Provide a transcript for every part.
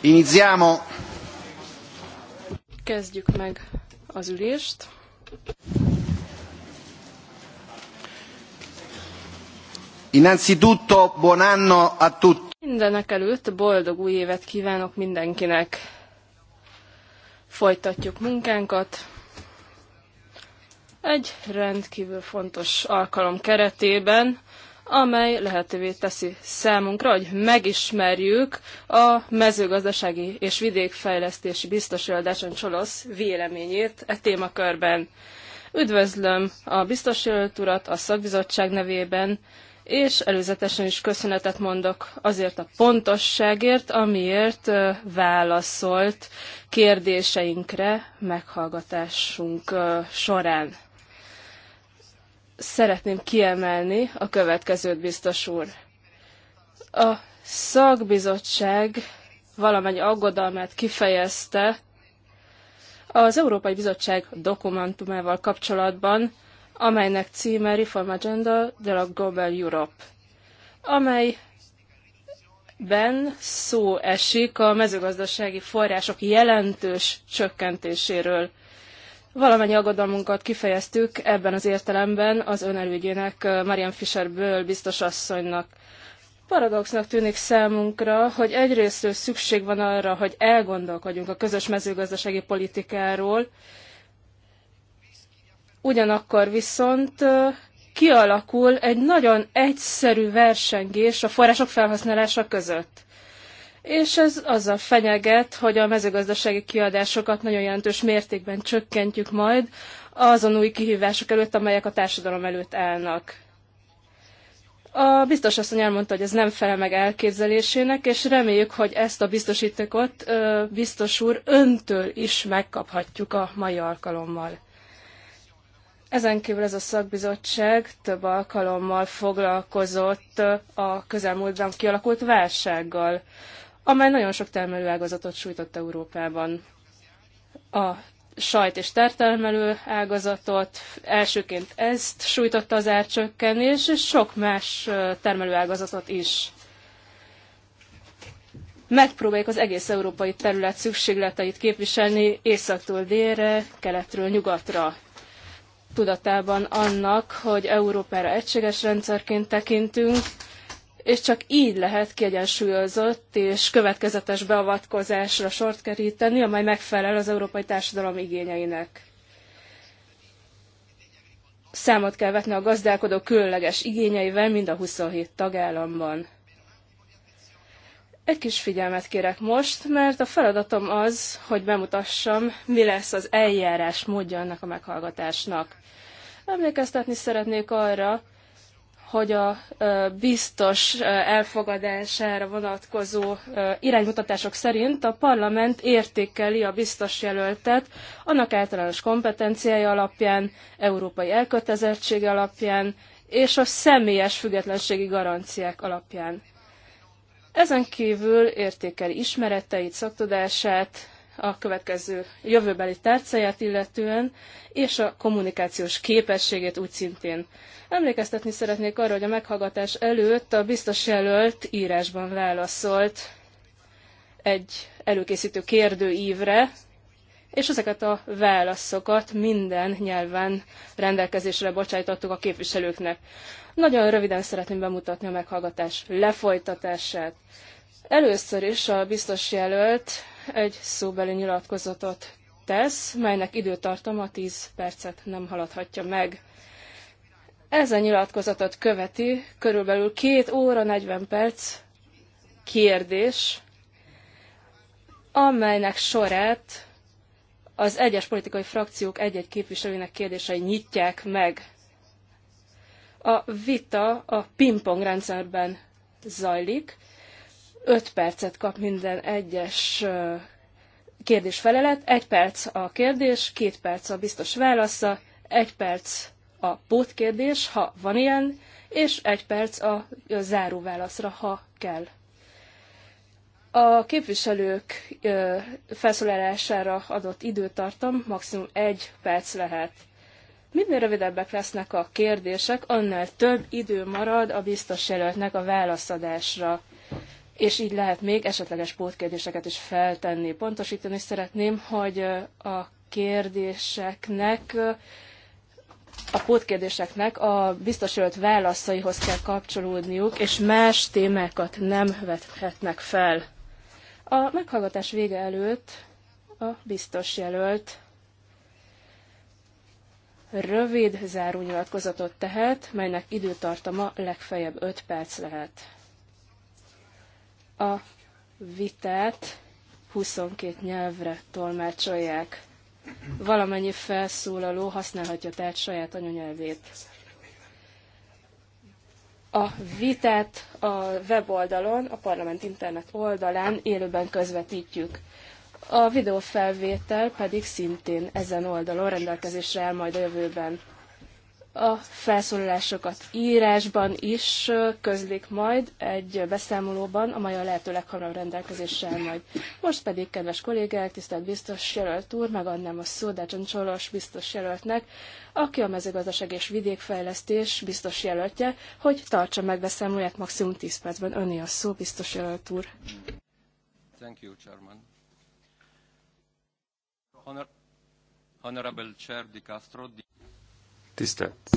Iniziamo. Kezdjük meg az ülést. Innanzitutto buon anno a tutti. Mindenek előtt boldog új évet kívánok mindenkinek. Folytatjuk munkánkat. Egy rendkívül fontos alkalom keretében, amely lehetővé teszi számunkra, hogy megismerjük a mezőgazdasági és vidékfejlesztési biztos Dácson Csolosz véleményét e témakörben. Üdvözlöm a biztos urat a szakbizottság nevében, és előzetesen is köszönetet mondok azért a pontosságért, amiért válaszolt kérdéseinkre meghallgatásunk során szeretném kiemelni a következőt, biztos úr. A szakbizottság valamennyi aggodalmát kifejezte az Európai Bizottság dokumentumával kapcsolatban, amelynek címe Reform Agenda de la Global Europe, amelyben szó esik a mezőgazdasági források jelentős csökkentéséről. Valamennyi aggodalmunkat kifejeztük ebben az értelemben az önelügyének Marian Fisherből biztos asszonynak. Paradoxnak tűnik számunkra, hogy egyrészt szükség van arra, hogy elgondolkodjunk a közös mezőgazdasági politikáról, ugyanakkor viszont kialakul egy nagyon egyszerű versengés a források felhasználása között és ez azzal fenyeget, hogy a mezőgazdasági kiadásokat nagyon jelentős mértékben csökkentjük majd azon új kihívások előtt, amelyek a társadalom előtt állnak. A biztos asszony elmondta, hogy ez nem felel meg elképzelésének, és reméljük, hogy ezt a biztosítékot biztos úr öntől is megkaphatjuk a mai alkalommal. Ezen kívül ez a szakbizottság több alkalommal foglalkozott a közelmúltban kialakult válsággal amely nagyon sok termelő ágazatot sújtott Európában. A sajt és tertermelő ágazatot, elsőként ezt sújtotta az árcsökkenés, és sok más termelő ágazatot is. Megpróbáljuk az egész európai terület szükségleteit képviselni északtól délre, keletről nyugatra. Tudatában annak, hogy Európára egységes rendszerként tekintünk, és csak így lehet kiegyensúlyozott és következetes beavatkozásra sort keríteni, amely megfelel az európai társadalom igényeinek. Számot kell vetni a gazdálkodók különleges igényeivel mind a 27 tagállamban. Egy kis figyelmet kérek most, mert a feladatom az, hogy bemutassam, mi lesz az eljárás módja ennek a meghallgatásnak. Emlékeztetni szeretnék arra, hogy a biztos elfogadására vonatkozó iránymutatások szerint a parlament értékeli a biztos jelöltet annak általános kompetenciája alapján, európai elkötelezettsége alapján és a személyes függetlenségi garanciák alapján. Ezen kívül értékeli ismereteit, szaktudását, a következő jövőbeli tárcáját illetően, és a kommunikációs képességét úgy szintén. Emlékeztetni szeretnék arra, hogy a meghallgatás előtt a biztos jelölt írásban válaszolt egy előkészítő kérdőívre, és ezeket a válaszokat minden nyelven rendelkezésre bocsájtottuk a képviselőknek. Nagyon röviden szeretném bemutatni a meghallgatás lefolytatását. Először is a biztos jelölt egy szóbeli nyilatkozatot tesz, melynek időtartama 10 percet nem haladhatja meg. Ezen nyilatkozatot követi körülbelül 2 óra 40 perc kérdés, amelynek sorát az egyes politikai frakciók egy-egy képviselőinek kérdései nyitják meg. A vita a pingpong rendszerben zajlik, 5 percet kap minden egyes kérdés-felelet, egy perc a kérdés, két perc a biztos válasza, egy perc a pótkérdés, ha van ilyen, és egy perc a záró válaszra, ha kell. A képviselők felszólalására adott időtartam maximum egy perc lehet. Minél rövidebbek lesznek a kérdések, annál több idő marad a biztos jelöltnek a válaszadásra és így lehet még esetleges pótkérdéseket is feltenni. Pontosítani szeretném, hogy a kérdéseknek a pótkérdéseknek a biztosított válaszaihoz kell kapcsolódniuk, és más témákat nem vethetnek fel. A meghallgatás vége előtt a biztos jelölt rövid zárónyilatkozatot tehet, melynek időtartama legfeljebb 5 perc lehet. A vitát 22 nyelvre tolmácsolják. Valamennyi felszólaló használhatja tehát saját anyanyelvét. A vitát a weboldalon, a parlament internet oldalán élőben közvetítjük. A videófelvétel pedig szintén ezen oldalon rendelkezésre áll majd a jövőben. A felszólalásokat írásban is közlik majd egy beszámolóban, amely a lehető leghamarabb rendelkezéssel majd. Most pedig, kedves kollégák, tisztelt biztos jelölt úr, megadnám a szó Dácson Csolos biztos jelöltnek, aki a mezőgazdaság és vidékfejlesztés biztos jelöltje, hogy tartsa meg beszámolóját maximum 10 percben. Öné a szó, biztos jelölt úr. Thank you, Chairman. Honor Honorable Chair Di Castro, Tisztelt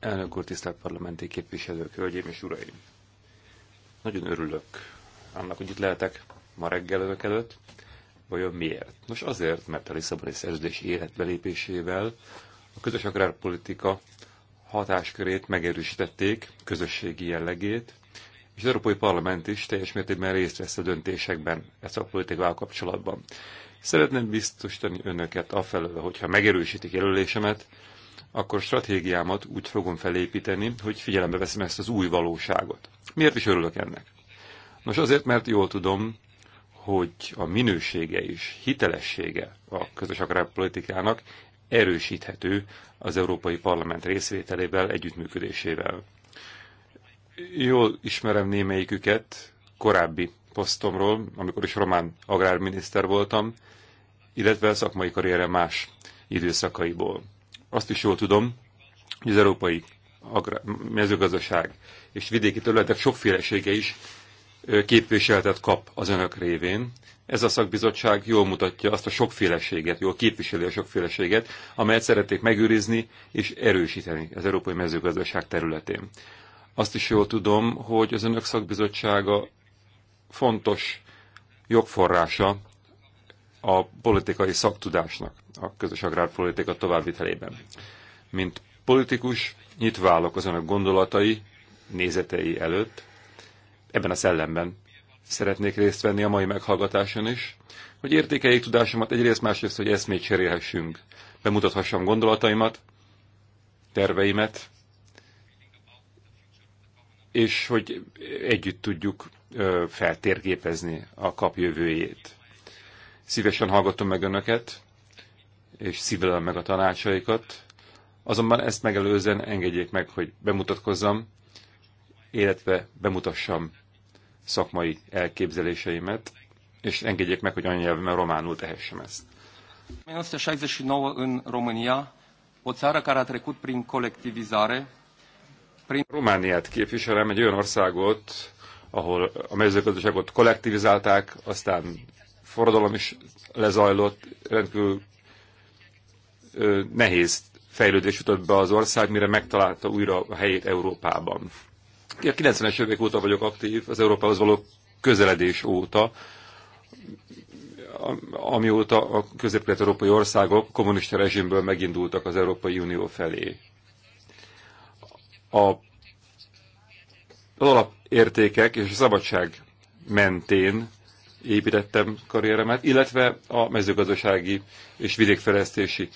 elnök úr, tisztelt parlamenti képviselők, hölgyeim és uraim! Nagyon örülök annak, hogy itt lehetek ma reggel önök előtt. Vajon miért? Nos azért, mert a Lisszaboni szerződés életbelépésével a közös agrárpolitika hatáskörét megerősítették, közösségi jellegét, és az Európai Parlament is teljes mértékben részt vesz a döntésekben ezt a politikával kapcsolatban. Szeretném biztosítani önöket afelől, hogyha megerősítik jelölésemet, akkor stratégiámat úgy fogom felépíteni, hogy figyelembe veszem ezt az új valóságot. Miért is örülök ennek? Nos, azért, mert jól tudom, hogy a minősége és hitelessége a közös agrárpolitikának erősíthető az Európai Parlament részvételével, együttműködésével. Jól ismerem némelyiküket korábbi posztomról, amikor is román agrárminiszter voltam, illetve a szakmai karrierem más időszakaiból azt is jól tudom, hogy az európai mezőgazdaság és vidéki területek sokfélesége is képviseletet kap az önök révén. Ez a szakbizottság jól mutatja azt a sokféleséget, jól képviseli a sokféleséget, amelyet szeretnék megőrizni és erősíteni az európai mezőgazdaság területén. Azt is jól tudom, hogy az önök szakbizottsága fontos jogforrása a politikai szaktudásnak a közös agrárpolitika továbbvitelében. Mint politikus nyitva állok az önök gondolatai, nézetei előtt. Ebben a szellemben szeretnék részt venni a mai meghallgatáson is, hogy értékeljék tudásomat egyrészt, másrészt, hogy eszmét cserélhessünk. Bemutathassam gondolataimat, terveimet, és hogy együtt tudjuk feltérképezni a kap jövőjét. Szívesen hallgatom meg önöket, és szívelem meg a tanácsaikat. Azonban ezt megelőzően engedjék meg, hogy bemutatkozzam, illetve bemutassam szakmai elképzeléseimet, és engedjék meg, hogy anyanyelvemen románul tehessem ezt. 1969 în România, o țară care a trecut prin colectivizare, prin... Romániát képviselem, egy olyan országot, ahol a mezőgazdaságot kollektivizálták, aztán forradalom is lezajlott, rendkívül ö, nehéz fejlődés jutott be az ország, mire megtalálta újra a helyét Európában. A 90-es évek óta vagyok aktív, az Európához való közeledés óta, amióta a közép európai országok kommunista rezsimből megindultak az Európai Unió felé. A, az alapértékek és a szabadság mentén építettem karrieremet, illetve a mezőgazdasági és vidékfejlesztési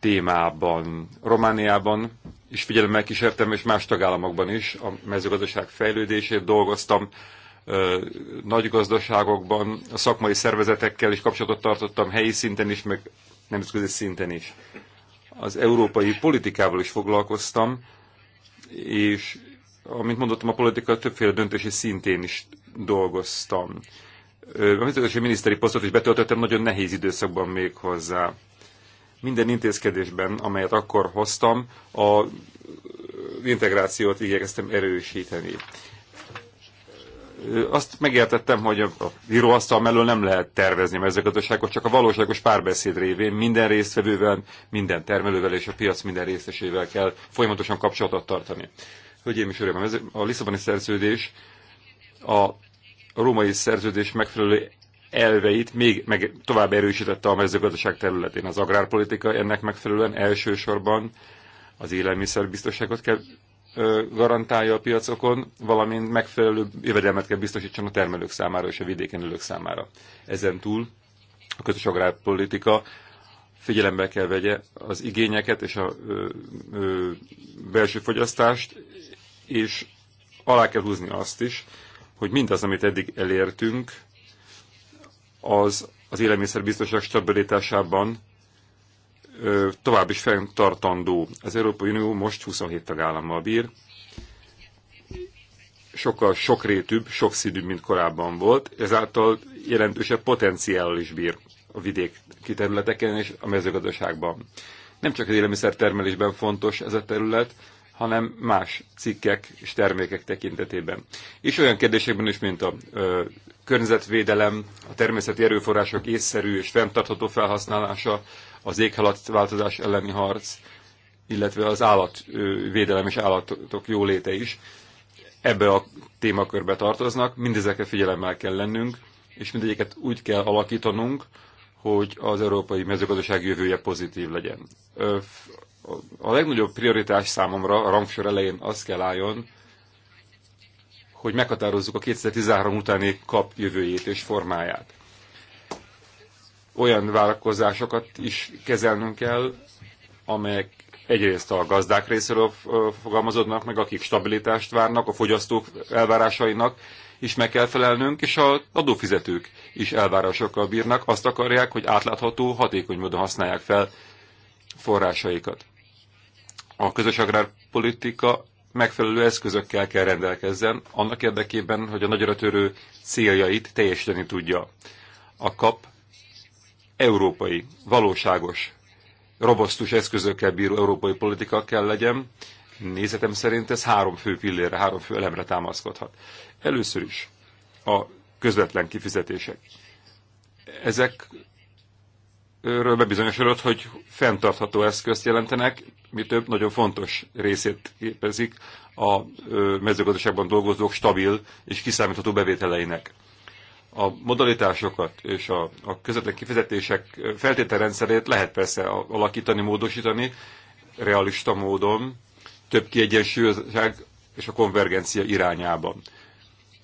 témában. Romániában is figyelemmel kísértem, és más tagállamokban is a mezőgazdaság fejlődését dolgoztam, nagy gazdaságokban, a szakmai szervezetekkel is kapcsolatot tartottam, helyi szinten is, meg nemzetközi szinten is. Az európai politikával is foglalkoztam, és amint mondottam, a politika többféle döntési szintén is dolgoztam mezőgazdasági miniszteri posztot is betöltöttem, nagyon nehéz időszakban még hozzá. Minden intézkedésben, amelyet akkor hoztam, a integrációt igyekeztem erősíteni. Azt megértettem, hogy a íróasztal mellől nem lehet tervezni a mezőgazdaságot, csak a valóságos párbeszéd révén minden résztvevővel, minden termelővel és a piac minden részesével kell folyamatosan kapcsolatot tartani. Hölgyeim és uraim, a Lisszaboni szerződés a a római szerződés megfelelő elveit még meg tovább erősítette a mezőgazdaság területén. Az agrárpolitika ennek megfelelően elsősorban az élelmiszerbiztonságot kell garantálja a piacokon, valamint megfelelő jövedelmet kell biztosítson a termelők számára és a vidéken ülők számára. Ezen túl a közös agrárpolitika figyelembe kell vegye az igényeket és a ö, ö, belső fogyasztást, és alá kell húzni azt is, hogy mindaz, amit eddig elértünk, az az élelmiszerbiztonság stabilitásában ö, tovább is fenntartandó. Az Európai Unió most 27 tagállammal bír, sokkal sokrétűbb, sokszínűbb, mint korábban volt, ezáltal jelentősebb potenciállal is bír a vidék kiterületeken és a mezőgazdaságban. Nem csak az élelmiszertermelésben fontos ez a terület, hanem más cikkek és termékek tekintetében. És olyan kérdésekben is, mint a ö, környezetvédelem, a természeti erőforrások észszerű és fenntartható felhasználása, az éghalatváltozás elleni harc, illetve az állatvédelem és állatok jóléte is ebbe a témakörbe tartoznak, mindezekre figyelemmel kell lennünk, és mindegyiket úgy kell alakítanunk, hogy az európai mezőgazdaság jövője pozitív legyen a legnagyobb prioritás számomra a rangsor elején az kell álljon, hogy meghatározzuk a 2013 utáni kap jövőjét és formáját. Olyan vállalkozásokat is kezelnünk kell, amelyek egyrészt a gazdák részéről fogalmazódnak meg, akik stabilitást várnak, a fogyasztók elvárásainak is meg kell felelnünk, és az adófizetők is elvárásokkal bírnak, azt akarják, hogy átlátható, hatékony módon használják fel forrásaikat a közös agrárpolitika megfelelő eszközökkel kell rendelkezzen, annak érdekében, hogy a nagyra törő céljait teljesíteni tudja. A kap európai, valóságos, robosztus eszközökkel bíró európai politika kell legyen. Nézetem szerint ez három fő pillére, három fő elemre támaszkodhat. Először is a közvetlen kifizetések. Ezek ről bebizonyosodott, hogy fenntartható eszközt jelentenek, mi több nagyon fontos részét képezik a mezőgazdaságban dolgozók stabil és kiszámítható bevételeinek. A modalitásokat és a, a közvetlen kifizetések feltételrendszerét lehet persze alakítani, módosítani realista módon, több kiegyensúlyozás és a konvergencia irányában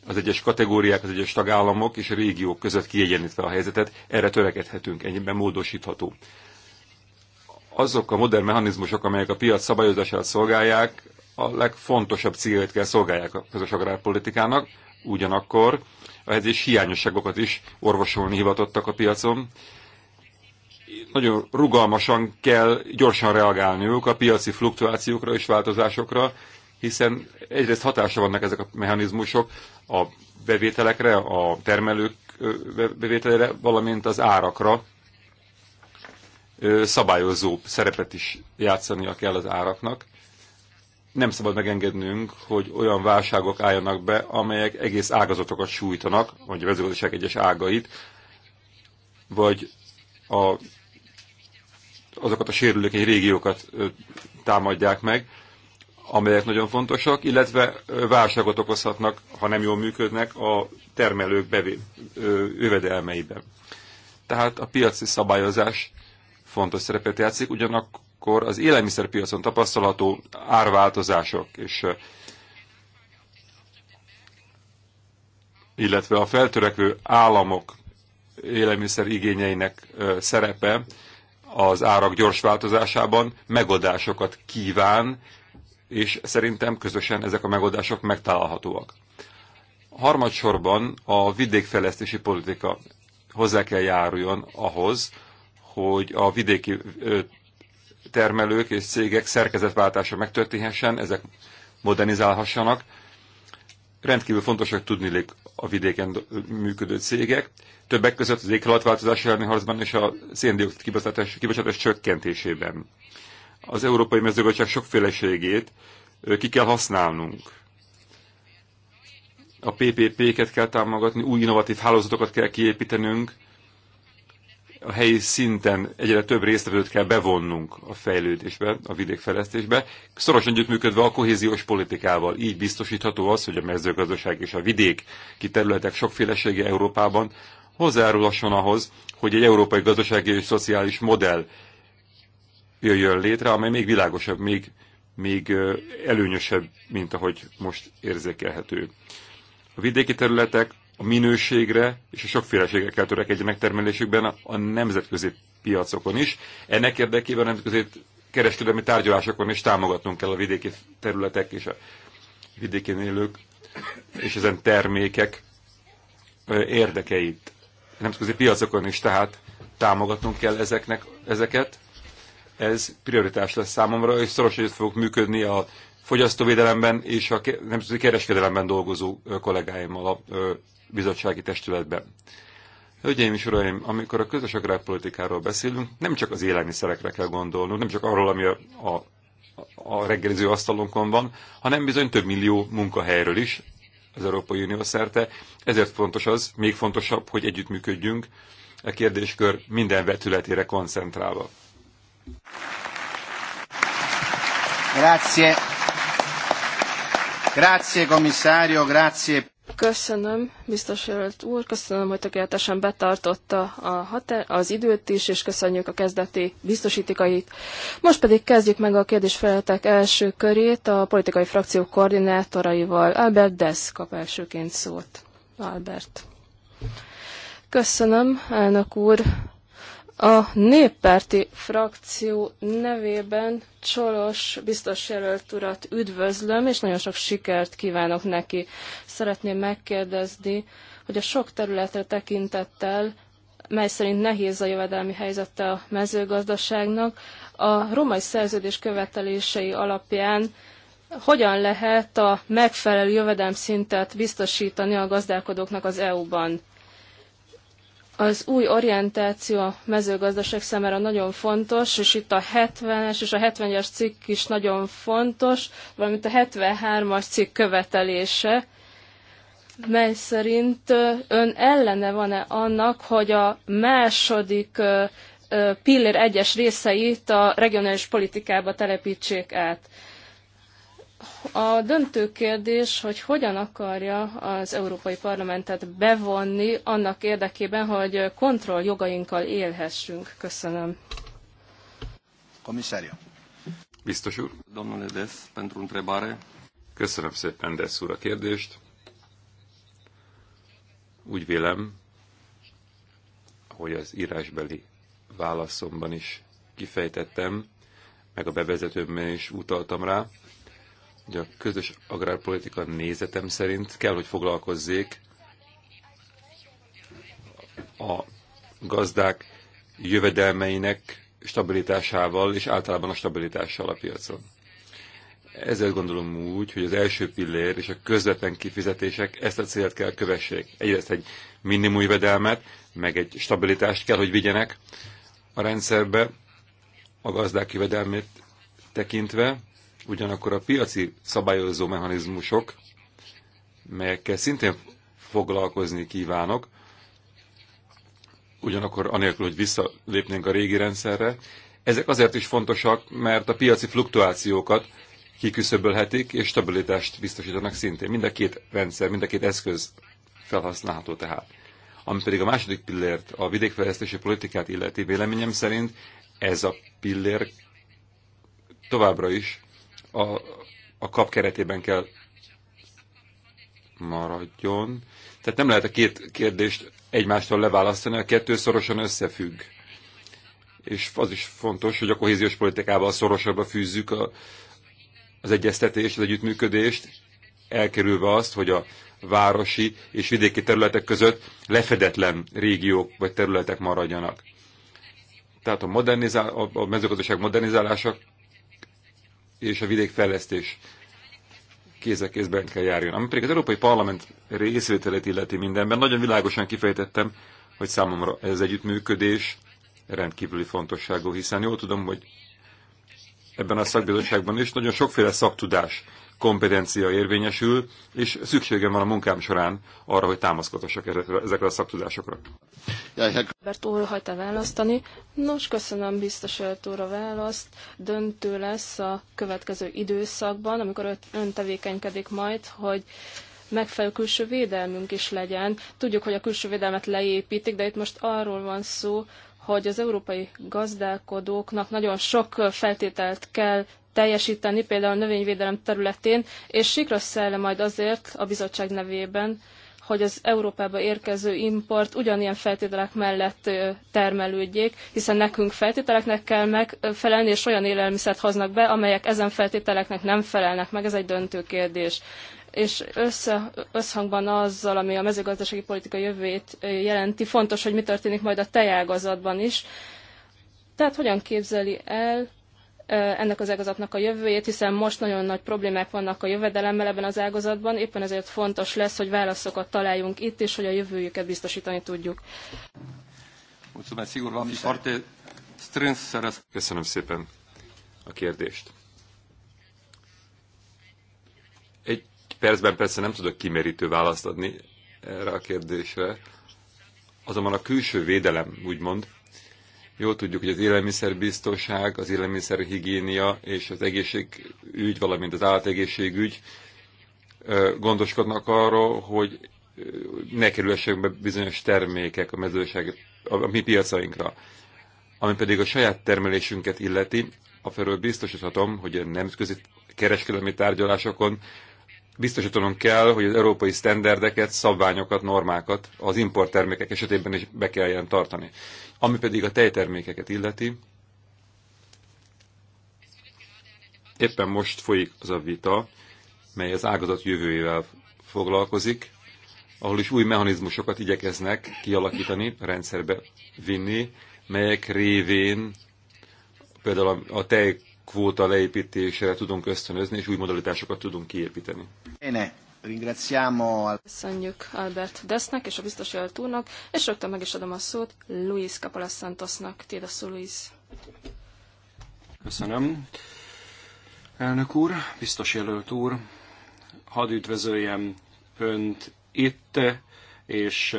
az egyes kategóriák, az egyes tagállamok és a régiók között kiegyenlítve a helyzetet, erre törekedhetünk, ennyiben módosítható. Azok a modern mechanizmusok, amelyek a piac szabályozását szolgálják, a legfontosabb célját kell szolgálják a közös agrárpolitikának, ugyanakkor a helyzés hiányosságokat is orvosolni hivatottak a piacon. Nagyon rugalmasan kell gyorsan reagálniuk a piaci fluktuációkra és változásokra, hiszen egyrészt hatása vannak ezek a mechanizmusok a bevételekre, a termelők bevételére, valamint az árakra szabályozó szerepet is játszania kell az áraknak. Nem szabad megengednünk, hogy olyan válságok álljanak be, amelyek egész ágazatokat sújtanak, vagy a mezőgazdaság egyes ágait, vagy a, azokat a sérülékeny régiókat támadják meg, amelyek nagyon fontosak, illetve válságot okozhatnak, ha nem jól működnek, a termelők bevé, jövedelmeiben. Tehát a piaci szabályozás fontos szerepet játszik, ugyanakkor az élelmiszerpiacon tapasztalható árváltozások és illetve a feltörekvő államok élelmiszer igényeinek szerepe az árak gyors változásában megoldásokat kíván, és szerintem közösen ezek a megoldások megtalálhatóak. Harmadsorban a vidékfejlesztési politika hozzá kell járuljon ahhoz, hogy a vidéki termelők és cégek szerkezetváltása megtörténhessen, ezek modernizálhassanak. Rendkívül fontosak tudnilik a vidéken működő cégek, többek között az éghalatváltozás elleni harcban és a széndiokszid kibocsátás, kibocsátás csökkentésében az európai mezőgazdaság sokféleségét ki kell használnunk. A PPP-ket kell támogatni, új innovatív hálózatokat kell kiépítenünk, a helyi szinten egyre több résztvevőt kell bevonnunk a fejlődésbe, a vidékfejlesztésbe, szorosan együttműködve a kohéziós politikával. Így biztosítható az, hogy a mezőgazdaság és a vidék kiterületek sokfélesége Európában hozzájárulhasson ahhoz, hogy egy európai gazdasági és szociális modell jöjjön létre, amely még világosabb, még, még előnyösebb, mint ahogy most érzékelhető. A vidéki területek a minőségre és a sokféleségre kell törekedjenek termelésükben a nemzetközi piacokon is. Ennek érdekében a nemzetközi kereskedelmi tárgyalásokon is támogatnunk kell a vidéki területek és a vidékén élők és ezen termékek érdekeit. A nemzetközi piacokon is tehát támogatnunk kell ezeknek, ezeket, ez prioritás lesz számomra, és szoros együtt fogok működni a fogyasztóvédelemben és a nemzeti kereskedelemben dolgozó kollégáimmal a bizottsági testületben. Hölgyeim és uraim, amikor a közös agrárpolitikáról beszélünk, nem csak az élelmiszerekre kell gondolnunk, nem csak arról, ami a, a, a reggeliző asztalunkon van, hanem bizony több millió munkahelyről is az Európai Unió szerte. Ezért fontos az, még fontosabb, hogy együttműködjünk a e kérdéskör minden vetületére koncentrálva. Grazie. Grazie, grazie. Köszönöm, biztos jelölt úr, köszönöm, hogy tökéletesen betartotta a határ, az időt is, és köszönjük a kezdeti biztosítikait. Most pedig kezdjük meg a kérdésfeleletek első körét a politikai frakció koordinátoraival. Albert Desz kap elsőként szót. Albert. Köszönöm, elnök úr. A néppárti frakció nevében Csolos biztos jelölt urat üdvözlöm, és nagyon sok sikert kívánok neki. Szeretném megkérdezni, hogy a sok területre tekintettel, mely szerint nehéz a jövedelmi helyzete a mezőgazdaságnak, a római szerződés követelései alapján hogyan lehet a megfelelő jövedelmszintet biztosítani a gazdálkodóknak az EU-ban? az új orientáció a mezőgazdaság számára nagyon fontos, és itt a 70-es és a 70-es cikk is nagyon fontos, valamint a 73-as cikk követelése, mely szerint ön ellene van-e annak, hogy a második pillér egyes részeit a regionális politikába telepítsék át a döntő kérdés, hogy hogyan akarja az Európai Parlamentet bevonni annak érdekében, hogy kontrolljogainkkal jogainkkal élhessünk. Köszönöm. Komisszária. Biztos úr. pentru întrebare. Köszönöm szépen, Desz úr, a kérdést. Úgy vélem, hogy az írásbeli válaszomban is kifejtettem, meg a bevezetőmben is utaltam rá, hogy a közös agrárpolitika nézetem szerint kell, hogy foglalkozzék a gazdák jövedelmeinek stabilitásával és általában a stabilitással a piacon. Ezért gondolom úgy, hogy az első pillér és a közvetlen kifizetések ezt a célt kell kövessék. Egyrészt egy minimum jövedelmet, meg egy stabilitást kell, hogy vigyenek a rendszerbe a gazdák jövedelmét tekintve, Ugyanakkor a piaci szabályozó mechanizmusok, melyekkel szintén foglalkozni kívánok, ugyanakkor anélkül, hogy visszalépnénk a régi rendszerre, ezek azért is fontosak, mert a piaci fluktuációkat kiküszöbölhetik, és stabilitást biztosítanak szintén. Mind a két rendszer, mind a két eszköz felhasználható tehát. Ami pedig a második pillért, a vidékfejlesztési politikát illeti, véleményem szerint ez a pillér továbbra is a, a kap keretében kell maradjon. Tehát nem lehet a két kérdést egymástól leválasztani, a kettő szorosan összefügg. És az is fontos, hogy a kohéziós politikával szorosabbra fűzzük a, az egyeztetést, az együttműködést, elkerülve azt, hogy a városi és vidéki területek között lefedetlen régiók vagy területek maradjanak. Tehát a, modernizál, a mezőgazdaság modernizálása és a vidékfejlesztés kéz a kézben kell járjon. Ami pedig az Európai Parlament részvételét illeti mindenben, nagyon világosan kifejtettem, hogy számomra ez együttműködés rendkívüli fontosságú, hiszen jól tudom, hogy ebben a szakbizottságban is nagyon sokféle szaktudás kompetencia érvényesül, és szükségem van a munkám során arra, hogy támaszkodhassak ezekre a szaktudásokra. Hát- Bert úr hajta választani. Nos, köszönöm biztos úr a választ. Döntő lesz a következő időszakban, amikor ön tevékenykedik majd, hogy megfelelő külső védelmünk is legyen. Tudjuk, hogy a külső védelmet leépítik, de itt most arról van szó, hogy az európai gazdálkodóknak nagyon sok feltételt kell teljesíteni, például a növényvédelem területén, és sikra szelle majd azért a bizottság nevében, hogy az Európába érkező import ugyanilyen feltételek mellett termelődjék, hiszen nekünk feltételeknek kell megfelelni, és olyan élelmiszert hoznak be, amelyek ezen feltételeknek nem felelnek meg, ez egy döntő kérdés és össze, összhangban azzal, ami a mezőgazdasági politika jövőjét jelenti, fontos, hogy mi történik majd a tejágazatban is. Tehát hogyan képzeli el ennek az ágazatnak a jövőjét, hiszen most nagyon nagy problémák vannak a jövedelemmel ebben az ágazatban, éppen ezért fontos lesz, hogy válaszokat találjunk itt, és hogy a jövőjüket biztosítani tudjuk. Köszönöm szépen a kérdést. Egy percben persze nem tudok kimerítő választ adni erre a kérdésre, azonban a külső védelem, úgymond, Jól tudjuk, hogy az élelmiszerbiztonság, az élelmiszerhigiénia és az egészségügy, valamint az állategészségügy gondoskodnak arról, hogy ne kerülhessenek be bizonyos termékek a mezőség, a mi piacainkra. Ami pedig a saját termelésünket illeti, a felől biztosíthatom, hogy a nemzetközi kereskedelmi tárgyalásokon biztosítanunk kell, hogy az európai sztenderdeket, szabványokat, normákat az importtermékek esetében is be kelljen tartani. Ami pedig a tejtermékeket illeti, éppen most folyik az a vita, mely az ágazat jövőjével foglalkozik, ahol is új mechanizmusokat igyekeznek kialakítani, rendszerbe vinni, melyek révén például a tej kvóta leépítésre tudunk ösztönözni, és új modalitásokat tudunk kiépíteni. Ene. Ringraziamo. Köszönjük Albert Desznek és a biztos úrnak, és rögtön meg is adom a szót Luis Capolas Santosnak. Téd a szó, Luis. Köszönöm. Elnök úr, biztos jelölt úr, hadd üdvözöljem Önt itt, és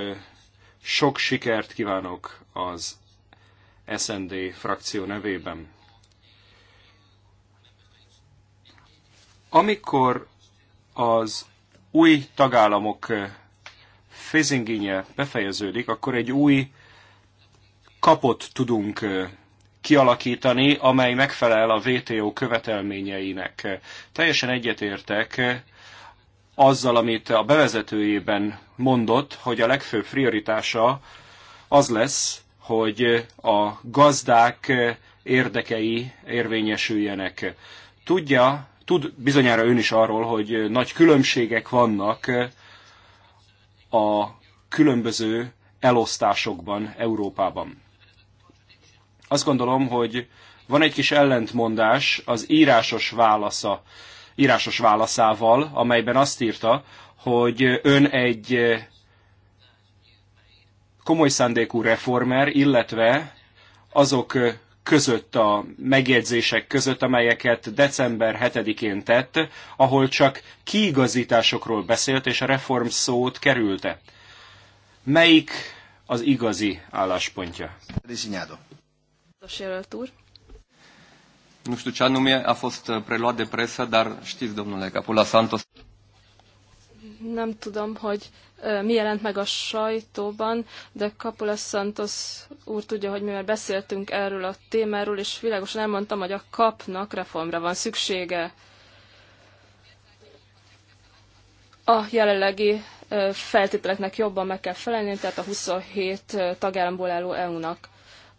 sok sikert kívánok az SND frakció nevében. Amikor az új tagállamok fézingénye eh, befejeződik, akkor egy új kapot tudunk eh, kialakítani, amely megfelel a WTO követelményeinek. Teljesen egyetértek eh, azzal, amit a bevezetőjében mondott, hogy a legfőbb prioritása az lesz, hogy a gazdák érdekei érvényesüljenek. Tudja Tud bizonyára ön is arról, hogy nagy különbségek vannak a különböző elosztásokban Európában. Azt gondolom, hogy van egy kis ellentmondás az írásos válasza, írásos válaszával, amelyben azt írta, hogy ön egy komoly szándékú reformer, illetve azok között, a megjegyzések között, amelyeket december 7-én tett, ahol csak kiigazításokról beszélt, és a reform szót kerülte. Melyik az igazi álláspontja? Disegnado. Jelölt úr. Nu știu ce anume a fost preluat de presă, dar știți, domnule Capula Santos nem tudom, hogy mi jelent meg a sajtóban, de Kapula Santos úr tudja, hogy mi már beszéltünk erről a témáról, és világosan elmondtam, hogy a kapnak reformra van szüksége. A jelenlegi feltételeknek jobban meg kell felelni, tehát a 27 tagállamból álló EU-nak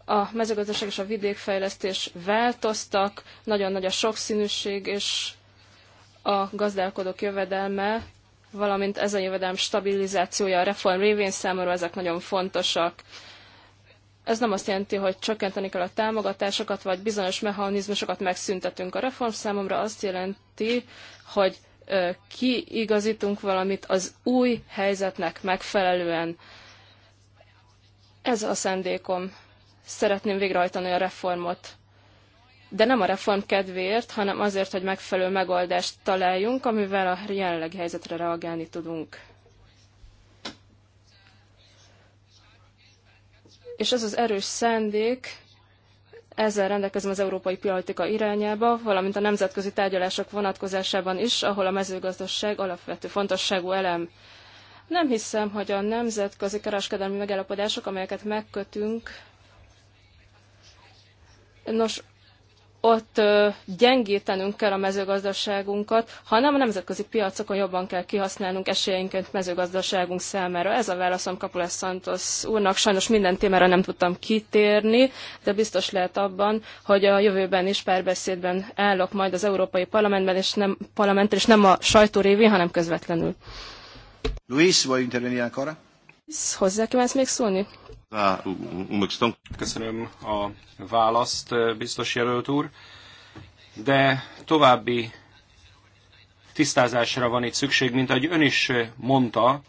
a mezőgazdaság és a vidékfejlesztés változtak, nagyon nagy a sokszínűség, és a gazdálkodók jövedelme valamint ez a jövedelem stabilizációja a reform révén számára, ezek nagyon fontosak. Ez nem azt jelenti, hogy csökkenteni kell a támogatásokat, vagy bizonyos mechanizmusokat megszüntetünk. A reform számomra azt jelenti, hogy kiigazítunk valamit az új helyzetnek megfelelően. Ez a szendékom. Szeretném végrehajtani a reformot de nem a reform kedvéért, hanem azért, hogy megfelelő megoldást találjunk, amivel a jelenlegi helyzetre reagálni tudunk. És ez az erős szándék, ezzel rendelkezem az európai politika irányába, valamint a nemzetközi tárgyalások vonatkozásában is, ahol a mezőgazdaság alapvető fontosságú elem. Nem hiszem, hogy a nemzetközi kereskedelmi megállapodások, amelyeket megkötünk, nos, ott gyengítenünk kell a mezőgazdaságunkat, hanem a nemzetközi piacokon jobban kell kihasználnunk esélyeinket mezőgazdaságunk számára. Ez a válaszom Kapulás Santos úrnak. Sajnos minden témára nem tudtam kitérni, de biztos lehet abban, hogy a jövőben is párbeszédben állok majd az Európai Parlamentben, és nem, parlament és nem a sajtó révén, hanem közvetlenül. Luis, vagy intervenir ancora? Hozzá kívánsz még szólni? Köszönöm a választ, biztos jelölt úr. De további tisztázásra van itt szükség, mint ahogy ön is mondta,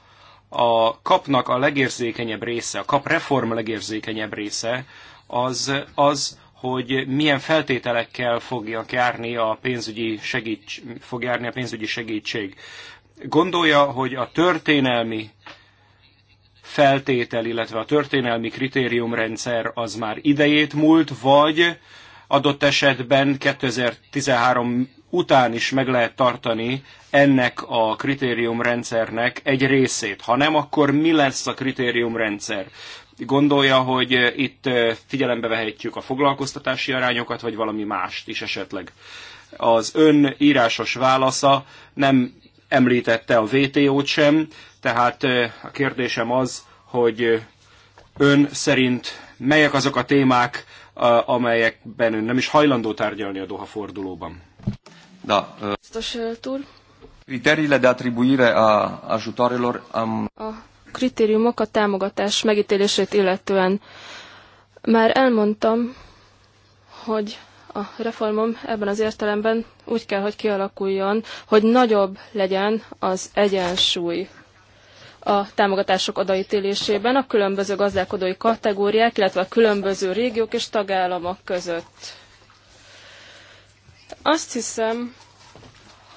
a kapnak a legérzékenyebb része, a kap reform legérzékenyebb része az, az hogy milyen feltételekkel fogjak járni a pénzügyi segíts, fog járni a pénzügyi segítség. Gondolja, hogy a történelmi feltétel, illetve a történelmi kritériumrendszer az már idejét múlt, vagy adott esetben 2013 után is meg lehet tartani ennek a kritériumrendszernek egy részét. Ha nem, akkor mi lesz a kritériumrendszer? Gondolja, hogy itt figyelembe vehetjük a foglalkoztatási arányokat, vagy valami mást is esetleg. Az ön írásos válasza nem említette a VTO-t sem, tehát a kérdésem az, hogy ön szerint melyek azok a témák, amelyekben ön nem is hajlandó tárgyalni a Doha fordulóban? Da. Biztos úr. Criteriile de atribuire a ajutoarelor am... A kritériumok a támogatás megítélését illetően már elmondtam, hogy a reformom ebben az értelemben úgy kell, hogy kialakuljon, hogy nagyobb legyen az egyensúly a támogatások odaítélésében a különböző gazdálkodói kategóriák, illetve a különböző régiók és tagállamok között. Azt hiszem,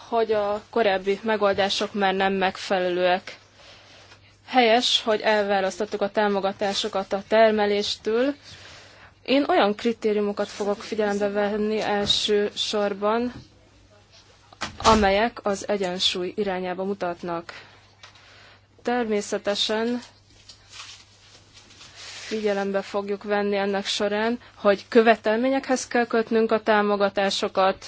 hogy a korábbi megoldások már nem megfelelőek. Helyes, hogy elválasztottuk a támogatásokat a termeléstől, én olyan kritériumokat fogok figyelembe venni elsősorban, amelyek az egyensúly irányába mutatnak. Természetesen figyelembe fogjuk venni ennek során, hogy követelményekhez kell kötnünk a támogatásokat,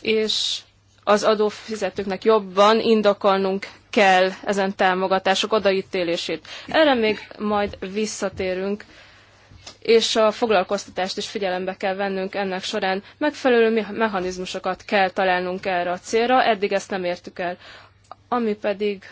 és az adófizetőknek jobban indokolnunk kell ezen támogatások odaítélését. Erre még majd visszatérünk, és a foglalkoztatást is figyelembe kell vennünk ennek során. Megfelelő mechanizmusokat kell találnunk erre a célra, eddig ezt nem értük el. Ami pedig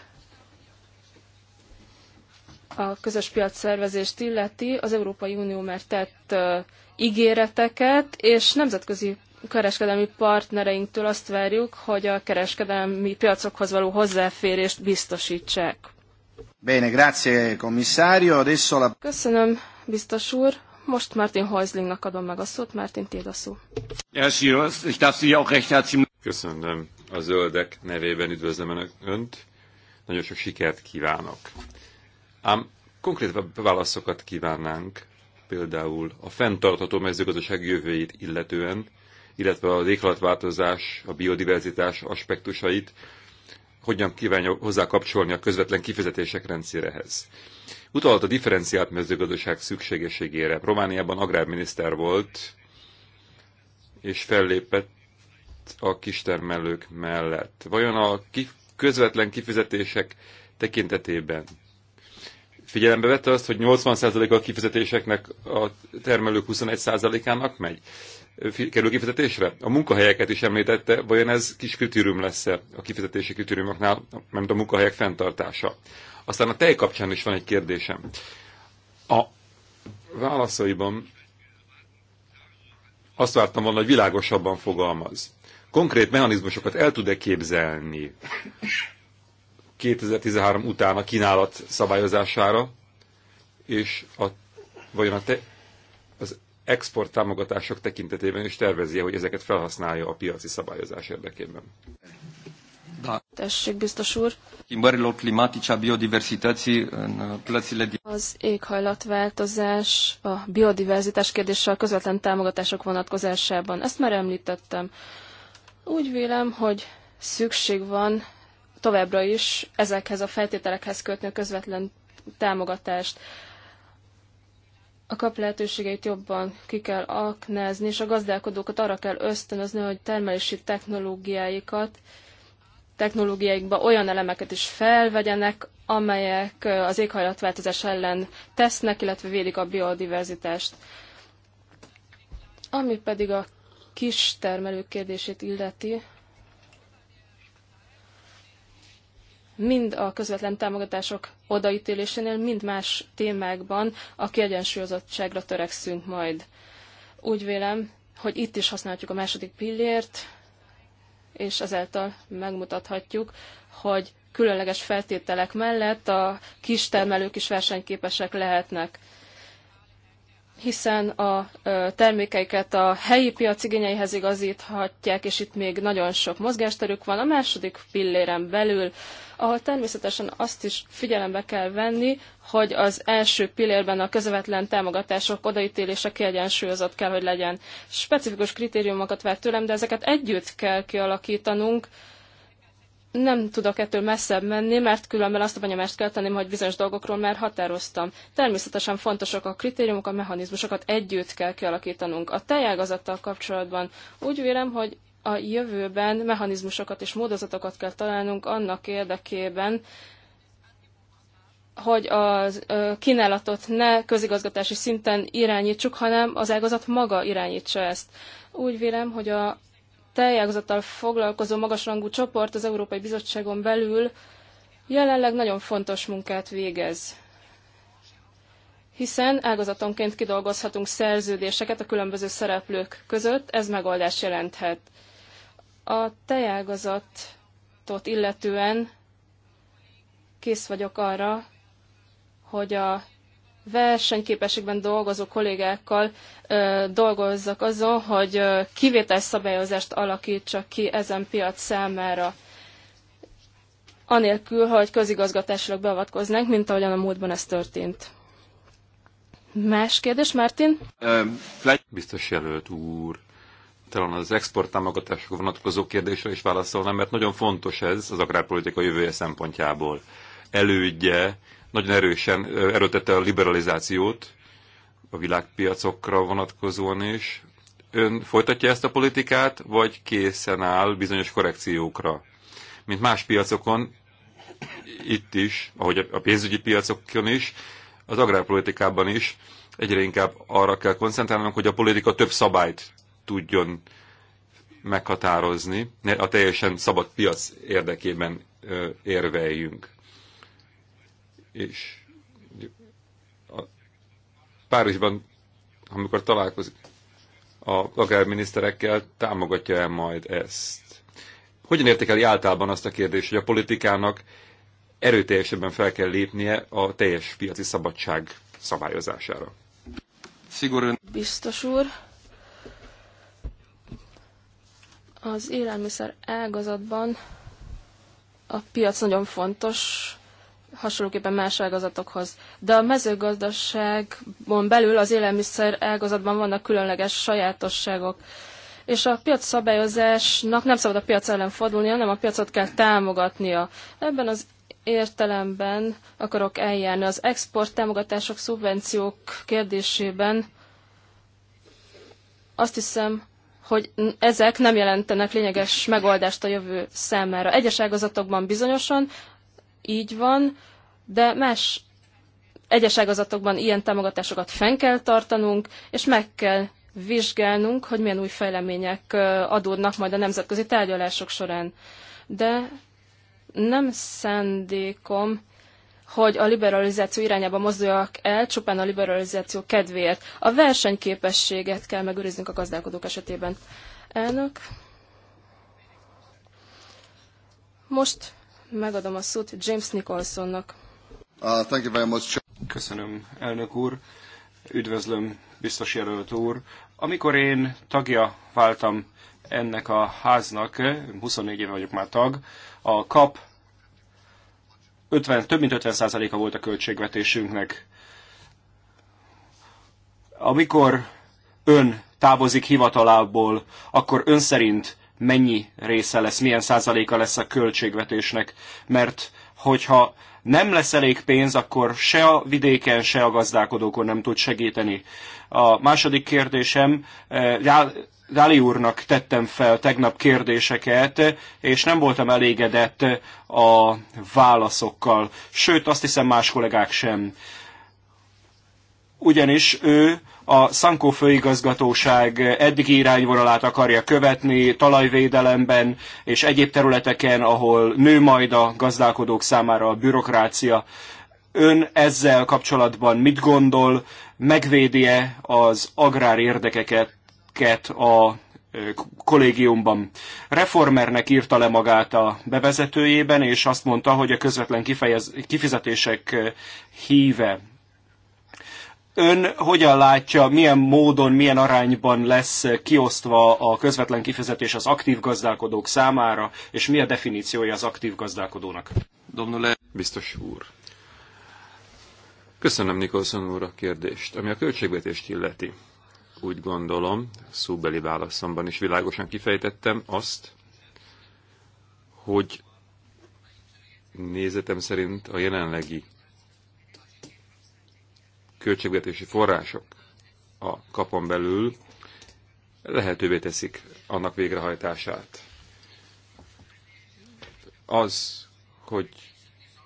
a közös piac szervezést illeti, az Európai Unió már tett uh, ígéreteket, és nemzetközi kereskedelmi partnereinktől azt várjuk, hogy a kereskedelmi piacokhoz való hozzáférést biztosítsák. Bene, grazie, commissario. Adesso la... Köszönöm, biztos úr. Most Martin Heuslingnak adom meg a szót, Martin tiéd a szó. Köszönöm a zöldek nevében üdvözlöm önt. Nagyon sok sikert kívánok. Ám konkrét válaszokat kívánnánk, például a fenntartható mezőgazdaság jövőjét illetően, illetve az éghajlatváltozás, a biodiverzitás aspektusait, hogyan kívánja kapcsolni a közvetlen kifizetések rendszerehez. Utalt a differenciált mezőgazdaság szükségességére. Romániában agrárminiszter volt, és fellépett a kistermelők mellett. Vajon a kif- közvetlen kifizetések tekintetében figyelembe vette azt, hogy 80%-a a kifizetéseknek a termelők 21%-ának megy? kerül kifizetésre? A munkahelyeket is említette, vajon ez kis kritérium lesz-e a kifizetési kritériumoknál, mert a munkahelyek fenntartása. Aztán a tej kapcsán is van egy kérdésem. A válaszaiban azt vártam volna, hogy világosabban fogalmaz. Konkrét mechanizmusokat el tud-e képzelni 2013 után a kínálat szabályozására, és a, vajon a te, export támogatások tekintetében is tervezi, hogy ezeket felhasználja a piaci szabályozás érdekében. Tessék, biztos úr. a biodiversității în uh, plățile... Az éghajlatváltozás, a biodiverzitás kérdése a közvetlen támogatások vonatkozásában. Ezt már említettem. Úgy vélem, hogy szükség van továbbra is ezekhez a feltételekhez kötni a közvetlen támogatást a kap lehetőségeit jobban ki kell aknázni, és a gazdálkodókat arra kell ösztönözni, hogy termelési technológiáikat, technológiáikba olyan elemeket is felvegyenek, amelyek eh, az éghajlatváltozás ellen tesznek, illetve védik a biodiverzitást. Ami pedig a kis termelők kérdését illeti, mind a közvetlen támogatások odaítélésénél, mind más témákban a kiegyensúlyozottságra törekszünk majd. Úgy vélem, hogy itt is használhatjuk a második pillért, és ezáltal megmutathatjuk, hogy különleges feltételek mellett a kis termelők is versenyképesek lehetnek hiszen a termékeiket a helyi piac igényeihez igazíthatják, és itt még nagyon sok mozgásterük van. A második pilléren belül ahol természetesen azt is figyelembe kell venni, hogy az első pillérben a közvetlen támogatások odaítélése kiegyensúlyozott kell, hogy legyen. Specifikus kritériumokat vár tőlem, de ezeket együtt kell kialakítanunk, nem tudok ettől messzebb menni, mert különben azt a benyomást kell tennem, hogy bizonyos dolgokról már határoztam. Természetesen fontosak a kritériumok, a mechanizmusokat együtt kell kialakítanunk. A tejágazattal kapcsolatban úgy vélem, hogy a jövőben mechanizmusokat és módozatokat kell találnunk annak érdekében, hogy a kínálatot ne közigazgatási szinten irányítsuk, hanem az ágazat maga irányítsa ezt. Úgy vélem, hogy a teljágazattal foglalkozó magasrangú csoport az Európai Bizottságon belül jelenleg nagyon fontos munkát végez hiszen ágazatonként kidolgozhatunk szerződéseket a különböző szereplők között, ez megoldást jelenthet. A tejágazatot illetően kész vagyok arra, hogy a versenyképességben dolgozó kollégákkal ö, dolgozzak azon, hogy kivételszabályozást alakítsak ki ezen piac számára, anélkül, hogy közigazgatásilag beavatkoznánk, mint ahogyan a múltban ez történt. Más kérdés, Mártin? Biztos jelölt úr, talán az export támogatások vonatkozó kérdésre is válaszolnám, mert nagyon fontos ez az agrárpolitika jövője szempontjából. Elődje nagyon erősen erőtette a liberalizációt a világpiacokra vonatkozóan is. Ön folytatja ezt a politikát, vagy készen áll bizonyos korrekciókra? Mint más piacokon, itt is, ahogy a pénzügyi piacokon is, az agrárpolitikában is egyre inkább arra kell koncentrálnunk, hogy a politika több szabályt tudjon meghatározni, ne a teljesen szabad piac érdekében érveljünk. És a Párizsban, amikor találkozik a agrárminiszterekkel, támogatja el majd ezt. Hogyan értékeli általában azt a kérdést, hogy a politikának erőteljesebben fel kell lépnie a teljes piaci szabadság szabályozására? Szigorúan. Biztos úr. Az élelmiszer ágazatban a piac nagyon fontos, hasonlóképpen más ágazatokhoz. De a mezőgazdaságban belül az élelmiszer ágazatban vannak különleges sajátosságok. És a piac szabályozásnak nem szabad a piac ellen fordulni, hanem a piacot kell támogatnia. Ebben az értelemben akarok eljárni az export támogatások, szubvenciók kérdésében. Azt hiszem, hogy ezek nem jelentenek lényeges megoldást a jövő számára. Egyes ágazatokban bizonyosan így van, de más egyes ágazatokban ilyen támogatásokat fenn kell tartanunk, és meg kell vizsgálnunk, hogy milyen új fejlemények adódnak majd a nemzetközi tárgyalások során. De nem szándékom hogy a liberalizáció irányába mozduljak el, csupán a liberalizáció kedvéért. A versenyképességet kell megőriznünk a gazdálkodók esetében. Elnök. Most megadom a szót James Nicholsonnak. Uh, thank you very much. Köszönöm, elnök úr. Üdvözlöm, biztos jelölt úr. Amikor én tagja váltam ennek a háznak, 24 éve vagyok már tag, a KAP 50, több mint 50%-a volt a költségvetésünknek. Amikor ön távozik hivatalából, akkor ön szerint mennyi része lesz, milyen százaléka lesz a költségvetésnek, mert hogyha nem lesz elég pénz, akkor se a vidéken, se a gazdálkodókon nem tud segíteni. A második kérdésem, eh, Dali úrnak tettem fel tegnap kérdéseket, és nem voltam elégedett a válaszokkal. Sőt, azt hiszem más kollégák sem. Ugyanis ő a Szankó főigazgatóság eddigi irányvonalát akarja követni talajvédelemben és egyéb területeken, ahol nő majd a gazdálkodók számára a bürokrácia. Ön ezzel kapcsolatban mit gondol, megvédi-e az agrár érdekeket cikket a kollégiumban. Reformernek írta le magát a bevezetőjében, és azt mondta, hogy a közvetlen kifejez, kifizetések híve. Ön hogyan látja, milyen módon, milyen arányban lesz kiosztva a közvetlen kifizetés az aktív gazdálkodók számára, és mi a definíciója az aktív gazdálkodónak? Domnule, biztos úr. Köszönöm Nikolson úr a kérdést, ami a költségvetést illeti úgy gondolom, szóbeli válaszomban is világosan kifejtettem azt, hogy nézetem szerint a jelenlegi költségvetési források a kapon belül lehetővé teszik annak végrehajtását. Az, hogy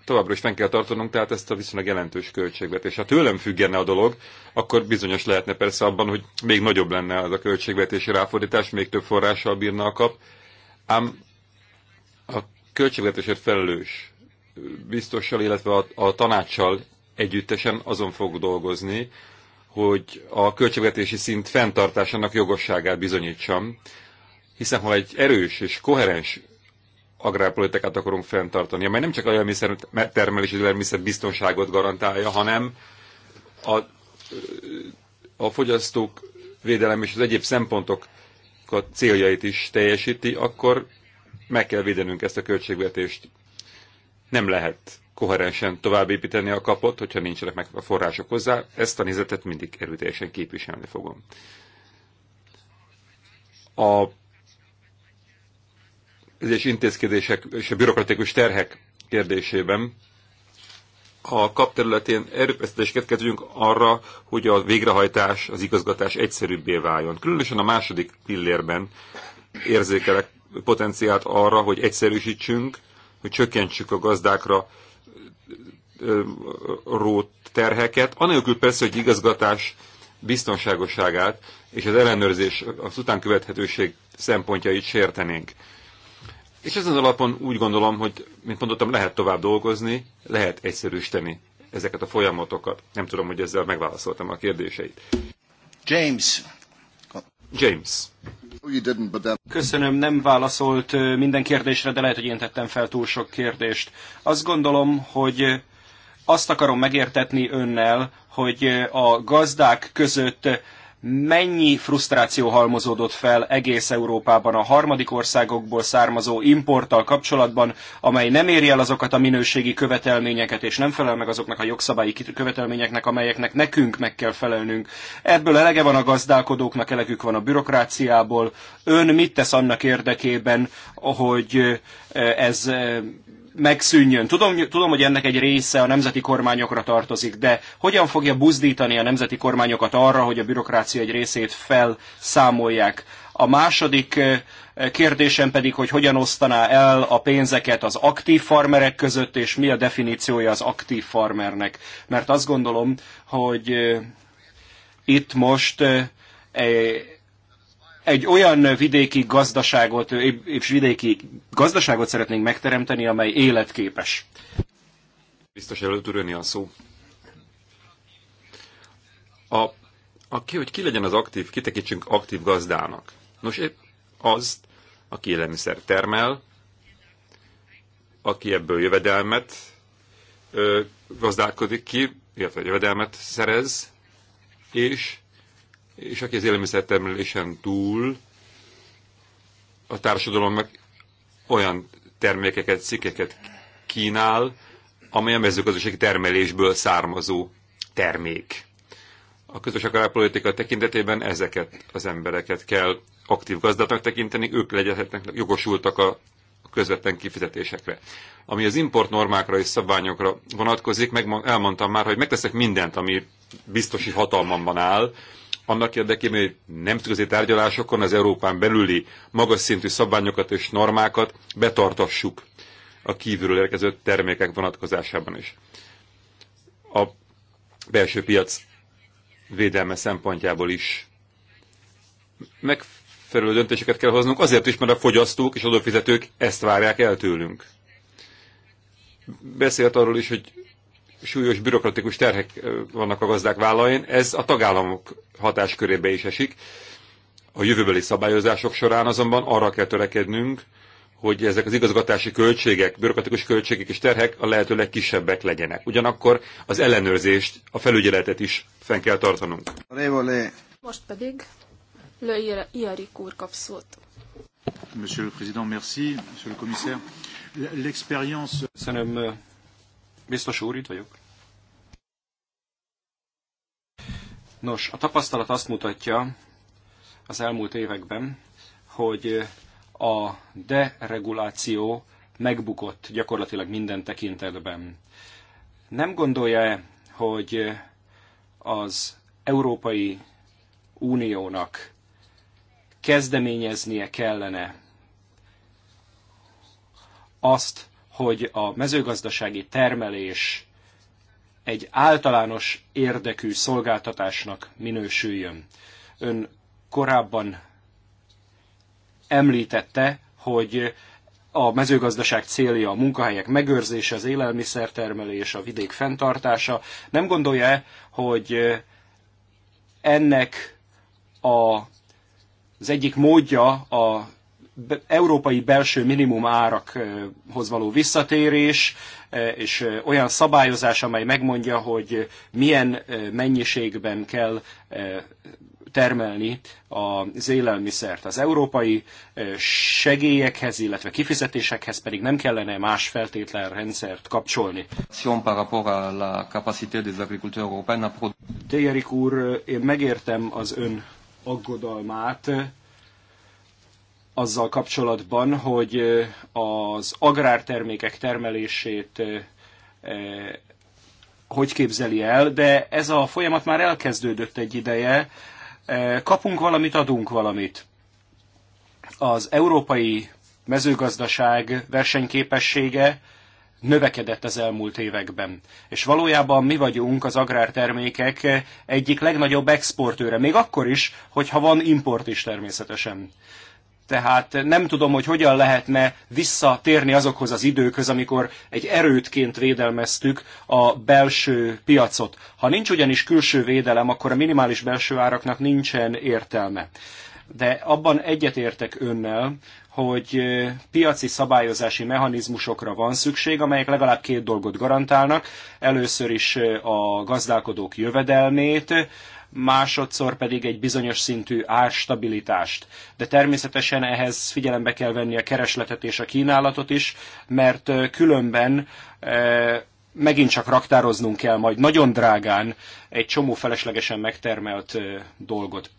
továbbra is fenn kell tartanunk, tehát ezt a viszonylag jelentős költségvetés. Ha tőlem függene a dolog, akkor bizonyos lehetne persze abban, hogy még nagyobb lenne az a költségvetési ráfordítás, még több forrással bírna a kap, ám a költségvetésért felelős biztossal, illetve a, a tanácssal együttesen azon fog dolgozni, hogy a költségvetési szint fenntartásának jogosságát bizonyítsam, hiszen ha egy erős és koherens agrárpolitikát akarunk fenntartani, amely nem csak a jelmiszer termelés és jelmiszer biztonságot garantálja, hanem a, a fogyasztók védelem és az egyéb szempontok a céljait is teljesíti, akkor meg kell védenünk ezt a költségvetést. Nem lehet koherensen továbbépíteni a kapot, hogyha nincsenek meg a források hozzá. Ezt a nézetet mindig erőteljesen képviselni fogom. A és intézkedések és a bürokratikus terhek kérdésében a kap területén erőfeszítéseket kezdjünk arra, hogy a végrehajtás, az igazgatás egyszerűbbé váljon. Különösen a második pillérben érzékelek potenciált arra, hogy egyszerűsítsünk, hogy csökkentsük a gazdákra rót terheket, anélkül persze, hogy igazgatás biztonságosságát és az ellenőrzés, az utánkövethetőség szempontjait sértenénk. És ezen alapon úgy gondolom, hogy, mint mondottam, lehet tovább dolgozni, lehet egyszerűsíteni ezeket a folyamatokat. Nem tudom, hogy ezzel megválaszoltam a kérdéseit. James. James. Oh, Köszönöm, nem válaszolt minden kérdésre, de lehet, hogy én tettem fel túl sok kérdést. Azt gondolom, hogy azt akarom megértetni önnel, hogy a gazdák között mennyi frusztráció halmozódott fel egész Európában a harmadik országokból származó importtal kapcsolatban, amely nem éri el azokat a minőségi követelményeket, és nem felel meg azoknak a jogszabályi követelményeknek, amelyeknek nekünk meg kell felelnünk. Ebből elege van a gazdálkodóknak, elegük van a bürokráciából. Ön mit tesz annak érdekében, hogy eh, ez eh, megszűnjön. Tudom, tudom, hogy ennek egy része a nemzeti kormányokra tartozik, de hogyan fogja buzdítani a nemzeti kormányokat arra, hogy a bürokrácia egy részét felszámolják? A második kérdésem pedig, hogy hogyan osztaná el a pénzeket az aktív farmerek között, és mi a definíciója az aktív farmernek. Mert azt gondolom, hogy itt most egy olyan vidéki gazdaságot, és vidéki gazdaságot szeretnénk megteremteni, amely életképes. Biztos előtt a szó. A, a ki, hogy ki legyen az aktív, kitekítsünk aktív gazdának. Nos, épp az, aki élelmiszer termel, aki ebből jövedelmet ö, gazdálkodik ki, illetve jövedelmet szerez, és és aki az élelmiszertermelésen túl a társadalom meg olyan termékeket, cikkeket kínál, amely a mezőgazdasági termelésből származó termék. A közös akarápolitika tekintetében ezeket az embereket kell aktív gazdatnak tekinteni, ők legyenek jogosultak a közvetlen kifizetésekre. Ami az import normákra és szabványokra vonatkozik, meg elmondtam már, hogy megteszek mindent, ami biztosi hatalmamban áll, annak érdekében, hogy nemzetközi tárgyalásokon az Európán belüli magas szintű szabványokat és normákat betartassuk a kívülről érkező termékek vonatkozásában is. A belső piac védelme szempontjából is megfelelő döntéseket kell hoznunk, azért is, mert a fogyasztók és adófizetők ezt várják el tőlünk. Beszélt arról is, hogy súlyos bürokratikus terhek vannak a gazdák vállain, ez a tagállamok hatáskörébe is esik. A jövőbeli szabályozások során azonban arra kell törekednünk, hogy ezek az igazgatási költségek, bürokratikus költségek és terhek a lehető legkisebbek legyenek. Ugyanakkor az ellenőrzést, a felügyeletet is fenn kell tartanunk. Most pedig Le Iarik úr kap szót. Monsieur le Président, merci. Monsieur le Commissaire, l'expérience... Köszönöm, Biztos úr, itt vagyok. Nos, a tapasztalat azt mutatja az elmúlt években, hogy a dereguláció megbukott gyakorlatilag minden tekintetben. Nem gondolja-e, hogy az Európai Uniónak kezdeményeznie kellene azt, hogy a mezőgazdasági termelés egy általános érdekű szolgáltatásnak minősüljön. Ön korábban említette, hogy a mezőgazdaság célja a munkahelyek megőrzése, az élelmiszertermelés, a vidék fenntartása. Nem gondolja hogy ennek a, az egyik módja a európai belső minimum árakhoz való visszatérés, e, és e, olyan szabályozás, amely megmondja, hogy milyen e, mennyiségben kell termelni az élelmiszert. Az európai segélyekhez, illetve kifizetésekhez pedig nem kellene más feltétlen rendszert kapcsolni. Tejerik úr, én megértem az ön aggodalmát, azzal kapcsolatban, hogy az agrártermékek termelését hogy képzeli el, de ez a folyamat már elkezdődött egy ideje. Kapunk valamit, adunk valamit. Az európai mezőgazdaság versenyképessége növekedett az elmúlt években. És valójában mi vagyunk az agrártermékek egyik legnagyobb exportőre, még akkor is, hogyha van import is természetesen. Tehát nem tudom, hogy hogyan lehetne visszatérni azokhoz az időkhöz, amikor egy erőtként védelmeztük a belső piacot. Ha nincs ugyanis külső védelem, akkor a minimális belső áraknak nincsen értelme. De abban egyetértek önnel, hogy piaci szabályozási mechanizmusokra van szükség, amelyek legalább két dolgot garantálnak. Először is a gazdálkodók jövedelmét, másodszor pedig egy bizonyos szintű árstabilitást. De természetesen ehhez figyelembe kell venni a keresletet és a kínálatot is, mert különben megint csak raktároznunk kell majd nagyon drágán egy csomó feleslegesen megtermelt dolgot.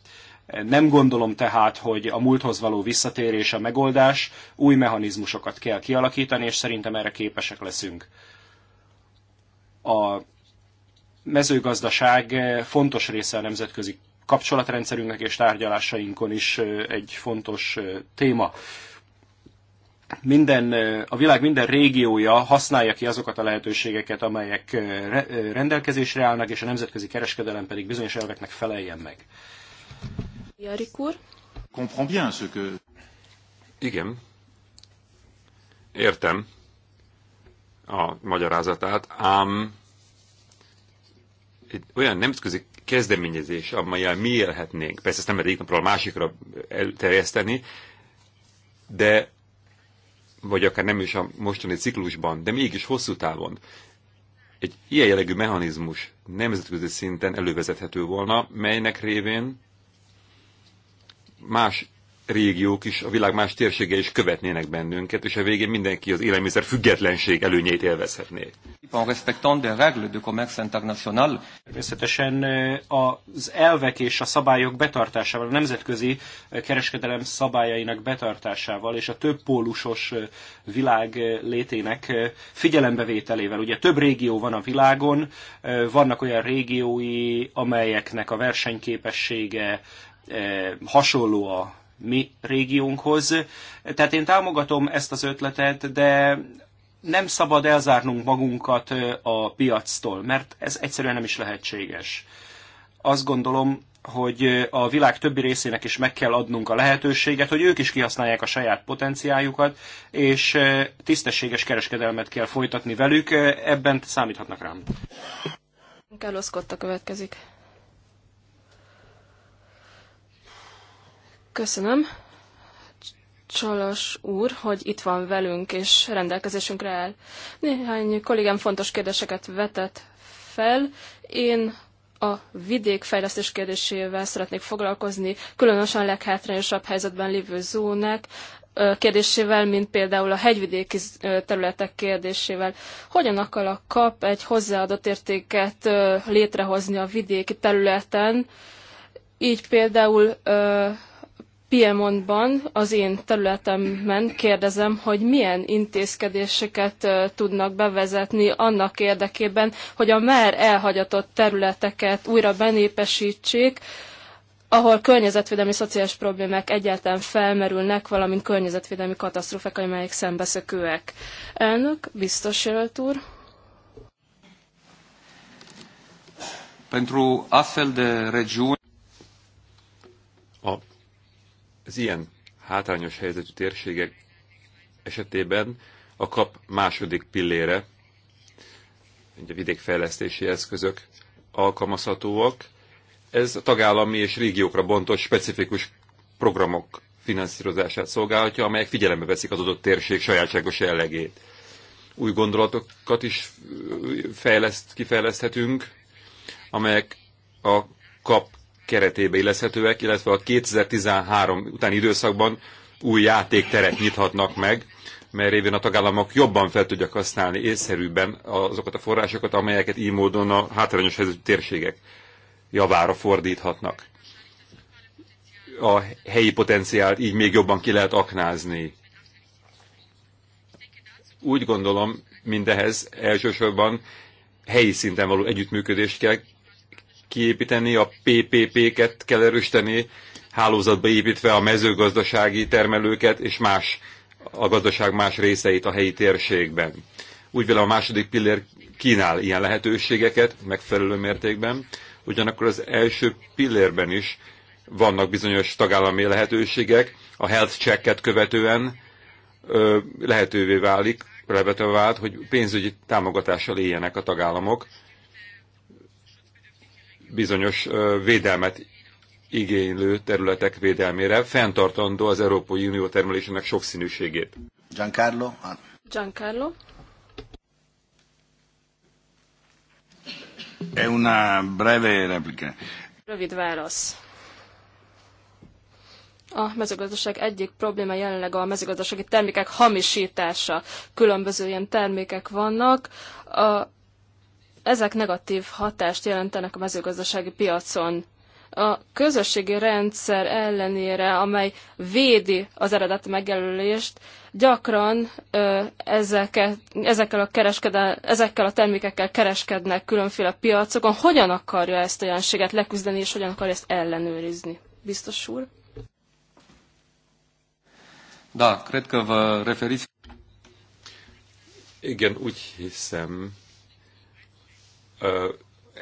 Nem gondolom tehát, hogy a múlthoz való visszatérés a megoldás, új mechanizmusokat kell kialakítani, és szerintem erre képesek leszünk. A mezőgazdaság eh, fontos része a nemzetközi kapcsolatrendszerünknek és tárgyalásainkon is eh, egy fontos eh, téma. Minden, a világ minden régiója használja ki azokat a lehetőségeket, amelyek rendelkezésre állnak, és a nemzetközi kereskedelem pedig bizonyos elveknek feleljen meg. Igen. Értem a magyarázatát, ám egy olyan nemzetközi kezdeményezés, amelyel mi élhetnénk, persze ezt nem lehet egyik napról a másikra elterjeszteni, de vagy akár nem is a mostani ciklusban, de mégis hosszú távon egy ilyen jellegű mechanizmus nemzetközi szinten elővezethető volna, melynek révén más régiók is, a világ más térsége is követnének bennünket, és a végén mindenki az élelmiszer függetlenség előnyeit élvezhetné. Természetesen az elvek és a szabályok betartásával, a nemzetközi kereskedelem szabályainak betartásával és a több pólusos világ létének figyelembevételével. Ugye több régió van a világon, vannak olyan régiói, amelyeknek a versenyképessége hasonló a mi régiónkhoz. Tehát én támogatom ezt az ötletet, de nem szabad elzárnunk magunkat a piactól, mert ez egyszerűen nem is lehetséges. Azt gondolom, hogy a világ többi részének is meg kell adnunk a lehetőséget, hogy ők is kihasználják a saját potenciáljukat, és tisztességes kereskedelmet kell folytatni velük, ebben számíthatnak rám. Carlos következik. Köszönöm. Csalas úr, hogy itt van velünk és rendelkezésünkre áll. Néhány kollégám fontos kérdéseket vetett fel. Én a vidék fejlesztés kérdésével szeretnék foglalkozni, különösen leghátrányosabb helyzetben lévő zónák kérdésével, mint például a hegyvidéki területek kérdésével. Hogyan akar a kap egy hozzáadott értéket létrehozni a vidéki területen, így például Piemontban, az én területemben kérdezem, hogy milyen intézkedéseket tudnak bevezetni annak érdekében, hogy a már elhagyatott területeket újra benépesítsék, ahol környezetvédelmi szociális problémák egyáltalán felmerülnek, valamint környezetvédelmi katasztrófák, amelyek szembeszökőek. Elnök, biztos jelölt úr. Pentru astfel de regiuni, az ilyen hátrányos helyzetű térségek esetében a kap második pillére, ugye vidékfejlesztési eszközök alkalmazhatóak. Ez a tagállami és régiókra bontott specifikus programok finanszírozását szolgálhatja, amelyek figyelembe veszik az adott térség sajátságos jellegét. Új gondolatokat is fejleszt, kifejleszthetünk, amelyek a kap keretébe illeszhetőek, illetve a 2013 utáni időszakban új játékteret nyithatnak meg, mert révén a tagállamok jobban fel tudják használni észszerűbben azokat a forrásokat, amelyeket így módon a hátrányos helyzetű térségek javára fordíthatnak. A helyi potenciált így még jobban ki lehet aknázni. Úgy gondolom, mindehez elsősorban helyi szinten való együttműködést kell kiépíteni, a PPP-ket kell erősíteni, hálózatba építve a mezőgazdasági termelőket és más, a gazdaság más részeit a helyi térségben. Úgy vélem a második pillér kínál ilyen lehetőségeket megfelelő mértékben, ugyanakkor az első pillérben is vannak bizonyos tagállami lehetőségek, a health checket követően ö, lehetővé válik, levetve vált, hogy pénzügyi támogatással éljenek a tagállamok, bizonyos védelmet igénylő területek védelmére, fenntartandó az Európai Unió termelésének sokszínűségét. Giancarlo. Giancarlo. È una breve replica. Rövid válasz. A mezőgazdaság egyik probléma jelenleg a mezőgazdasági termékek hamisítása. Különböző ilyen termékek vannak. A ezek negatív hatást jelentenek a mezőgazdasági piacon. A közösségi rendszer ellenére, amely védi az eredeti megjelölést, gyakran ö, ezeket, ezekkel, a ezekkel a termékekkel kereskednek különféle piacokon. Hogyan akarja ezt a jelenséget leküzdeni, és hogyan akarja ezt ellenőrizni? Biztos úr? Da, cred că vă referiți... Igen, úgy hiszem,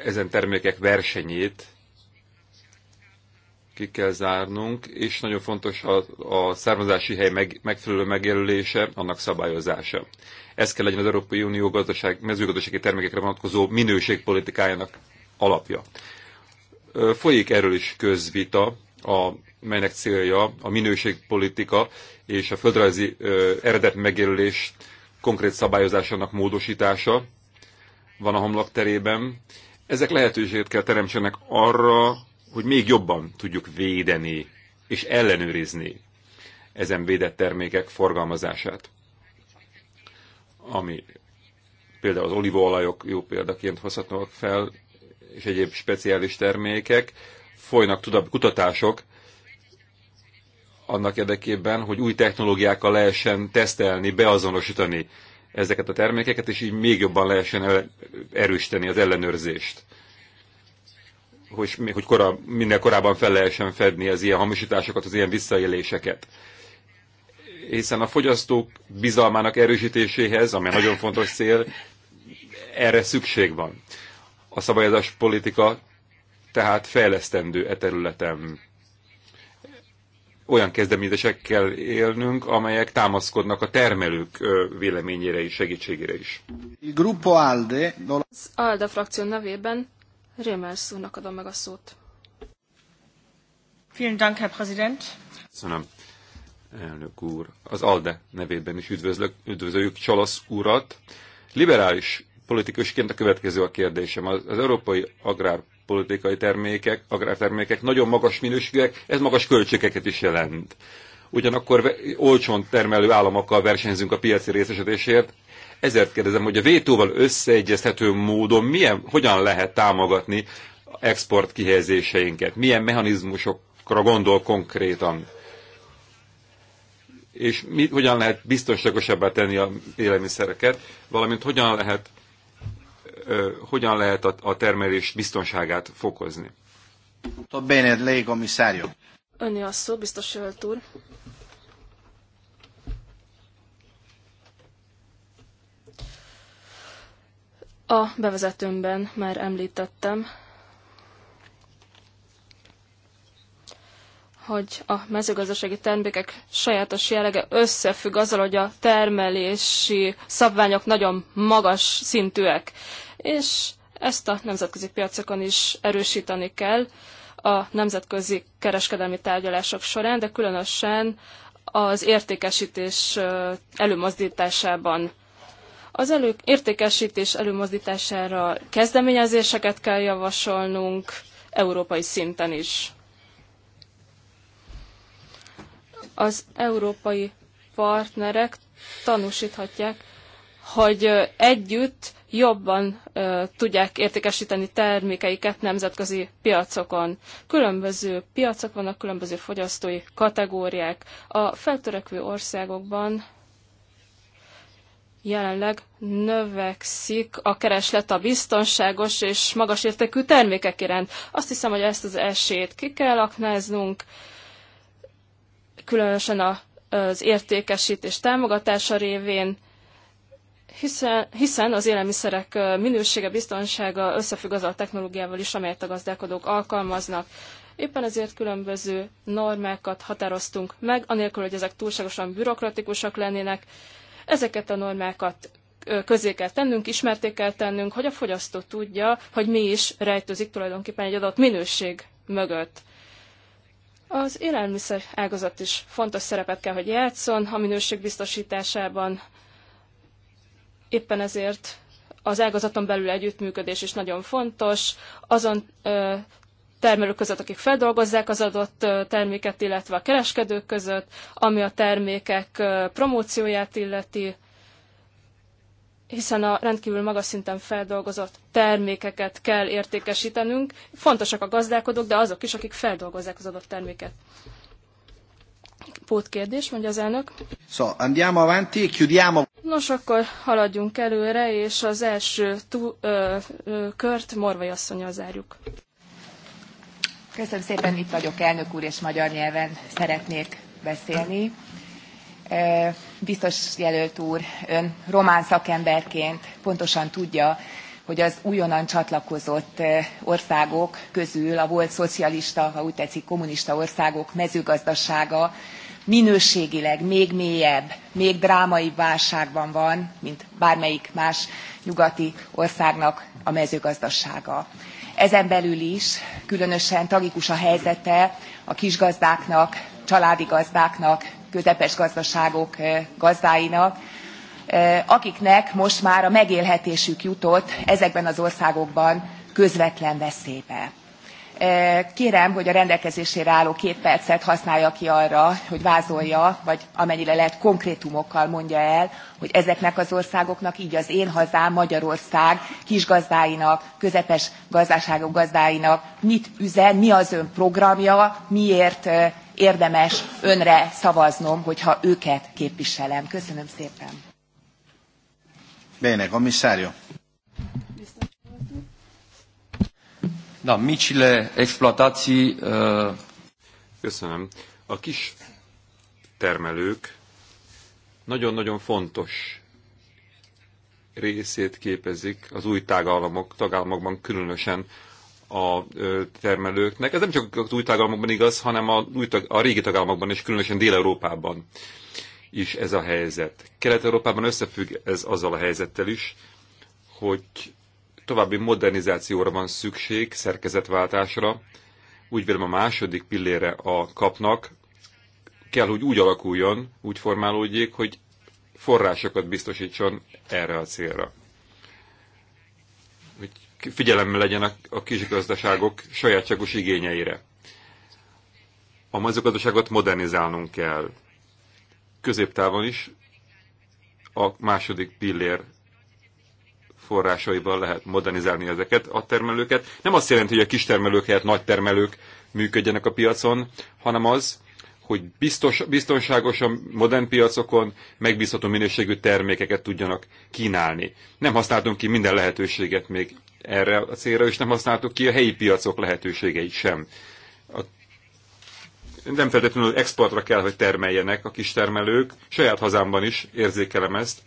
ezen termékek versenyét ki kell zárnunk, és nagyon fontos a, a származási hely meg, megfelelő megjelölése, annak szabályozása. Ez kell legyen az Európai Unió gazdaság, mezőgazdasági termékekre vonatkozó minőségpolitikájának alapja. Folyik erről is közvita, a, melynek célja a minőségpolitika és a földrajzi eredet megjelölés konkrét szabályozásának módosítása, van a homlok terében. Ezek lehetőséget kell teremtsenek arra, hogy még jobban tudjuk védeni és ellenőrizni ezen védett termékek forgalmazását. Ami például az olívaolajok jó példaként hozhatnak fel, és egyéb speciális termékek. Folynak kutatások annak érdekében, hogy új technológiákkal lehessen tesztelni, beazonosítani ezeket a termékeket, és így még jobban lehessen erősíteni az ellenőrzést. Hogy, hogy korab, minél korábban fel lehessen fedni az ilyen hamisításokat, az ilyen visszaéléseket. Hiszen a fogyasztók bizalmának erősítéséhez, ami nagyon fontos cél, erre szükség van. A szabályozás politika tehát fejlesztendő e területen olyan kezdeményezésekkel élnünk, amelyek támaszkodnak a termelők véleményére és segítségére is. Gruppo Alde. Az frakció nevében Rémers úrnak adom meg a szót. Köszönöm. Elnök úr, az ALDE nevében is üdvözlök, üdvözöljük Csalasz urat. Liberális politikusként a következő a kérdésem. Az, az európai agrár politikai termékek, agrártermékek nagyon magas minőségűek, ez magas költségeket is jelent. Ugyanakkor olcsón termelő államokkal versenyzünk a piaci részesedésért, ezért kérdezem, hogy a vétóval összeegyeztető módon milyen, hogyan lehet támogatni export kihelyezéseinket, milyen mechanizmusokra gondol konkrétan, és mit, hogyan lehet biztonságosabbá tenni a élelmiszereket, valamint hogyan lehet hogyan lehet a termelés biztonságát fokozni. Bene, lei commissario. Önni a szó, biztos jövőt úr. A bevezetőmben már említettem, hogy a mezőgazdasági termékek sajátos jellege összefügg azzal, hogy a termelési szabványok nagyon magas szintűek és ezt a nemzetközi piacokon is erősíteni kell a nemzetközi kereskedelmi tárgyalások során, de különösen az értékesítés előmozdításában. Az elő, értékesítés előmozdítására kezdeményezéseket kell javasolnunk európai szinten is. Az európai partnerek tanúsíthatják, hogy együtt jobban ö, tudják értékesíteni termékeiket nemzetközi piacokon. Különböző piacok vannak, különböző fogyasztói kategóriák. A feltörekvő országokban jelenleg növekszik a kereslet a biztonságos és magas értékű termékek iránt. Azt hiszem, hogy ezt az esélyt ki kell aknáznunk, különösen az értékesítés támogatása révén, hiszen, hiszen az élelmiszerek minősége, biztonsága összefügg az a technológiával is, amelyet a gazdálkodók alkalmaznak. Éppen ezért különböző normákat határoztunk meg, anélkül, hogy ezek túlságosan bürokratikusak lennének. Ezeket a normákat közé kell tennünk, ismerté kell tennünk, hogy a fogyasztó tudja, hogy mi is rejtőzik tulajdonképpen egy adott minőség mögött. Az élelmiszer ágazat is fontos szerepet kell, hogy játszon a minőség biztosításában, Éppen ezért az ágazaton belül együttműködés is nagyon fontos. Azon termelők között, akik feldolgozzák az adott terméket, illetve a kereskedők között, ami a termékek promócióját illeti, hiszen a rendkívül magas szinten feldolgozott termékeket kell értékesítenünk. Fontosak a gazdálkodók, de azok is, akik feldolgozzák az adott terméket. Pótkérdés, mondja az elnök. So, andiamo avanti, chiudiamo. Nos, akkor haladjunk előre, és az első tú, ö, ö, kört Morvai asszonyjal zárjuk. Köszönöm szépen, itt vagyok, elnök úr, és magyar nyelven szeretnék beszélni. Biztos jelölt úr, ön román szakemberként pontosan tudja, hogy az újonnan csatlakozott országok közül a volt szocialista, ha úgy tetszik, kommunista országok mezőgazdasága minőségileg még mélyebb, még drámai válságban van, mint bármelyik más nyugati országnak a mezőgazdasága. Ezen belül is különösen tragikus a helyzete a kisgazdáknak, családi gazdáknak, közepes gazdaságok eh, gazdáinak, eh, akiknek most már a megélhetésük jutott ezekben az országokban közvetlen veszélybe Kérem, hogy a rendelkezésére álló két percet használja ki arra, hogy vázolja, vagy amennyire lehet konkrétumokkal mondja el, hogy ezeknek az országoknak, így az én hazám Magyarország kisgazdáinak, közepes gazdaságok gazdáinak mit üzen, mi az ön programja, miért érdemes önre szavaznom, hogyha őket képviselem. Köszönöm szépen. Bene, Da, micile exploatații... Uh, Köszönöm. A kis termelők nagyon-nagyon fontos részét képezik az új tagállamok, tagállamokban különösen a termelőknek. Ez nem csak az új tagállamokban igaz, hanem a, új tag, a régi tagállamokban és különösen Dél-Európában is ez a helyzet. Kelet-Európában összefügg ez azzal a helyzettel is, hogy További modernizációra van szükség, szerkezetváltásra. Úgy vélem a második pillére a kapnak kell, hogy úgy alakuljon, úgy formálódjék, hogy forrásokat biztosítson erre a célra. Hogy figyelemmel legyen a, a kisgazdaságok sajátságos igényeire. A mezőgazdaságot modernizálnunk kell. Középtávon is a második pillér forrásaiban lehet modernizálni ezeket a termelőket. Nem azt jelenti, hogy a kis termelők helyett nagy termelők működjenek a piacon, hanem az, hogy biztos, biztonságosan, modern piacokon megbízható minőségű termékeket tudjanak kínálni. Nem használtunk ki minden lehetőséget még erre a célra, és nem használtuk ki a helyi piacok lehetőségeit sem. A, nem feltétlenül exportra kell, hogy termeljenek a kis termelők, saját hazámban is érzékelem ezt,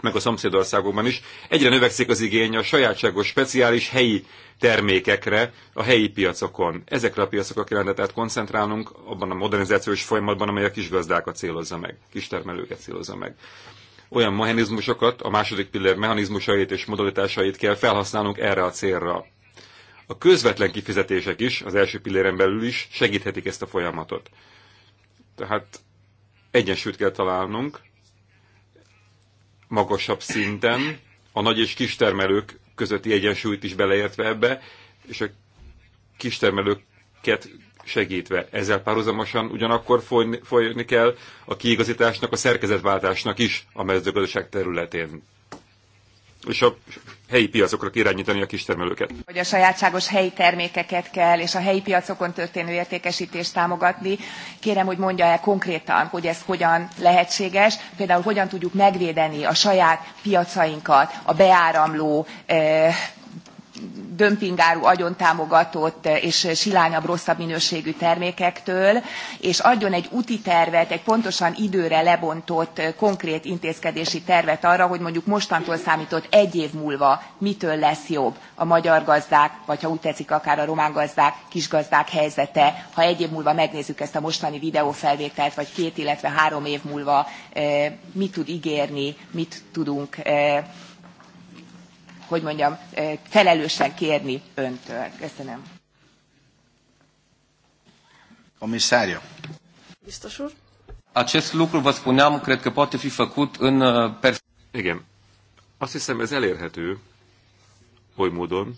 meg a szomszédországokban is, egyre növekszik az igény a sajátságos, speciális helyi termékekre, a helyi piacokon. Ezekre a piacokra kellene tehát koncentrálnunk abban a modernizációs folyamatban, amely a kisgazdákat célozza meg, kistermelőket célozza meg. Olyan mechanizmusokat, a második pillér mechanizmusait és modalitásait kell felhasználnunk erre a célra. A közvetlen kifizetések is, az első pilléren belül is segíthetik ezt a folyamatot. Tehát egyensúlyt kell találnunk, magasabb szinten, a nagy és kistermelők közötti egyensúlyt is beleértve ebbe, és a kistermelőket segítve. Ezzel párhuzamosan ugyanakkor folyni, folyni kell a kiigazításnak, a szerkezetváltásnak is a mezőgazdaság területén és a helyi piacokra irányítani a kistermelőket. Hogy a sajátságos helyi termékeket kell, és a helyi piacokon történő értékesítést támogatni. Kérem, hogy mondja el konkrétan, hogy ez hogyan lehetséges, például hogyan tudjuk megvédeni a saját piacainkat a beáramló eh, dömpingáru agyon támogatott eh, és eh, silányabb, rosszabb minőségű termékektől, és adjon egy úti tervet, egy pontosan időre lebontott eh, konkrét intézkedési tervet arra, hogy mondjuk mostantól számított egy év múlva mitől lesz jobb a magyar gazdák, vagy ha úgy tetszik, akár a román gazdák, kisgazdák helyzete, ha egy év múlva megnézzük ezt a mostani videófelvételt, vagy két, illetve három év múlva mit tud gérni mit tudunk hogy mondjam, felelősen kérni öntől. Köszönöm. Comisariu. Biztos úr? Acest lucru, vă spuneam, cred că poate fi făcut în... Uh, Igen. Azt hiszem, ez elérhető oly módon,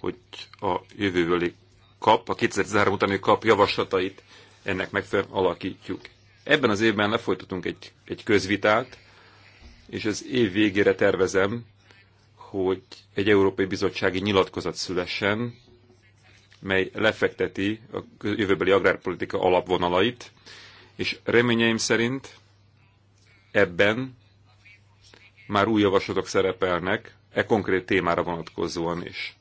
hogy a jövőbeli kap, a 2013 utáni kap javaslatait ennek megfelelően alakítjuk. Ebben az évben lefolytatunk egy, egy közvitát, és az év végére tervezem, hogy egy Európai Bizottsági nyilatkozat szülessen, mely lefekteti a jövőbeli agrárpolitika alapvonalait, és reményeim szerint ebben már új javaslatok szerepelnek, e konkrét témára vonatkozóan is.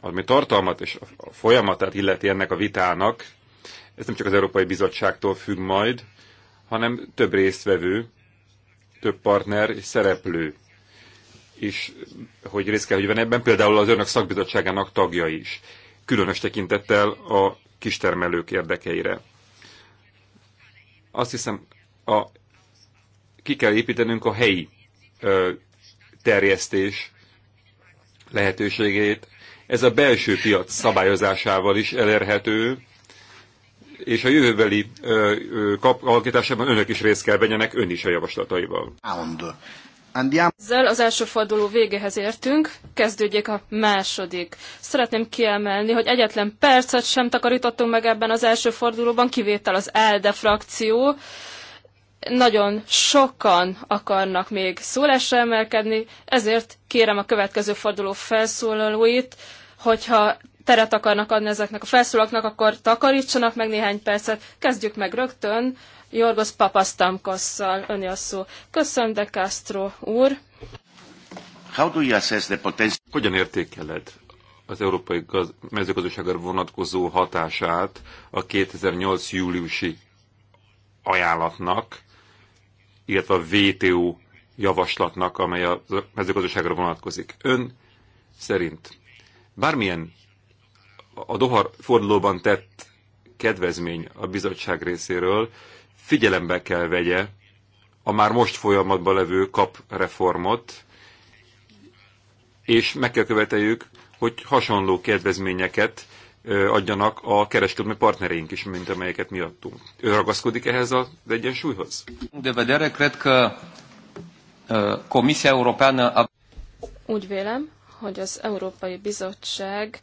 Ami tartalmat és a folyamatát illeti ennek a vitának, ez nem csak az Európai Bizottságtól függ majd, hanem több résztvevő, több partner és szereplő is, hogy részt kell, hogy van ebben, például az önök szakbizottságának tagja is, különös tekintettel a kistermelők érdekeire. Azt hiszem, a, ki kell építenünk a helyi ö, terjesztés lehetőségét. Ez a belső piac szabályozásával is elérhető, és a jövőbeli ö, ö, kap, önök is részt kell vegyenek, ön is a javaslataival. Ezzel az első forduló végéhez értünk, kezdődjék a második. Szeretném kiemelni, hogy egyetlen percet sem takarítottunk meg ebben az első fordulóban, kivétel az ELDE frakció. Nagyon sokan akarnak még szólásra emelkedni, ezért kérem a következő forduló felszólalóit, hogyha teret akarnak adni ezeknek a felszólalóknak, akkor takarítsanak meg néhány percet. Kezdjük meg rögtön Jorgos Papasztamkosszal. Öni a szó. Köszönöm, de Castro úr. How do you assess the potential? Hogyan értékeled az európai gaz- mezőgazdaságra vonatkozó hatását a 2008. júliusi ajánlatnak, illetve a VTO javaslatnak, amely a mezőgazdaságra vonatkozik. Ön szerint bármilyen a Doha fordulóban tett kedvezmény a bizottság részéről figyelembe kell vegye a már most folyamatban levő kap reformot, és meg kell követeljük, hogy hasonló kedvezményeket adjanak a kereskedelmi partnereink is, mint amelyeket mi adtunk. Ő ragaszkodik ehhez az egyensúlyhoz? De vedere, cred că Comisia Europeană... Úgy vélem, hogy az Európai Bizottság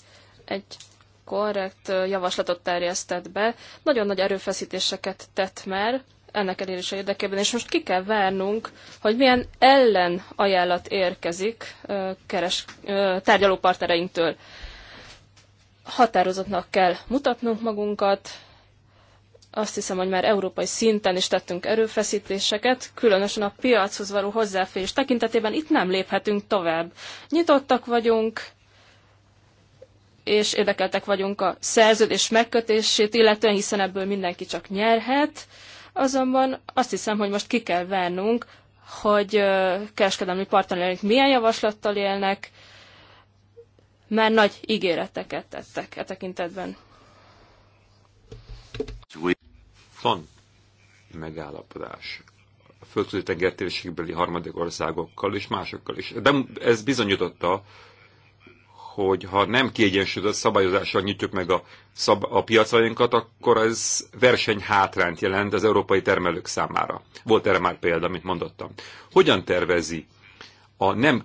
egy korrekt javaslatot terjesztett be. Nagyon nagy erőfeszítéseket tett már ennek elérése érdekében, és most ki kell várnunk, hogy milyen ellen ajánlat érkezik keres, tárgyalópartnereinktől. Határozottnak kell mutatnunk magunkat, azt hiszem, hogy már európai szinten is tettünk erőfeszítéseket, különösen a piachoz való hozzáférés tekintetében itt nem léphetünk tovább. Nyitottak vagyunk, és érdekeltek vagyunk a szerződés megkötését, illetően hiszen ebből mindenki csak nyerhet. Azonban azt hiszem, hogy most ki kell várnunk, hogy kereskedelmi partnereink milyen javaslattal élnek, mert nagy ígéreteket tettek e tekintetben. Van megállapodás a földközi tengertérségbeli harmadik országokkal és másokkal is. De ez bizonyította, hogy ha nem kiegyensúlyozott szabályozással nyitjuk meg a, szab- a piacainkat, akkor ez versenyhátrányt jelent az európai termelők számára. Volt erre már példa, amit mondottam. Hogyan tervezi a nem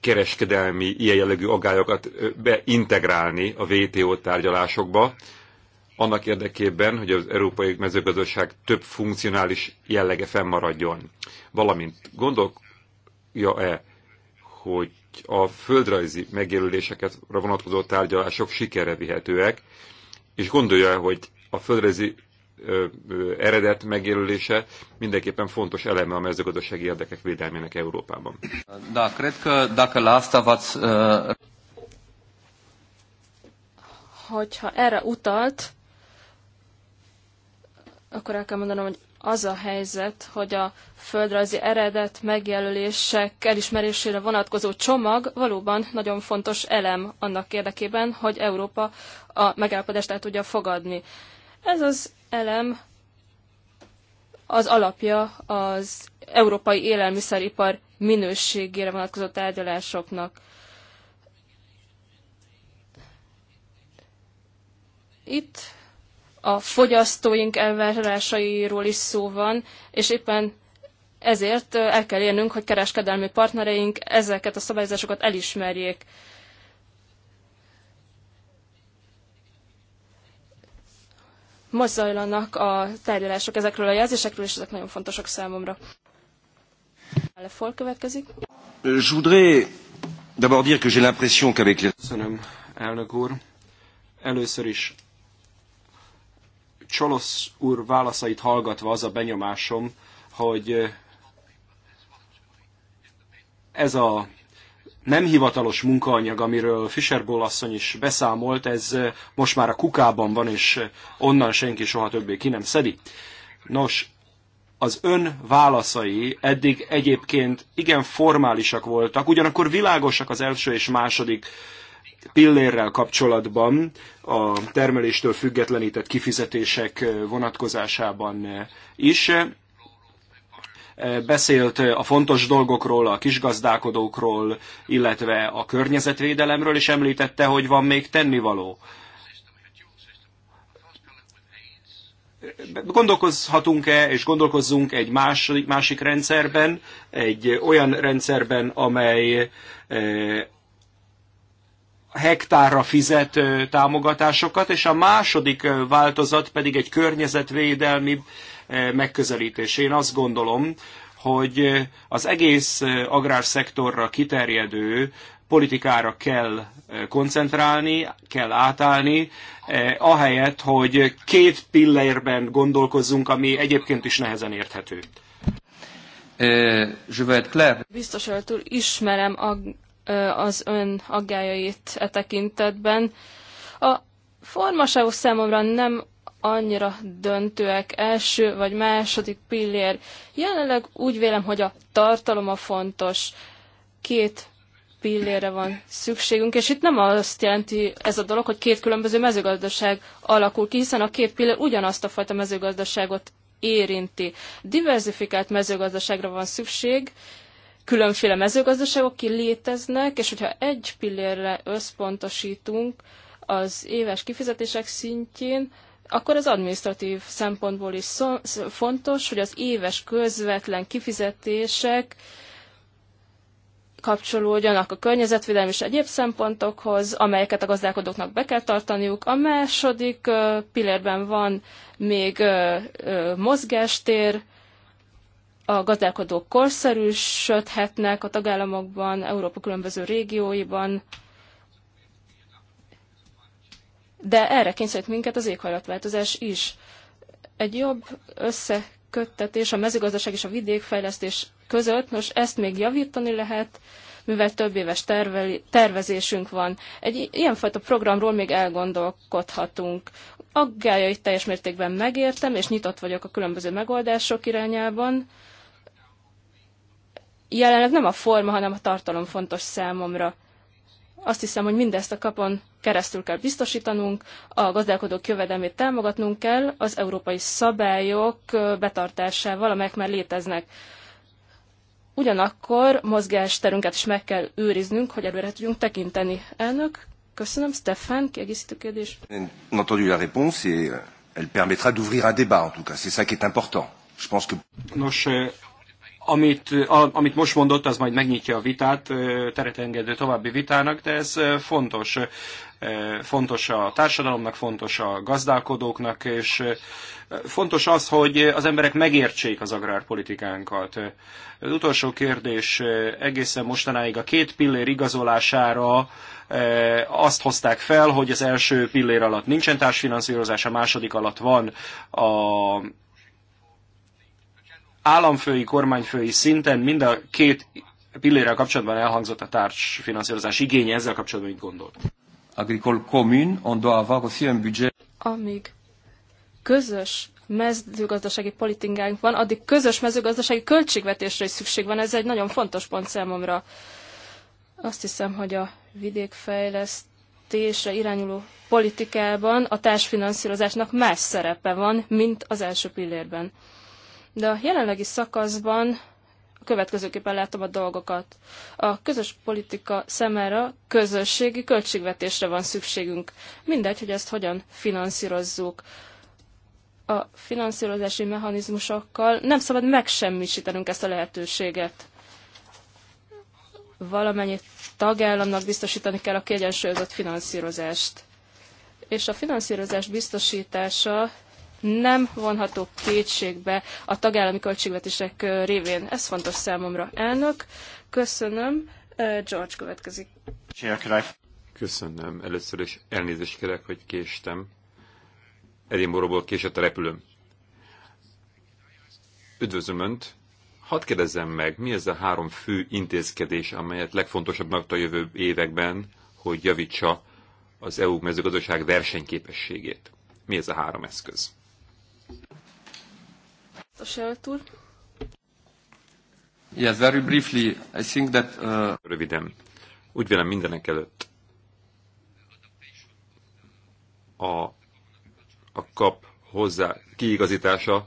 kereskedelmi ilyen jellegű agályokat beintegrálni a WTO tárgyalásokba, annak érdekében, hogy az európai mezőgazdaság több funkcionális jellege fennmaradjon. Valamint gondolja-e, hogy a földrajzi megjelöléseket vonatkozó tárgyalások sikere vihetőek, és gondolja hogy a földrajzi eredet megjelölése mindenképpen fontos eleme a mezőgazdasági érdekek védelmének Európában. Da, cred că dacă la asta v uh... Hogyha erre utalt, akkor el kell mondanom, hogy az a helyzet, hogy a földrajzi eredet megjelölések elismerésére vonatkozó csomag valóban nagyon fontos elem annak érdekében, hogy Európa a megállapodást el tudja fogadni. Ez az elem az alapja az európai élelmiszeripar minőségére vonatkozó tárgyalásoknak. Itt a fogyasztóink elvárásairól is szó van, és éppen ezért el kell érnünk, hogy kereskedelmi partnereink ezeket a szabályozásokat elismerjék. Most zajlanak a tárgyalások ezekről a jelzésekről, és ezek nagyon fontosak számomra. Lefol következik. Euh, je voudrais d'abord dire que j'ai l'impression qu'avec les... Köszönöm, elnök úr. Először is Csolosz úr válaszait hallgatva az a benyomásom, hogy ez a nem hivatalos munkaanyag, amiről Fischerból asszony is beszámolt, ez most már a kukában van, és onnan senki soha többé ki nem szedi. Nos, az ön válaszai eddig egyébként igen formálisak voltak, ugyanakkor világosak az első és második pillérrel kapcsolatban a termeléstől függetlenített kifizetések vonatkozásában is. Beszélt a fontos dolgokról, a kisgazdálkodókról, illetve a környezetvédelemről, és említette, hogy van még tennivaló. gondolkozhatunk-e és gondolkozzunk egy másik, másik rendszerben, egy olyan rendszerben, amely eh, hektárra fizet támogatásokat, és a második változat pedig egy környezetvédelmi megközelítés. Én azt gondolom, hogy az egész agrárszektorra kiterjedő politikára kell koncentrálni, kell átállni, eh, ahelyett, hogy két pillérben gondolkozzunk, ami egyébként is nehezen érthető. Biztos, hogy ismerem a az ön aggájait e tekintetben. A formaságok számomra nem annyira döntőek első vagy második pillér. Jelenleg úgy vélem, hogy a tartalom a fontos. Két pillére van szükségünk, és itt nem azt jelenti ez a dolog, hogy két különböző mezőgazdaság alakul ki, hiszen a két pillér ugyanazt a fajta mezőgazdaságot érinti. Diversifikált mezőgazdaságra van szükség, különféle mezőgazdaságok ki léteznek, és hogyha egy pillérre összpontosítunk az éves kifizetések szintjén, akkor az administratív szempontból is szó, fontos, hogy az éves közvetlen kifizetések kapcsolódjanak a környezetvédelmi és egyéb szempontokhoz, amelyeket a gazdálkodóknak be kell tartaniuk. A második pillérben van még mozgástér, a gazdálkodók korszerűsödhetnek a tagállamokban, Európa különböző régióiban, de erre kényszerít minket az éghajlatváltozás is. Egy jobb összeköttetés a mezőgazdaság és a vidékfejlesztés között, nos ezt még javítani lehet, mivel több éves terveli, tervezésünk van. Egy ilyenfajta programról még elgondolkodhatunk. Aggájait teljes mértékben megértem, és nyitott vagyok a különböző megoldások irányában, jelenleg nem a forma, hanem a tartalom fontos számomra. Azt hiszem, hogy mindezt a kapon keresztül kell biztosítanunk, a gazdálkodók jövedelmét támogatnunk kell az európai szabályok betartásával, amelyek már léteznek. Ugyanakkor mozgásterünket is meg kell őriznünk, hogy előre tudjunk tekinteni. Elnök, köszönöm. Stefan, kiegészítő kérdés. Nos, eh, amit, amit most mondott, az majd megnyitja a vitát, teret engedő további vitának, de ez fontos. Fontos a társadalomnak, fontos a gazdálkodóknak, és fontos az, hogy az emberek megértsék az agrárpolitikánkat. Az utolsó kérdés egészen mostanáig a két pillér igazolására azt hozták fel, hogy az első pillér alatt nincsen társfinanszírozás, a második alatt van a államfői, kormányfői szinten mind a két pillérrel kapcsolatban elhangzott a társfinanszírozás igénye, ezzel kapcsolatban mit gondolt? Agricole commune, on doit avoir aussi un budget. Amíg közös mezőgazdasági politikánk van, addig közös mezőgazdasági költségvetésre is szükség van. Ez egy nagyon fontos pont számomra. Azt hiszem, hogy a vidékfejlesztésre irányuló politikában a társfinanszírozásnak más szerepe van, mint az első pillérben de a jelenlegi szakaszban a következőképpen látom a dolgokat. A közös politika szemére közösségi költségvetésre van szükségünk. Mindegy, hogy ezt hogyan finanszírozzuk. A finanszírozási mechanizmusokkal nem szabad megsemmisítenünk ezt a lehetőséget. Valamennyi tagállamnak biztosítani kell a kiegyensúlyozott finanszírozást. És a finanszírozás biztosítása nem vonható kétségbe a tagállami költségvetések révén. Ez fontos számomra. Elnök, köszönöm. George következik. Köszönöm. Először is elnézést kérek, hogy késtem. Edinburghból késett a repülőm. Üdvözlöm Önt! Hadd kérdezzem meg, mi ez a három fő intézkedés, amelyet legfontosabbnak a jövő években, hogy javítsa az EU mezőgazdaság versenyképességét? Mi ez a három eszköz? Yes, very briefly, I think that... Uh... Röviden. Úgy vélem mindenek előtt a, a kap hozzá kiigazítása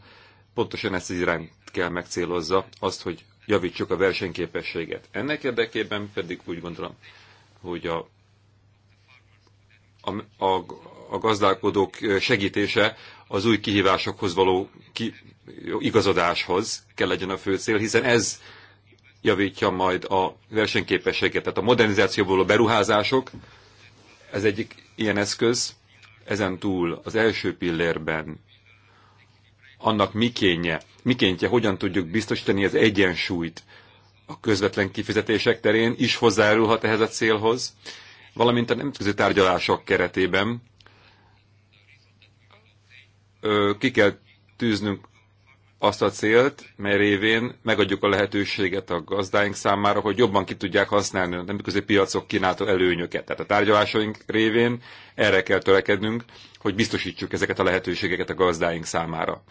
pontosan ezt az irányt kell megcélozza, azt, hogy javítsuk a versenyképességet. Ennek érdekében pedig úgy gondolom, hogy a, a, a, a gazdálkodók segítése az új kihívásokhoz való ki, igazodáshoz kell legyen a fő cél, hiszen ez javítja majd a versenyképességet. Tehát a modernizációból a beruházások, ez egyik ilyen eszköz, ezen túl az első pillérben annak mikénye, mikéntje, hogyan tudjuk biztosítani az egyensúlyt a közvetlen kifizetések terén is hozzájárulhat ehhez a célhoz, valamint a nemzetközi tárgyalások keretében ki kell tűznünk azt a célt, mely révén megadjuk a lehetőséget a gazdáink számára, hogy jobban ki tudják használni a nemzetközi piacok kínáltó előnyöket. Tehát a tárgyalásaink révén erre kell törekednünk, hogy biztosítsuk ezeket a lehetőségeket a gazdáink számára.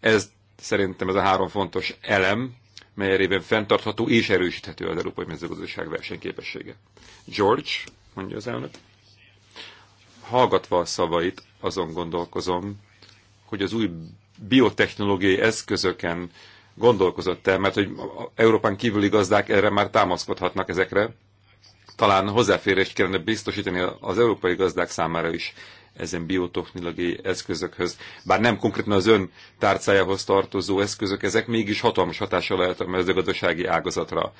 Ez szerintem ez a három fontos elem, mely révén fenntartható és erősíthető az európai mezőgazdaság versenyképessége. George, mondja az elnök. Hallgatva a szavait, azon gondolkozom, hogy az új biotechnológiai eszközöken gondolkozott el, mert hogy Európán kívüli gazdák erre már támaszkodhatnak ezekre. Talán hozzáférést kellene biztosítani az európai gazdák számára is ezen biotechnológiai eszközökhöz. Bár nem konkrétan az ön tárcájához tartozó eszközök, ezek mégis hatalmas hatással lehet a mezőgazdasági ágazatra.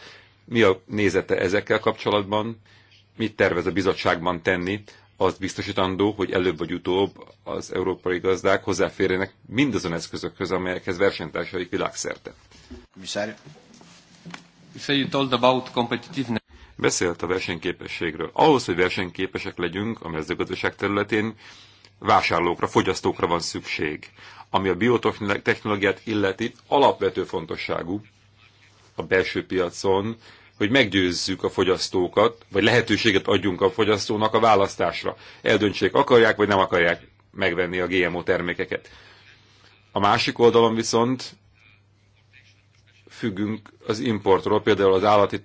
Mi a nézete ezekkel kapcsolatban? Mit tervez a bizottságban tenni az biztosítandó, hogy előbb vagy utóbb az európai gazdák hozzáférjenek mindazon eszközökhöz, amelyekhez versenytársaik világszerte. Beszélt a versenyképességről. Ahhoz, hogy versenyképesek legyünk a mezőgazdaság területén, vásárlókra, fogyasztókra van szükség. Ami a biotechnológiát illeti, alapvető fontosságú a belső piacon hogy meggyőzzük a fogyasztókat, vagy lehetőséget adjunk a fogyasztónak a választásra. Eldöntsék, akarják vagy nem akarják megvenni a GMO termékeket. A másik oldalon viszont függünk az importról, például az állati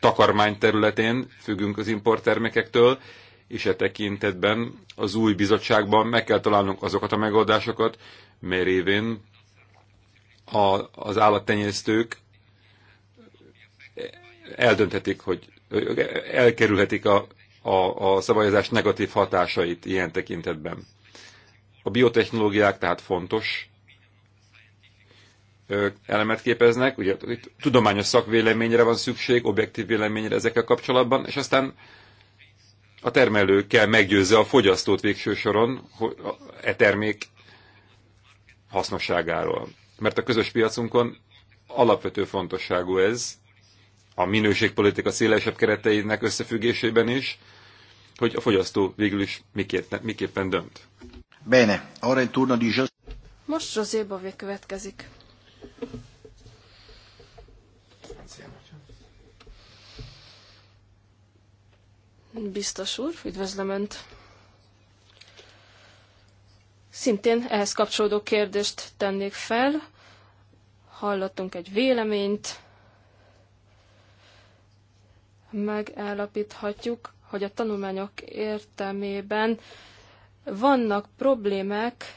takarmány területén függünk az importtermékektől, és e tekintetben az új bizottságban meg kell találnunk azokat a megoldásokat, mert évén a, az állattenyésztők eldönthetik, hogy elkerülhetik a, a, a szabályozás negatív hatásait ilyen tekintetben. A biotechnológiák tehát fontos elemet képeznek, ugye itt tudományos szakvéleményre van szükség, objektív véleményre ezekkel kapcsolatban, és aztán a termelő kell meggyőzze a fogyasztót végső soron hogy e termék hasznosságáról. Mert a közös piacunkon alapvető fontosságú ez, a minőségpolitika szélesebb kereteinek összefüggésében is, hogy a fogyasztó végül is miképpen, miképpen dönt. Bene, arra egy turno di Most José Bové következik. Biztos úr, üdvözlöm Önt! Szintén ehhez kapcsolódó kérdést tennék fel. Hallottunk egy véleményt, megállapíthatjuk, hogy a tanulmányok értelmében vannak problémák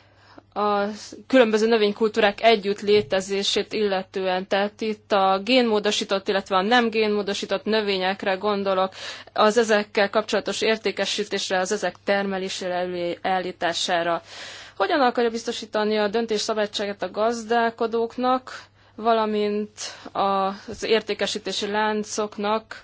a különböző növénykultúrák együtt létezését illetően. Tehát itt a génmódosított, illetve a nem génmódosított növényekre gondolok, az ezekkel kapcsolatos értékesítésre, az ezek termelésére, elítására. Hogyan akarja biztosítani a döntés szabadságát a gazdálkodóknak, valamint az értékesítési láncoknak,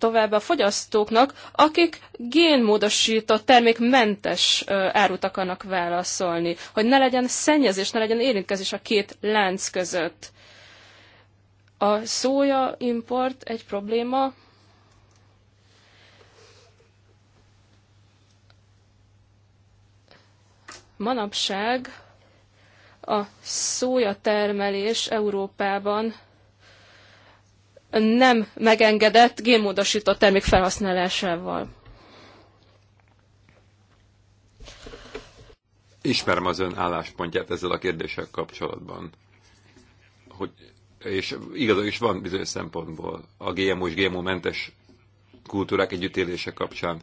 továbbá a fogyasztóknak, akik génmódosított termékmentes árut akarnak válaszolni, hogy ne legyen szennyezés, ne legyen érintkezés a két lánc között. A szója import egy probléma. Manapság a szója termelés Európában nem megengedett génmódosított termék felhasználásával. Ismerem az ön álláspontját ezzel a kérdéssel kapcsolatban. Hogy, és igaza is van bizonyos szempontból a GMO és GMO mentes kultúrák együttélése kapcsán.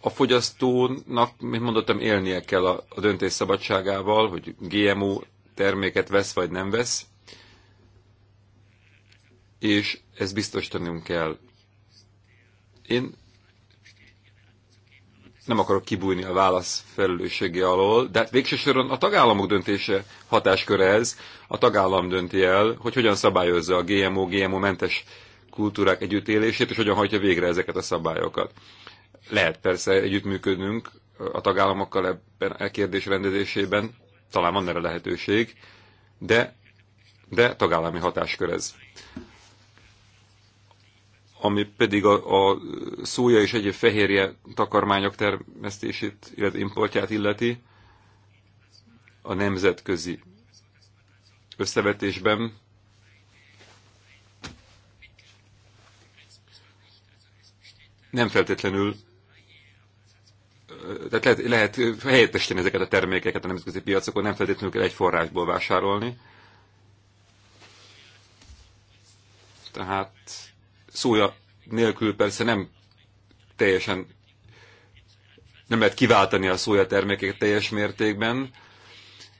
A fogyasztónak, mint mondottam, élnie kell a, a döntés szabadságával, hogy GMO terméket vesz vagy nem vesz, és ezt biztosítanunk kell. Én nem akarok kibújni a válasz felelőssége alól, de hát végső soron a tagállamok döntése hatásköre ez. A tagállam dönti el, hogy hogyan szabályozza a GMO, GMO-mentes kultúrák együttélését, és hogyan hajtja végre ezeket a szabályokat. Lehet persze együttműködnünk a tagállamokkal ebben a e kérdés rendezésében, talán van erre lehetőség, de, de tagállami hatáskör ez ami pedig a, a szója és egyéb fehérje takarmányok termesztését, illetve importját illeti, a nemzetközi összevetésben nem feltétlenül tehát lehet, lehet helyettesíteni ezeket a termékeket a nemzetközi piacokon, nem feltétlenül kell egy forrásból vásárolni. Tehát szója nélkül persze nem teljesen nem lehet kiváltani a szója termékeket teljes mértékben,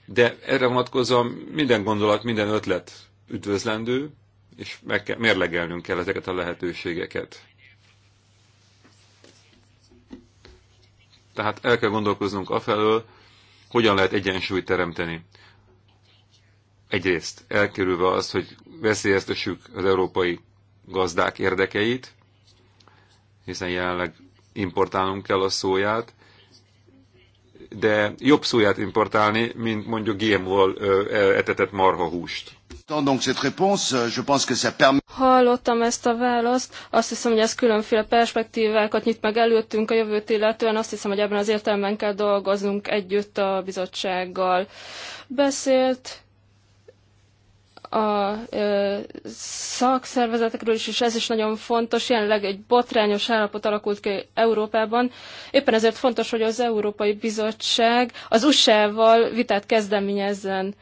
de erre vonatkozóan minden gondolat, minden ötlet üdvözlendő, és meg kell, mérlegelnünk kell ezeket a lehetőségeket. Tehát el kell gondolkoznunk afelől, hogyan lehet egyensúlyt teremteni. Egyrészt elkerülve azt, hogy veszélyeztessük az európai gazdák érdekeit, hiszen jelenleg importálnunk kell a szóját, de jobb szóját importálni, mint mondjuk GMO-val e, etetett marhahúst. Euh, Hallottam ezt a választ, azt hiszem, hogy ez különféle perspektívákat nyit meg előttünk a jövőt illetően, azt hiszem, hogy ebben az értelemben kell dolgoznunk együtt a bizottsággal. Beszélt a ö, szakszervezetekről is, és ez is nagyon fontos. Jelenleg egy botrányos állapot alakult ki Európában. Éppen ezért fontos, hogy az Európai Bizottság az USA-val vitát kezdeményezzen.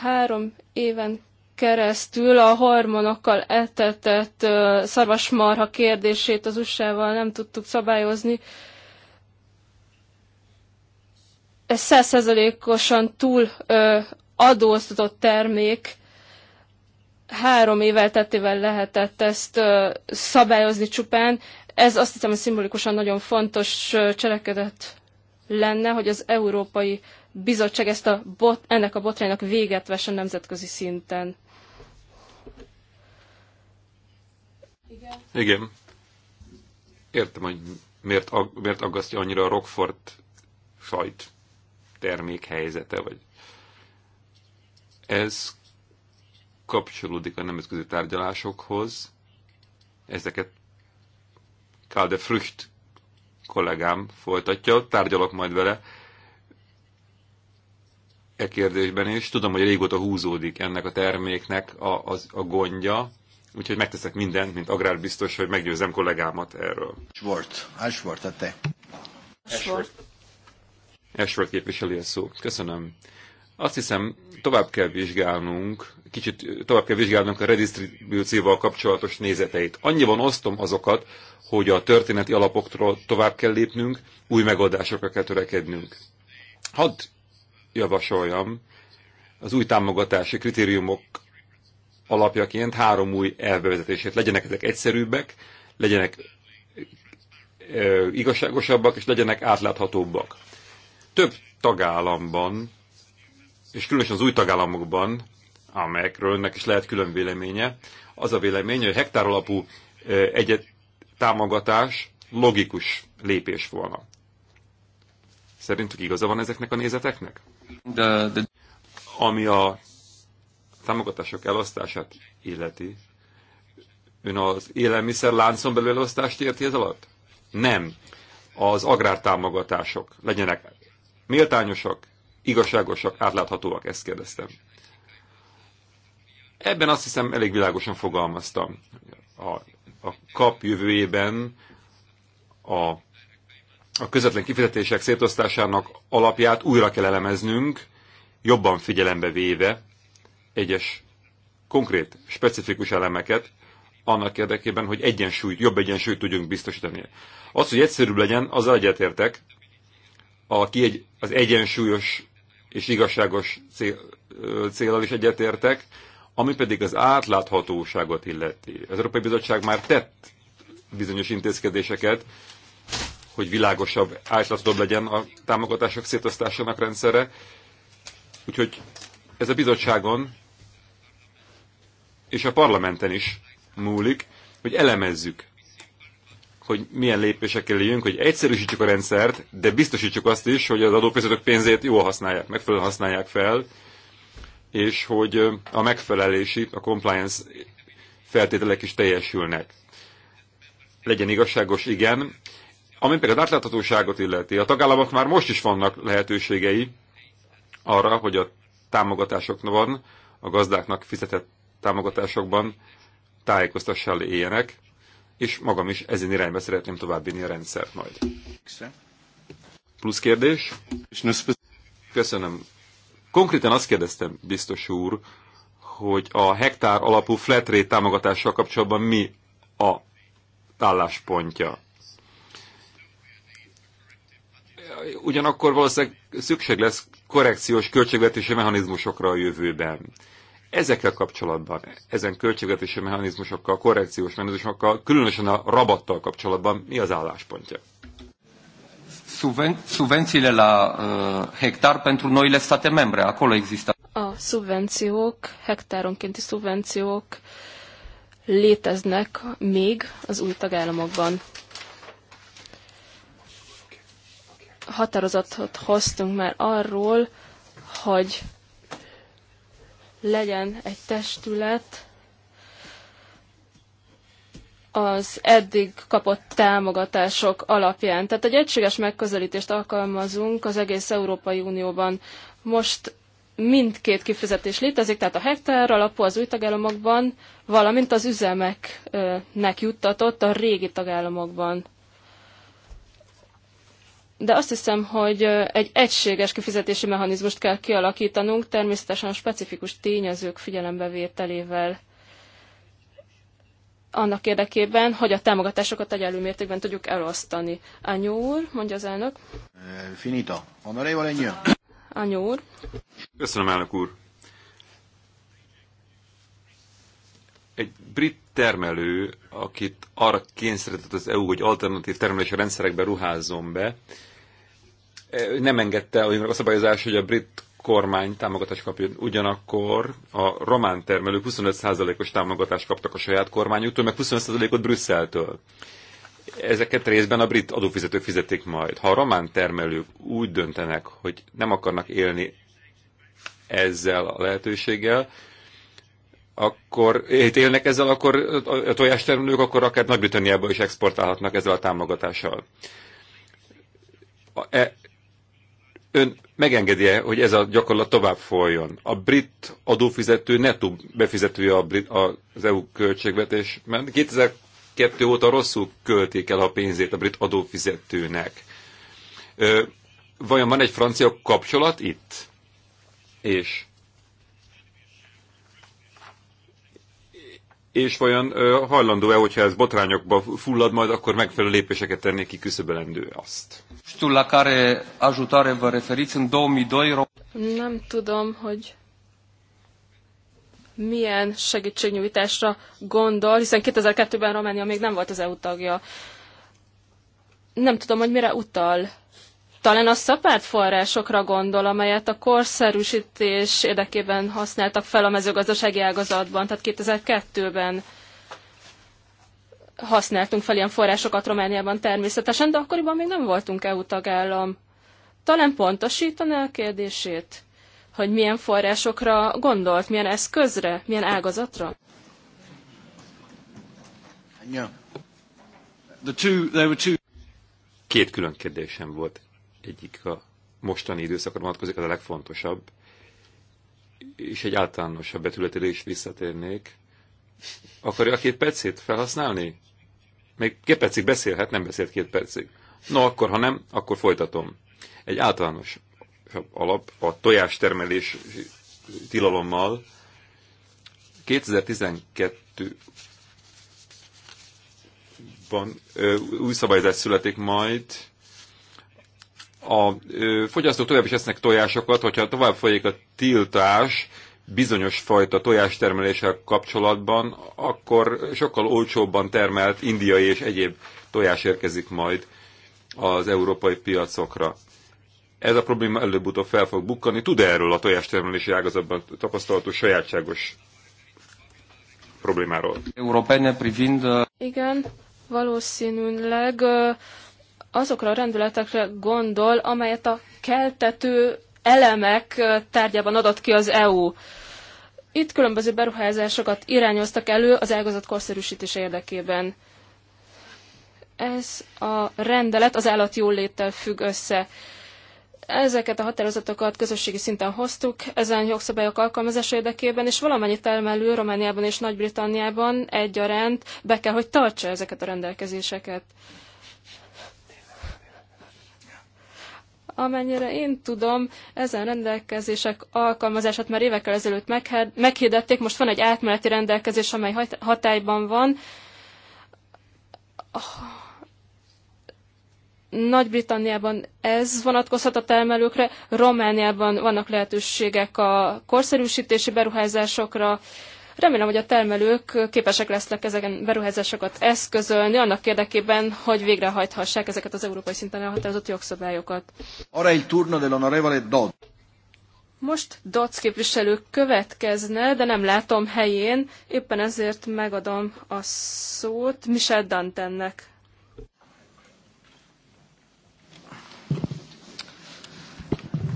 Három éven keresztül a hormonokkal etetett ö, szarvasmarha kérdését az USA-val nem tudtuk szabályozni ez százszerzalékosan túl ö, adóztatott termék, három évvel, tettével lehetett ezt szabályozni csupán. Ez azt hiszem, hogy szimbolikusan nagyon fontos cselekedet lenne, hogy az Európai Bizottság ezt a bot, ennek a botránynak véget vessen nemzetközi szinten. Igen. Igen. Értem, hogy miért, ag, miért aggasztja annyira a Rockford sajt termékhelyzete, vagy ez kapcsolódik a nemzetközi tárgyalásokhoz. Ezeket Karl de Frücht kollégám folytatja, tárgyalok majd vele e kérdésben is. Tudom, hogy régóta húzódik ennek a terméknek a, a, a gondja, úgyhogy megteszek mindent, mint agrárbiztos, hogy meggyőzem kollégámat erről. Ashworth, Ashworth a te. Ashworth. Ashworth képviseli a szó. Köszönöm. Azt hiszem, tovább kell vizsgálnunk, kicsit tovább kell vizsgálnunk a redistribúcióval kapcsolatos nézeteit. Annyiban osztom azokat, hogy a történeti alapoktól tovább kell lépnünk, új megoldásokra kell törekednünk. Hadd javasoljam az új támogatási kritériumok alapjaként három új elbevezetését. Legyenek ezek egyszerűbbek, legyenek igazságosabbak, és legyenek átláthatóbbak. Több tagállamban és különösen az új tagállamokban, amelyekről önnek is lehet külön véleménye, az a vélemény, hogy hektár alapú egyet támogatás logikus lépés volna. Szerintük igaza van ezeknek a nézeteknek? De, de... Ami a támogatások elosztását illeti, ön az élelmiszer láncon belül elosztást érti ez alatt? Nem. Az agrártámogatások legyenek méltányosak, igazságosak, átláthatóak, ezt kérdeztem. Ebben azt hiszem elég világosan fogalmaztam. A, a kap jövőjében a, a közvetlen kifizetések szétosztásának alapját újra kell elemeznünk, jobban figyelembe véve egyes konkrét, specifikus elemeket, annak érdekében, hogy egyensúlyt, jobb egyensúlyt tudjunk biztosítani. Az, hogy egyszerűbb legyen, az egyetértek, aki egy, az egyensúlyos és igazságos cél, célral is egyetértek, ami pedig az átláthatóságot illeti. Az Európai Bizottság már tett bizonyos intézkedéseket, hogy világosabb, átláthatóbb legyen a támogatások szétosztásának rendszere. Úgyhogy ez a bizottságon és a parlamenten is múlik, hogy elemezzük hogy milyen lépésekkel éljünk, hogy egyszerűsítsük a rendszert, de biztosítsuk azt is, hogy az adófizetők pénzét jól használják, megfelelően használják fel, és hogy a megfelelési, a compliance feltételek is teljesülnek. Legyen igazságos, igen. Ami pedig az átláthatóságot illeti, a tagállamok már most is vannak lehetőségei arra, hogy a támogatások van, a gazdáknak fizetett támogatásokban tájékoztassal éljenek és magam is ezen irányba szeretném továbbvinni a rendszert majd. Plusz kérdés? Köszönöm. Konkrétan azt kérdeztem, biztos úr, hogy a hektár alapú flat rate támogatással kapcsolatban mi a álláspontja? Ugyanakkor valószínűleg szükség lesz korrekciós költségvetési mechanizmusokra a jövőben. Ezekkel kapcsolatban, ezen költségvetési mechanizmusokkal, korrekciós mechanizmusokkal, különösen a rabattal kapcsolatban mi az álláspontja? subvențiile la uh, hectar pentru noile state membre. Acolo există. A szubvenciók, hektáronkénti szubvenciók léteznek még az új tagállamokban. Határozatot hoztunk már arról, hogy legyen egy testület az eddig kapott támogatások alapján. Tehát egy egységes megközelítést alkalmazunk az egész Európai Unióban. Most mindkét kifizetés létezik, tehát a hektár alapú az új tagállamokban, valamint az üzemeknek juttatott a régi tagállamokban de azt hiszem, hogy egy egységes kifizetési mechanizmust kell kialakítanunk, természetesen a specifikus tényezők figyelembevételével annak érdekében, hogy a támogatásokat egyenlő mértékben tudjuk elosztani. Anyó úr, mondja az elnök. Eh, Finita. Honoré ennyi. Anyó úr. Köszönöm, elnök úr. Egy brit termelő, akit arra kényszerített az EU, hogy alternatív termelési rendszerekbe ruházzon be, nem engedte a szabályozás, hogy a brit kormány támogatást kapjon. Ugyanakkor a román termelők 25%-os támogatást kaptak a saját kormányuktól, meg 25%-ot Brüsszeltől. Ezeket részben a brit adófizetők fizetik majd. Ha a román termelők úgy döntenek, hogy nem akarnak élni ezzel a lehetőséggel, akkor élnek ezzel, akkor a tojástermelők akkor akár Nagy-Britanniába is exportálhatnak ezzel a támogatással. E, Ön megengedi -e, hogy ez a gyakorlat tovább folyjon? A brit adófizető tud befizetője a brit, az EU költségvetés, mert 2002 óta rosszul költik el a pénzét a brit adófizetőnek. Ö, vajon van egy francia kapcsolat itt? És és vajon hajlandó-e, hogyha ez botrányokba fullad majd, akkor megfelelő lépéseket tenni ki küszöbelendő azt? Nem tudom, hogy milyen segítségnyújtásra gondol, hiszen 2002-ben Románia még nem volt az EU tagja. Nem tudom, hogy mire utal talán a szapárt forrásokra gondol, amelyet a korszerűsítés érdekében használtak fel a mezőgazdasági ágazatban, tehát 2002-ben használtunk fel ilyen forrásokat Romániában természetesen, de akkoriban még nem voltunk EU tagállam. Talán pontosítaná a kérdését, hogy milyen forrásokra gondolt, milyen eszközre, milyen ágazatra? Két külön kérdésem volt egyik a mostani időszakra vonatkozik, az a legfontosabb, és egy általánosabb betületére is visszatérnék. Akarja a két percét felhasználni? Még két percig beszélhet, nem beszélt két percig. No, akkor ha nem, akkor folytatom. Egy általános alap a tojástermelés tilalommal 2012 ban új szabályzás születik majd, a fogyasztók tovább is esznek tojásokat, hogyha tovább folyik a tiltás bizonyos fajta tojástermeléssel kapcsolatban, akkor sokkal olcsóbban termelt indiai és egyéb tojás érkezik majd az európai piacokra. Ez a probléma előbb-utóbb fel fog bukkani. Tud -e erről a tojástermelési ágazatban tapasztalható sajátságos problémáról? Európenne privind... Igen, valószínűleg azokra a rendületekre gondol, amelyet a keltető elemek tárgyában adott ki az EU. Itt különböző beruházásokat irányoztak elő az ágazat korszerűsítése érdekében. Ez a rendelet az jóléttel függ össze. Ezeket a határozatokat közösségi szinten hoztuk, ezen jogszabályok alkalmazása érdekében, és valamennyi termelő Romániában és Nagy-Britanniában egyaránt be kell, hogy tartsa ezeket a rendelkezéseket. Amennyire én tudom, ezen rendelkezések alkalmazását már évekkel ezelőtt meghirdették, most van egy átmeneti rendelkezés, amely hatályban van. Nagy-Britanniában ez vonatkozhat a termelőkre, Romániában vannak lehetőségek a korszerűsítési beruházásokra, Remélem, hogy a termelők képesek lesznek ezeken beruházásokat eszközölni, annak érdekében, hogy végrehajthassák ezeket az európai szinten elhatározott jogszabályokat. Most DOC képviselő következne, de nem látom helyén, éppen ezért megadom a szót Michel Dantennek.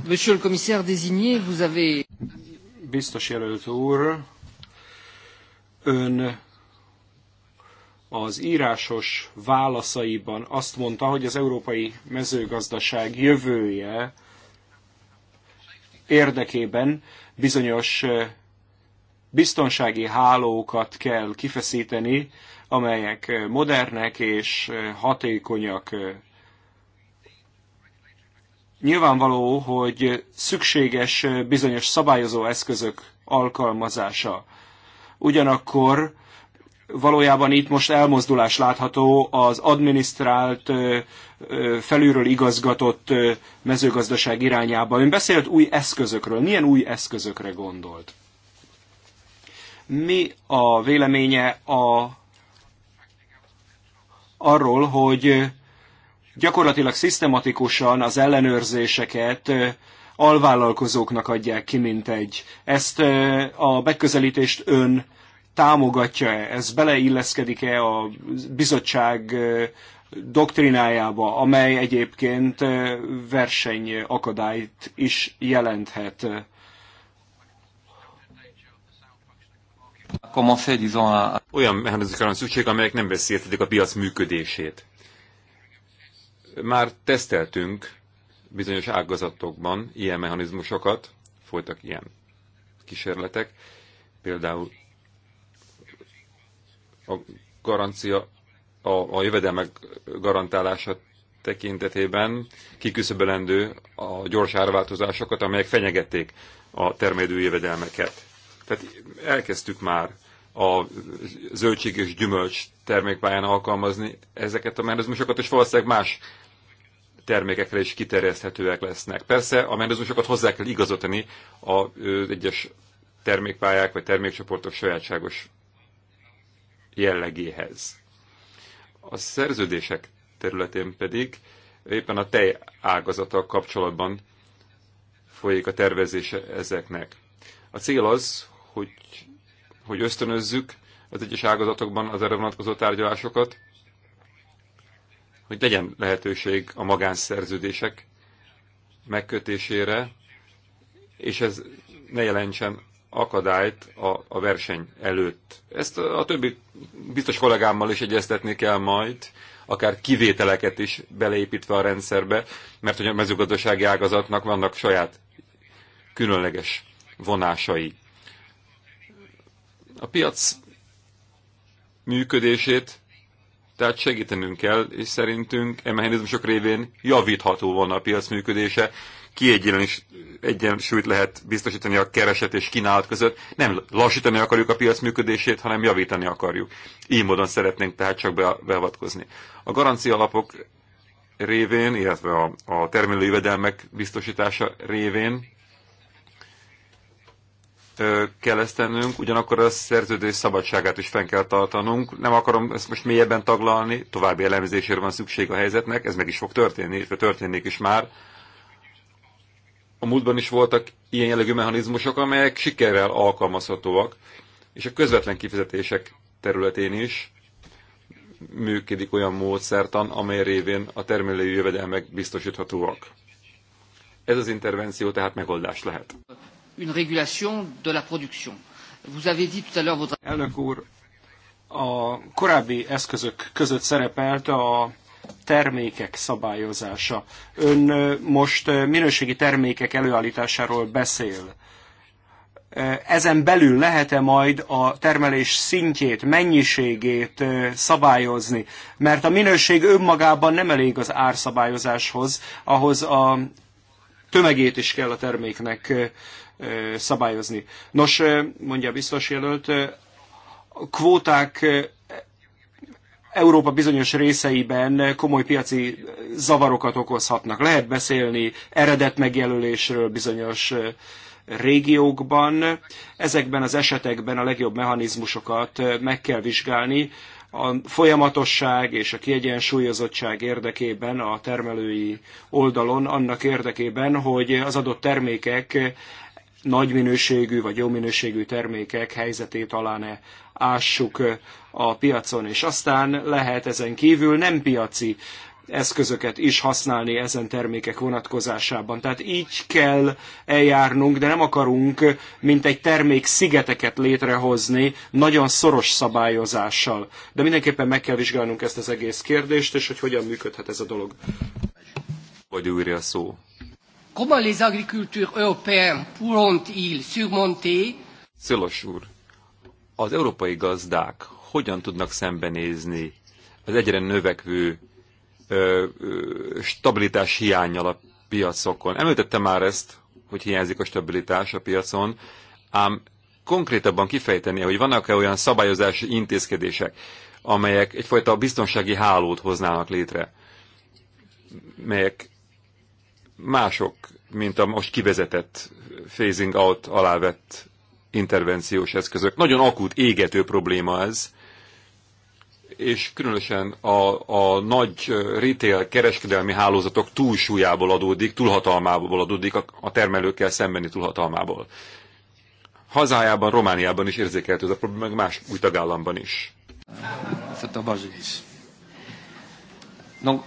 Monsieur le commissaire désigné, vous avez... Biztos jelölt úr, ön az írásos válaszaiban azt mondta, hogy az európai mezőgazdaság jövője érdekében bizonyos eh, biztonsági hálókat kell kifeszíteni, amelyek eh, modernek és eh, hatékonyak. Nyilvánvaló, hogy szükséges bizonyos szabályozó eszközök alkalmazása. Ugyanakkor valójában itt most elmozdulás látható az adminisztrált, felülről igazgatott mezőgazdaság irányába. Ön beszélt új eszközökről. Milyen új eszközökre gondolt? Mi a véleménye a, arról, hogy gyakorlatilag szisztematikusan az ellenőrzéseket alvállalkozóknak adják ki, mint egy. Ezt a megközelítést ön támogatja-e? Ez beleilleszkedik-e a bizottság doktrinájába, amely egyébként verseny akadályt is jelenthet? Olyan mechanizmusokra van szükség, amelyek nem veszélyeztetik a piac működését. Már teszteltünk bizonyos ágazatokban ilyen mechanizmusokat, folytak ilyen kísérletek, például a garancia, a, a jövedelmek garantálása tekintetében kiküszöbölendő a gyors árváltozásokat, amelyek fenyegették a termédő jövedelmeket. Tehát elkezdtük már a zöldség és gyümölcs termékpályán alkalmazni ezeket a mechanizmusokat, és valószínűleg más termékekre is kiterjeszthetőek lesznek. Persze a mechanizmusokat hozzá kell igazítani az egyes termékpályák vagy termékcsoportok sajátságos jellegéhez. A szerződések területén pedig éppen a tej ágazata kapcsolatban folyik a tervezése ezeknek. A cél az, hogy, hogy ösztönözzük az egyes ágazatokban az erre vonatkozó tárgyalásokat, hogy legyen lehetőség a magánszerződések megkötésére, és ez ne jelentsen akadályt a, a verseny előtt. Ezt a többi biztos kollégámmal is egyeztetni kell majd, akár kivételeket is beleépítve a rendszerbe, mert hogy a mezőgazdasági ágazatnak vannak saját különleges vonásai. A piac működését tehát segítenünk kell, és szerintünk e mechanizmusok révén javítható volna a piac működése, kiegyensúlyt lehet biztosítani a kereset és kínálat között. Nem lassítani akarjuk a piac működését, hanem javítani akarjuk. Így módon szeretnénk tehát csak beavatkozni. A garancia alapok révén, illetve a, a jövedelmek biztosítása révén kell ezt tennünk, ugyanakkor a szerződés szabadságát is fenn kell tartanunk. Nem akarom ezt most mélyebben taglalni, további elemzésére van szükség a helyzetnek, ez meg is fog történni, és történik is már. A múltban is voltak ilyen jellegű mechanizmusok, amelyek sikerrel alkalmazhatóak, és a közvetlen kifizetések területén is működik olyan módszertan, amely révén a termelői jövedelmek biztosíthatóak. Ez az intervenció tehát megoldás lehet une régulation de la production. Vous avez dit tout à l'heure votre... Elnök úr, a korábbi eszközök között szerepelt a termékek szabályozása. Ön most minőségi termékek előállításáról beszél. Ezen belül lehet-e majd a termelés szintjét, mennyiségét szabályozni? Mert a minőség önmagában nem elég az árszabályozáshoz, ahhoz a tömegét is kell a terméknek szabályozni. Nos, mondja a biztos jelölt, kvóták Európa bizonyos részeiben komoly piaci zavarokat okozhatnak. Lehet beszélni eredet megjelölésről bizonyos régiókban. Ezekben az esetekben a legjobb mechanizmusokat meg kell vizsgálni a folyamatosság és a kiegyensúlyozottság érdekében a termelői oldalon, annak érdekében, hogy az adott termékek nagy minőségű vagy jó minőségű termékek helyzetét alá ne ássuk a piacon, és aztán lehet ezen kívül nem piaci eszközöket is használni ezen termékek vonatkozásában. Tehát így kell eljárnunk, de nem akarunk, mint egy termék szigeteket létrehozni nagyon szoros szabályozással. De mindenképpen meg kell vizsgálnunk ezt az egész kérdést, és hogy hogyan működhet ez a dolog. Vagy újra a szó. Comment les agriculteurs pourront-ils surmonter? Szilos úr, az európai gazdák hogyan tudnak szembenézni az egyre növekvő ö, ö, stabilitás hiányjal a piacokon? Említette már ezt, hogy hiányzik a stabilitás a piacon, ám konkrétabban kifejteni, hogy vannak-e olyan szabályozási intézkedések, amelyek egyfajta biztonsági hálót hoznának létre, melyek mások, mint a most kivezetett phasing out alávett intervenciós eszközök. Nagyon akut, égető probléma ez, és különösen a, a nagy retail kereskedelmi hálózatok túlsúlyából adódik, túlhatalmából adódik, a, a termelőkkel szembeni túlhatalmából. Hazájában, Romániában is érzékelhető ez a probléma, meg más új tagállamban is. Donc,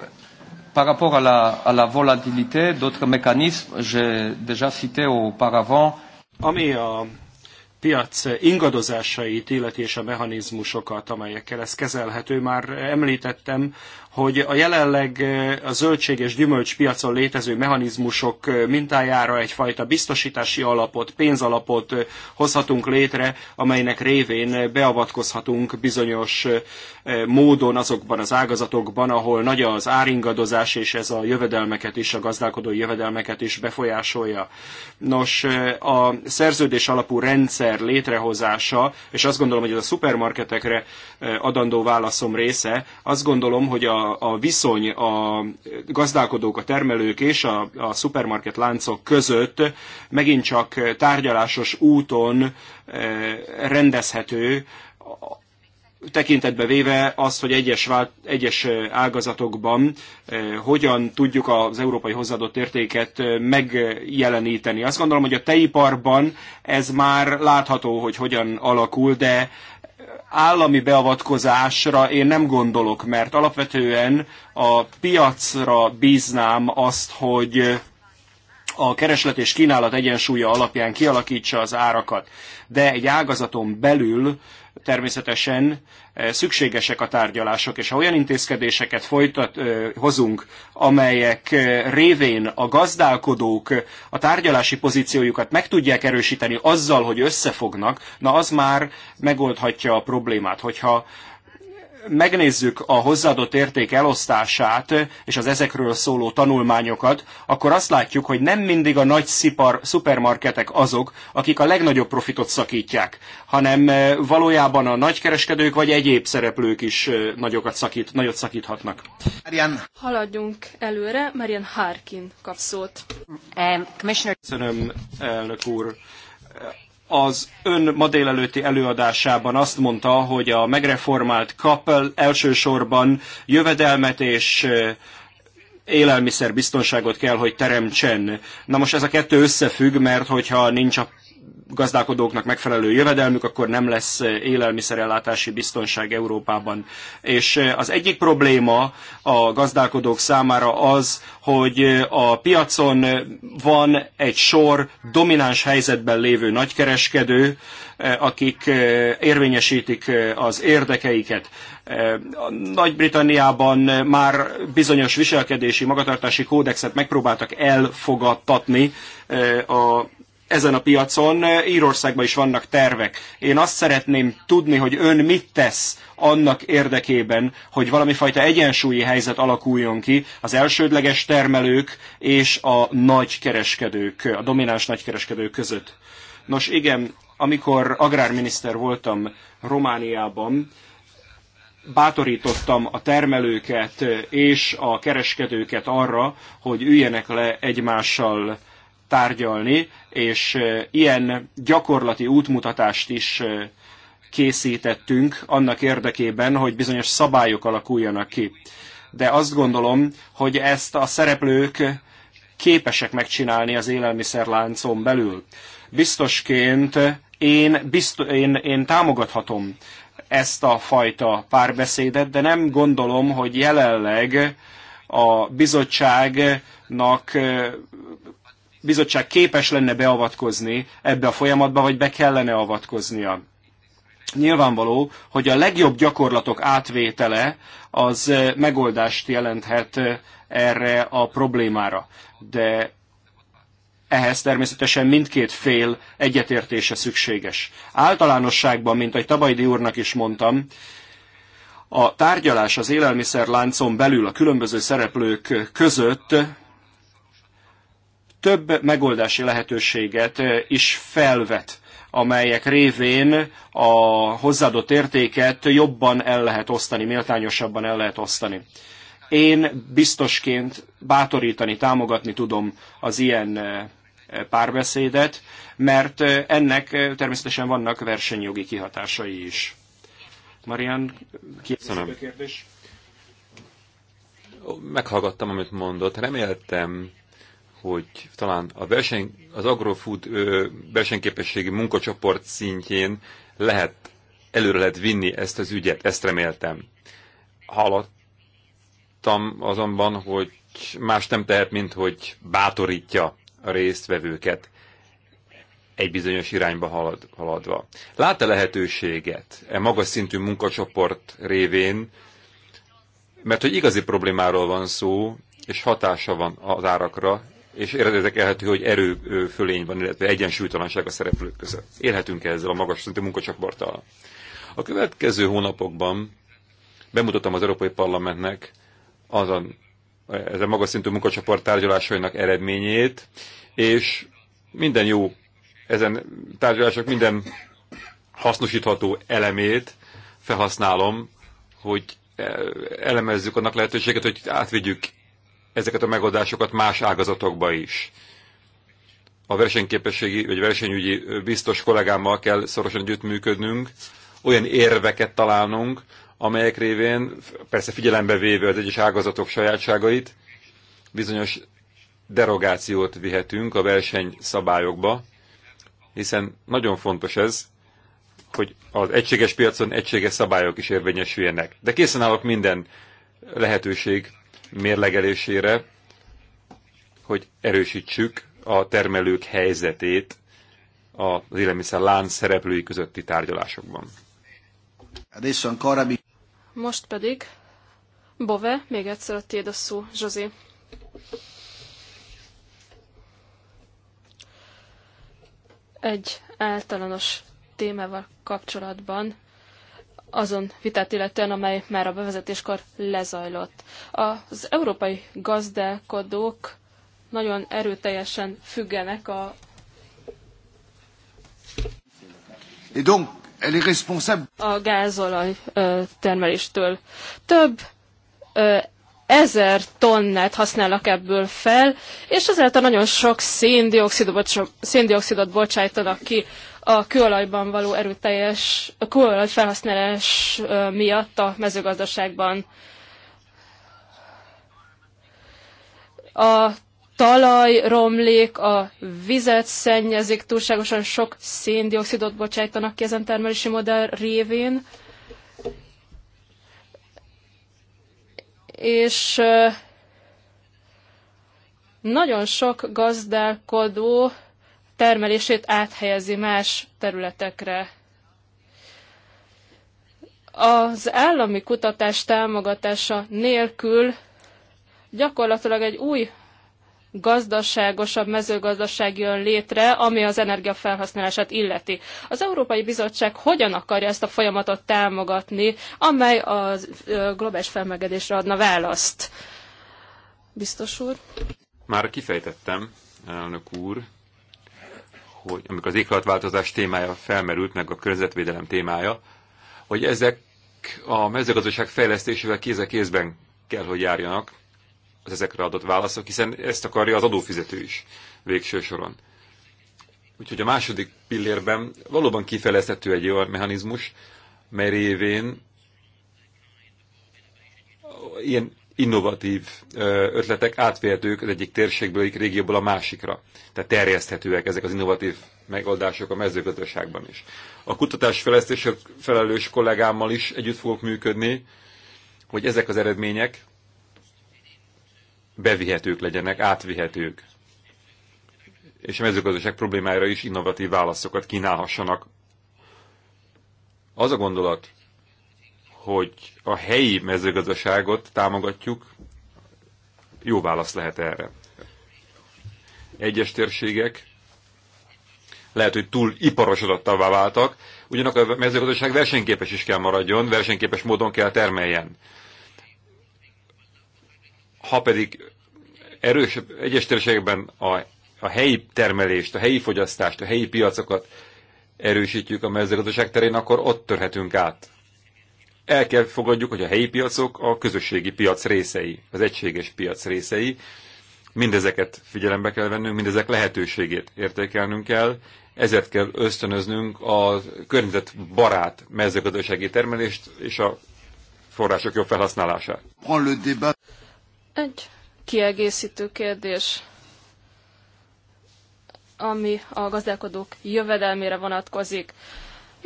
Par rapport à la, à la volatilité, d'autres mécanismes, j'ai déjà cité auparavant. Ami a piac ingadozásait, illeti a mechanizmusokat, amelyekkel ez kezelhető, már említettem hogy a jelenleg a zöldség és gyümölcs piacon létező mechanizmusok mintájára egyfajta biztosítási alapot, pénzalapot hozhatunk létre, amelynek révén beavatkozhatunk bizonyos módon azokban az ágazatokban, ahol nagy az áringadozás, és ez a jövedelmeket is, a gazdálkodói jövedelmeket is befolyásolja. Nos, a szerződés alapú rendszer létrehozása, és azt gondolom, hogy ez a szupermarketekre adandó válaszom része, azt gondolom, hogy a a, a viszony a gazdálkodók, a termelők és a, a szupermarket láncok között megint csak tárgyalásos úton e, rendezhető, tekintetbe véve azt, hogy egyes, vált, egyes ágazatokban e, hogyan tudjuk az európai hozzáadott értéket megjeleníteni. Azt gondolom, hogy a tejiparban ez már látható, hogy hogyan alakul, de állami beavatkozásra én nem gondolok, mert alapvetően a piacra bíznám azt, hogy a kereslet és kínálat egyensúlya alapján kialakítsa az árakat. De egy ágazaton belül természetesen e, szükségesek a tárgyalások, és ha olyan intézkedéseket folytat, e, hozunk, amelyek e, révén a gazdálkodók a tárgyalási pozíciójukat meg tudják erősíteni azzal, hogy összefognak, na az már megoldhatja a problémát. Hogyha megnézzük a hozzáadott érték elosztását és az ezekről szóló tanulmányokat, akkor azt látjuk, hogy nem mindig a nagy szipar, szupermarketek azok, akik a legnagyobb profitot szakítják, hanem eh, valójában a nagykereskedők vagy egyéb szereplők is eh, nagyokat szakít, nagyot szakíthatnak. Marian. Haladjunk előre, Marian Harkin kap szót. Um, Köszönöm, elnök úr az ön ma délelőtti előadásában azt mondta, hogy a megreformált kap elsősorban jövedelmet és élelmiszerbiztonságot kell, hogy teremtsen. Na most ez a kettő összefügg, mert hogyha nincs a gazdálkodóknak megfelelő jövedelmük, akkor nem lesz eh, élelmiszerellátási biztonság Európában. És eh, az egyik probléma a gazdálkodók számára az, hogy eh, a piacon van egy sor domináns helyzetben lévő nagykereskedő, akik érvényesítik az érdekeiket. Nagy-Britanniában már bizonyos viselkedési, magatartási kódexet megpróbáltak elfogadtatni a ezen a piacon. Eh, Írországban is vannak tervek. Én azt szeretném tudni, hogy ön mit tesz annak érdekében, hogy valami fajta egyensúlyi helyzet alakuljon ki az elsődleges termelők és a nagykereskedők, a domináns nagykereskedők között. Nos igen, amikor agrárminiszter voltam Romániában, bátorítottam a termelőket és a kereskedőket arra, hogy üljenek le egymással tárgyalni, és ilyen gyakorlati útmutatást is készítettünk annak érdekében, hogy bizonyos szabályok alakuljanak ki. De azt gondolom, hogy ezt a szereplők képesek megcsinálni az élelmiszerláncon belül. Biztosként én, bizt, én, én támogathatom ezt a fajta párbeszédet, de nem gondolom, hogy jelenleg a bizottságnak bizottság képes lenne beavatkozni ebbe a folyamatba, vagy be kellene avatkoznia. Nyilvánvaló, hogy a legjobb gyakorlatok átvétele az eh, megoldást jelenthet eh, erre a problémára. De ehhez természetesen mindkét fél egyetértése szükséges. Általánosságban, mint ahogy Tabajdi úrnak is mondtam, a tárgyalás az élelmiszerláncon belül a különböző szereplők között több megoldási lehetőséget eh, is felvet amelyek révén a hozzáadott értéket jobban el lehet osztani, méltányosabban el lehet osztani. Én biztosként bátorítani, támogatni tudom az ilyen eh, párbeszédet, mert eh, ennek természetesen vannak versenyjogi kihatásai is. Marian, kiegészítő kérdés? Meghallgattam, amit mondott. Reméltem, hogy talán a verseny, az agrofood ö, versenyképességi munkacsoport szintjén lehet, előre lehet vinni ezt az ügyet, ezt reméltem. Hallottam azonban, hogy más nem tehet, mint hogy bátorítja a résztvevőket egy bizonyos irányba halad, haladva. Lát-e lehetőséget e magas szintű munkacsoport révén, mert hogy igazi problémáról van szó, és hatása van az árakra, és érdekelhető, hogy erő fölény van, illetve egyensúlytalanság a szereplők között. Élhetünk -e ezzel a magas szintű munkacsoporttal. A következő hónapokban bemutatom az Európai Parlamentnek azon, ez a magas szintű munkacsoport tárgyalásainak eredményét, és minden jó, ezen tárgyalások minden hasznosítható elemét felhasználom, hogy elemezzük annak lehetőséget, hogy átvigyük ezeket a megoldásokat más ágazatokba is. A versenyképességi vagy versenyügyi biztos kollégámmal kell szorosan együttműködnünk, olyan érveket találnunk, amelyek révén, persze figyelembe véve az egyes ágazatok sajátságait, bizonyos derogációt vihetünk a verseny szabályokba, hiszen nagyon fontos ez, hogy az egységes piacon egységes szabályok is érvényesüljenek. De készen állok minden lehetőség mérlegelésére, hogy erősítsük a termelők helyzetét az élelmiszer lánc szereplői közötti tárgyalásokban. Most pedig Bove, még egyszer a tiéd a szó, José. Egy általános témával kapcsolatban azon vitát illetően, amely már a bevezetéskor lezajlott. Az európai gazdálkodók nagyon erőteljesen függenek a A gázolaj termeléstől. Több ezer tonnát használnak ebből fel, és ezáltal nagyon sok széndiokszidot, széndiokszidot bocsájtanak ki a kőolajban való erőteljes, a kőolaj felhasználás miatt a mezőgazdaságban. A talaj romlik, a vizet szennyezik, túlságosan sok széndiokszidot bocsájtanak ki ezen termelési modell révén. És nagyon sok gazdálkodó termelését áthelyezi más területekre. Az állami kutatás támogatása nélkül gyakorlatilag egy új gazdaságosabb mezőgazdaság jön létre, ami az energiafelhasználását illeti. Az Európai Bizottság hogyan akarja ezt a folyamatot támogatni, amely a globális felmelegedésre adna választ? Biztos úr? Már kifejtettem, elnök úr, hogy amikor az éghajlatváltozás témája felmerült, meg a környezetvédelem témája, hogy ezek a mezőgazdaság fejlesztésével kéz a kézben kell, hogy járjanak az ezekre adott válaszok, hiszen ezt akarja az adófizető is végső soron. Úgyhogy a második pillérben valóban kifejleszthető egy olyan mechanizmus, mely révén ilyen innovatív ötletek átvihetők az egyik térségből, egyik régióból a másikra. Tehát terjeszthetőek ezek az innovatív megoldások a mezőgazdaságban is. A kutatásfejlesztésért felelős kollégámmal is együtt fogok működni, hogy ezek az eredmények bevihetők legyenek, átvihetők, és a mezőgazdaság problémáira is innovatív válaszokat kínálhassanak. Az a gondolat, hogy a helyi mezőgazdaságot támogatjuk, jó válasz lehet erre. Egyes térségek lehet, hogy túl iparosodottabbá váltak, ugyanakkor a mezőgazdaság versenyképes is kell maradjon, versenyképes módon kell termeljen. Ha pedig erős egyes térségekben a, a helyi termelést, a helyi fogyasztást, a helyi piacokat erősítjük a mezőgazdaság terén, akkor ott törhetünk át el kell fogadjuk, hogy a helyi piacok a közösségi piac részei, az egységes piac részei. Mindezeket figyelembe kell vennünk, mindezek lehetőségét értékelnünk kell, ezért kell ösztönöznünk a környezetbarát mezőgazdasági termelést és a források jobb felhasználását. Egy kiegészítő kérdés, ami a gazdálkodók jövedelmére vonatkozik.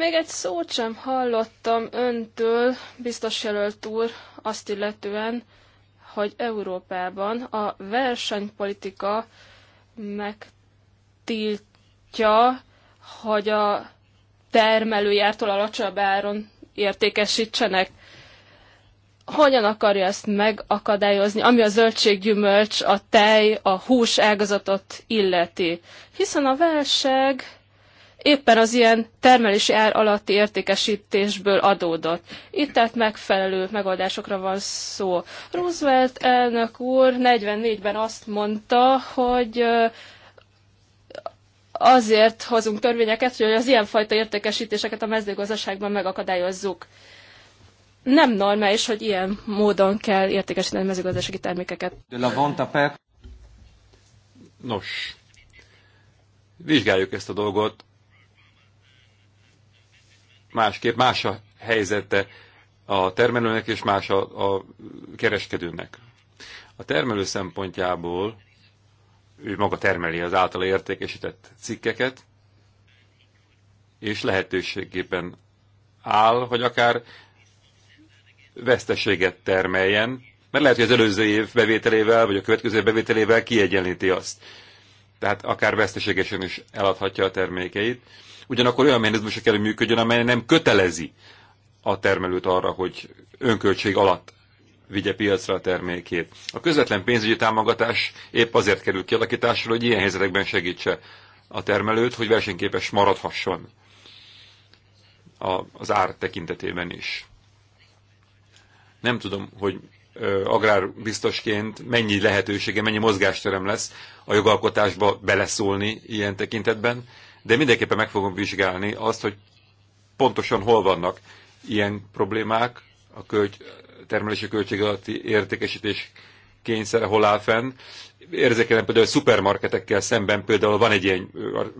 Még egy szót sem hallottam öntől, biztos jelölt úr, azt illetően, hogy Európában a versenypolitika megtiltja, hogy a termelőjártól alacsonyabb áron értékesítsenek. Hogyan akarja ezt megakadályozni, ami a zöldséggyümölcs, a tej, a hús ágazatot illeti? Hiszen a válság éppen az ilyen termelési ár alatti értékesítésből adódott. Itt tehát megfelelő megoldásokra van szó. Roosevelt elnök úr 44-ben azt mondta, hogy azért hozunk törvényeket, hogy az ilyenfajta értékesítéseket a mezőgazdaságban megakadályozzuk. Nem normális, hogy ilyen módon kell értékesíteni a mezőgazdasági termékeket. Nos, vizsgáljuk ezt a dolgot másképp, más a helyzete a termelőnek és más a, a kereskedőnek. A termelő szempontjából ő maga termeli az általa értékesített cikkeket, és lehetőségében áll, hogy akár veszteséget termeljen, mert lehet, hogy az előző év bevételével, vagy a következő év bevételével kiegyenlíti azt. Tehát akár veszteségesen is eladhatja a termékeit ugyanakkor olyan mechanizmusra kell, hogy működjön, amely nem kötelezi a termelőt arra, hogy önköltség alatt vigye piacra a termékét. A közvetlen pénzügyi támogatás épp azért kerül kialakításra, hogy ilyen helyzetekben segítse a termelőt, hogy versenyképes maradhasson a, az ár tekintetében is. Nem tudom, hogy agrárbiztosként mennyi lehetősége, mennyi mozgásterem lesz a jogalkotásba beleszólni ilyen tekintetben, de mindenképpen meg fogom vizsgálni azt, hogy pontosan hol vannak ilyen problémák, a költ, termelési költség alatti értékesítés kényszere hol áll fenn. Érzékelem például a szupermarketekkel szemben például van egy ilyen,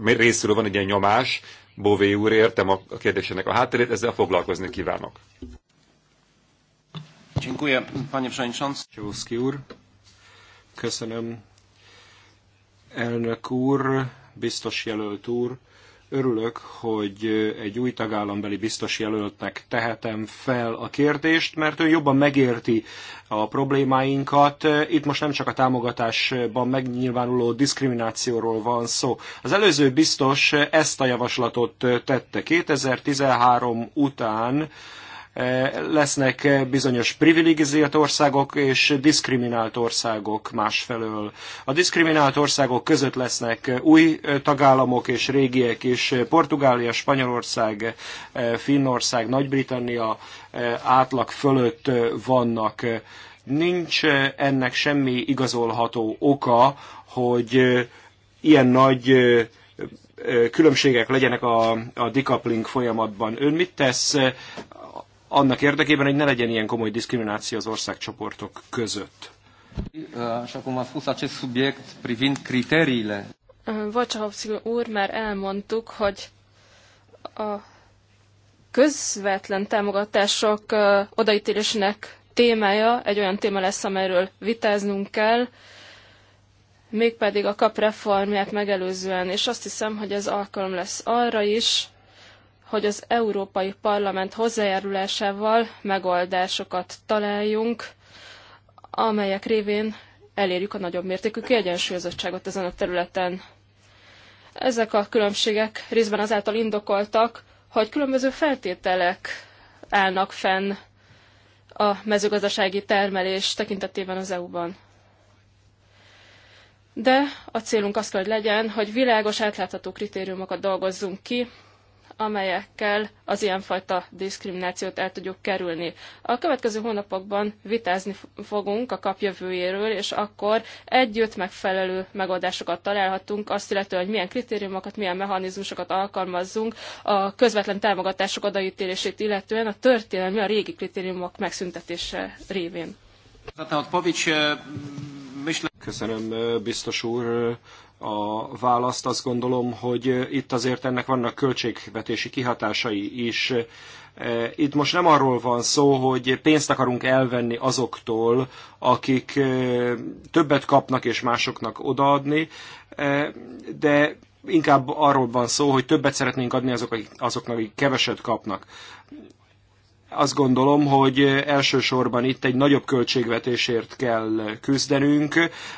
részről van egy ilyen nyomás, Bové úr, értem a kérdésének a hátterét, ezzel foglalkozni kívánok. Dziękuję, panie przewodniczący. Csibuszki úr. Köszönöm, elnök úr biztos jelölt úr, örülök, hogy egy új tagállambeli biztos jelöltnek tehetem fel a kérdést, mert ő jobban megérti a problémáinkat. Itt most nem csak a támogatásban megnyilvánuló diszkriminációról van szó. Az előző biztos ezt a javaslatot tette 2013 után, Eh, lesznek eh, bizonyos privilegizált országok és diszkriminált országok másfelől. A diszkriminált országok között lesznek eh, új tagállamok és régiek is, Portugália, Spanyolország, Finnország, Nagy-Britannia átlag fölött vannak. Nincs ennek semmi igazolható oka, hogy ilyen nagy különbségek legyenek a, a decoupling folyamatban. Ön mit tesz annak érdekében, hogy ne legyen ilyen komoly diszkrimináció az országcsoportok között. Așa cum a spus acest subiect privind criteriile. Vacsahovszki úr, már elmondtuk, hogy a közvetlen támogatások odaítélésének témája egy olyan téma lesz, amelyről vitáznunk kell, mégpedig a kapreformját megelőzően, és azt hiszem, hogy ez alkalom lesz arra is, hogy az Európai Parlament hozzájárulásával megoldásokat találjunk, amelyek révén elérjük a nagyobb mértékű kiegyensúlyozottságot ezen a területen. Ezek a különbségek részben azáltal indokoltak, hogy különböző feltételek állnak fenn a mezőgazdasági termelés tekintetében az EU-ban. De a célunk az kell, hogy legyen, hogy világos, átlátható kritériumokat dolgozzunk ki, amelyekkel az ilyenfajta diszkriminációt el tudjuk kerülni. A következő hónapokban vitázni fogunk a kap jövőjéről, és akkor együtt megfelelő megoldásokat találhatunk, azt illetve, hogy milyen kritériumokat, milyen mechanizmusokat alkalmazzunk a közvetlen támogatások odaítélését, illetően a történelmi, a régi kritériumok megszüntetése révén. E, Köszönöm, e, biztos úr a választ. Azt gondolom, hogy itt azért ennek vannak költségvetési kihatásai is. Itt most nem arról van szó, hogy pénzt akarunk elvenni azoktól, akik többet kapnak és másoknak odaadni, de inkább arról van szó, hogy többet szeretnénk adni azok, akik, azoknak, akik keveset kapnak. Azt gondolom, hogy elsősorban itt egy nagyobb költségvetésért kell küzdenünk.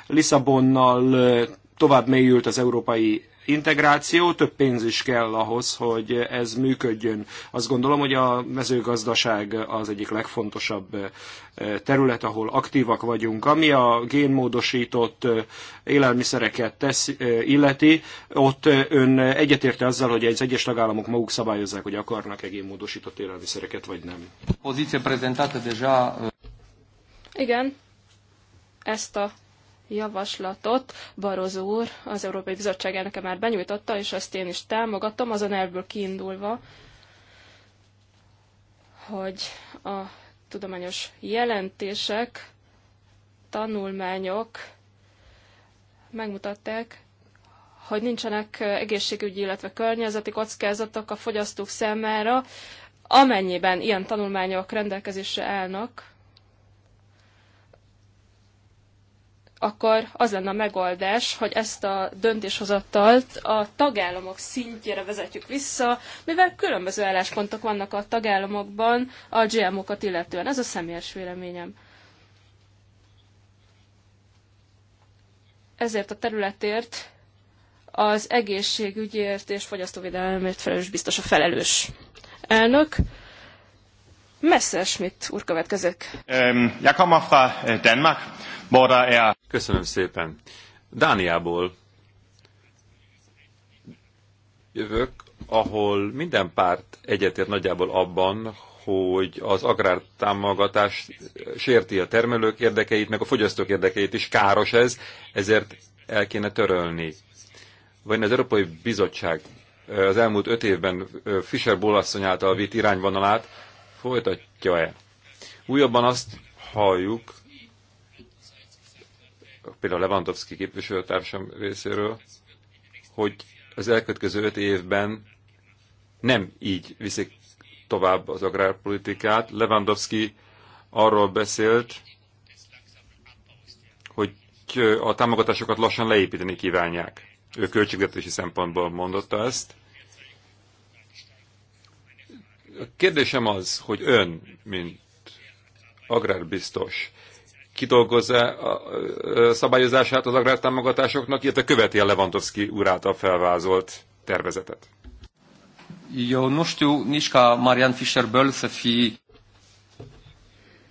Lisszabonnal tovább mélyült az európai integráció, több pénz is kell ahhoz, hogy ez működjön. Azt gondolom, hogy a mezőgazdaság az egyik legfontosabb eh, terület, ahol aktívak vagyunk. Ami a génmódosított eh, élelmiszereket tesz, eh, illeti, ott ön egyetérte azzal, hogy az egyes tagállamok maguk szabályozzák, hogy akarnak-e génmódosított élelmiszereket, vagy nem. Pozíció prezentálta deja... Igen, ezt a javaslatot Barozó úr az Európai Bizottság elnöke már benyújtotta, és azt én is támogatom, azon elvből kiindulva, hogy a tudományos jelentések, tanulmányok megmutatták, hogy nincsenek egészségügyi, illetve környezeti kockázatok a fogyasztók számára, amennyiben ilyen tanulmányok rendelkezésre állnak, akkor az lenne a megoldás, hogy ezt a döntéshozatalt a tagállamok szintjére vezetjük vissza, mivel különböző álláspontok vannak a tagállamokban a GMO-kat illetően. Ez a személyes véleményem. Ezért a területért az egészségügyért és fogyasztóvédelemért felelős biztos a felelős elnök. Messerschmidt úr következik. Um, ehm, jeg kommer fra eh, Danmark Mora er. Köszönöm szépen. Dániából jövök, ahol minden párt egyetért nagyjából abban, hogy az agrártámogatás sérti a termelők érdekeit, meg a fogyasztók érdekeit is káros ez, ezért el kéne törölni. Vagy az Európai Bizottság eh, az elmúlt öt évben eh, Fischer Bólasszony által vitt irányvonalát folytatja-e? Újabban azt halljuk, például Lewandowski képviselőtársam részéről, hogy az elkövetkező öt évben nem így viszik tovább az agrárpolitikát. Lewandowski arról beszélt, hogy a támogatásokat lassan leépíteni kívánják. Ő költségvetési szempontból mondotta ezt. A kérdésem az, hogy ön, mint agrárbiztos, kidolgozza a szabályozását az agrártámogatásoknak, illetve követi a Lewandowski úr által felvázolt tervezetet. Jó, most jó, Niska Marian fischer Bölszefi.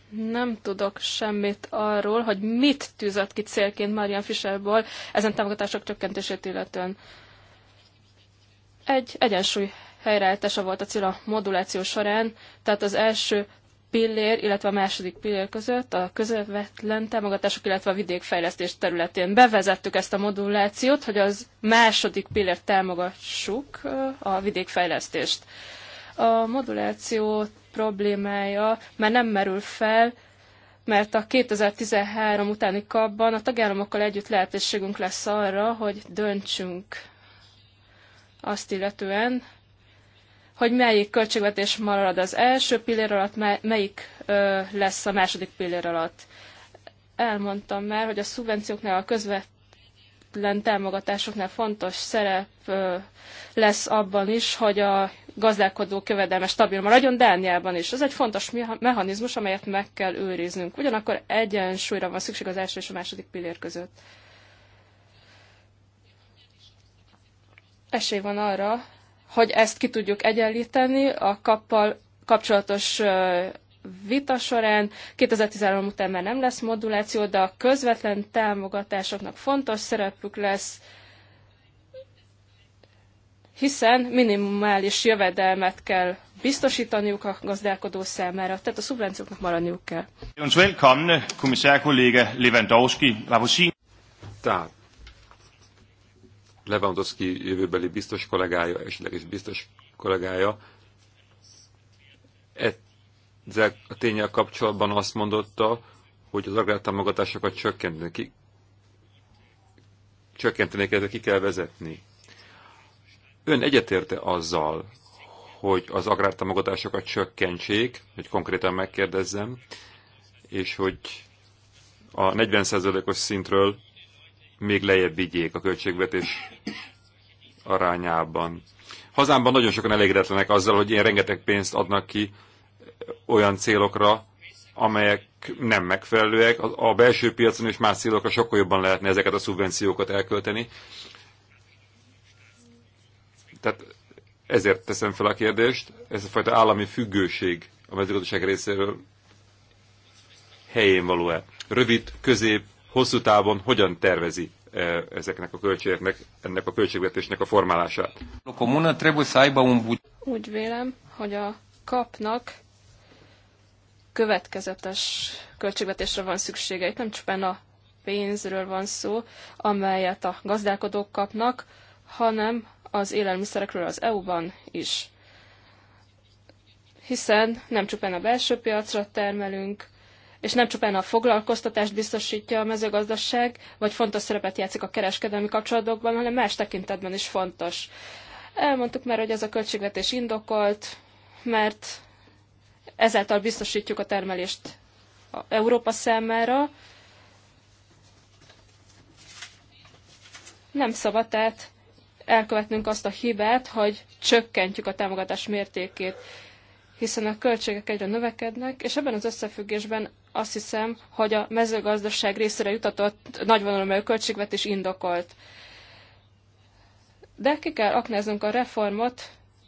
Nem tudok semmit arról, hogy mit tűzött ki célként Marian Fischerből ezen támogatások csökkentését illetően. Egy egyensúly helyreállítása volt a cél a moduláció során, tehát az első pillér, illetve a második pillér között a közvetlen támogatások, illetve a vidékfejlesztés területén. Bevezettük ezt a modulációt, hogy az második pillér támogassuk a vidékfejlesztést. A moduláció problémája már nem merül fel, mert a 2013 utáni kapban a tagállamokkal együtt lehetőségünk lesz arra, hogy döntsünk azt illetően, hogy melyik költségvetés marad az első pillér alatt, melyik lesz a második pillér alatt. Elmondtam már, hogy a szubvencióknál a közvetlen támogatásoknál fontos szerep lesz abban is, hogy a gazdálkodó követelme stabil maradjon Dániában is. Ez egy fontos mechanizmus, amelyet meg kell őriznünk. Ugyanakkor egyensúlyra van szükség az első és a második pillér között. Esély van arra, hogy ezt ki tudjuk egyenlíteni a kappal kapcsolatos vita során. 2013 után már nem lesz moduláció, de a közvetlen támogatásoknak fontos szerepük lesz, hiszen minimális jövedelmet kell biztosítaniuk a gazdálkodó számára, tehát a szubvencióknak maradniuk kell. Tehát Lewandowski jövőbeli biztos kollégája, is biztos kollégája ezzel a tényel kapcsolatban azt mondotta, hogy az agrártámogatásokat csökkenteni ki, ki kell vezetni. Ön egyetérte azzal, hogy az agrártámogatásokat csökkentsék, hogy konkrétan megkérdezzem, és hogy a 40%-os szintről még lejjebb vigyék a költségvetés arányában. Hazámban nagyon sokan elégedetlenek azzal, hogy ilyen rengeteg pénzt adnak ki olyan célokra, amelyek nem megfelelőek. A belső piacon és más célokra sokkal jobban lehetne ezeket a szubvenciókat elkölteni. Tehát ezért teszem fel a kérdést, ez a fajta állami függőség a mezőgazdaság részéről helyén való-e? Rövid, közép hosszú távon hogyan tervezi e, ezeknek a költségeknek, ennek a költségvetésnek a formálását. Úgy vélem, hogy a kapnak következetes költségvetésre van szüksége. Itt nem csupán a pénzről van szó, amelyet a gazdálkodók kapnak, hanem az élelmiszerekről az EU-ban is. Hiszen nem csupán a belső piacra termelünk, és nem csupán a foglalkoztatást biztosítja a mezőgazdaság, vagy fontos szerepet játszik a kereskedelmi kapcsolatokban, hanem más tekintetben is fontos. Elmondtuk már, hogy ez a költségvetés indokolt, mert ezáltal biztosítjuk a termelést a Európa számára. Nem szabad tehát elkövetnünk azt a hibát, hogy csökkentjük a támogatás mértékét, hiszen a költségek egyre növekednek, és ebben az összefüggésben azt hiszem, hogy a mezőgazdaság részére jutatott nagyvonalú költségvetés indokolt. De ki kell aknáznunk a reformot,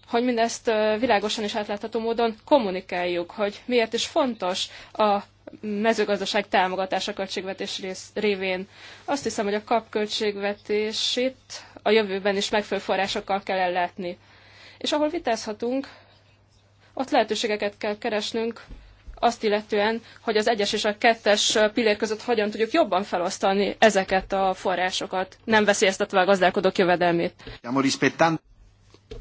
hogy mindezt világosan és átlátható módon kommunikáljuk, hogy miért is fontos a mezőgazdaság támogatása költségvetés rész, révén. Azt hiszem, hogy a kap költségvetését a jövőben is megfelelő forrásokkal kell ellátni. És ahol vitázhatunk, ott lehetőségeket kell keresnünk azt illetően, hogy az egyes és a kettes pillér között hogyan tudjuk jobban felosztani ezeket a forrásokat, nem veszélyeztetve a gazdálkodók jövedelmét.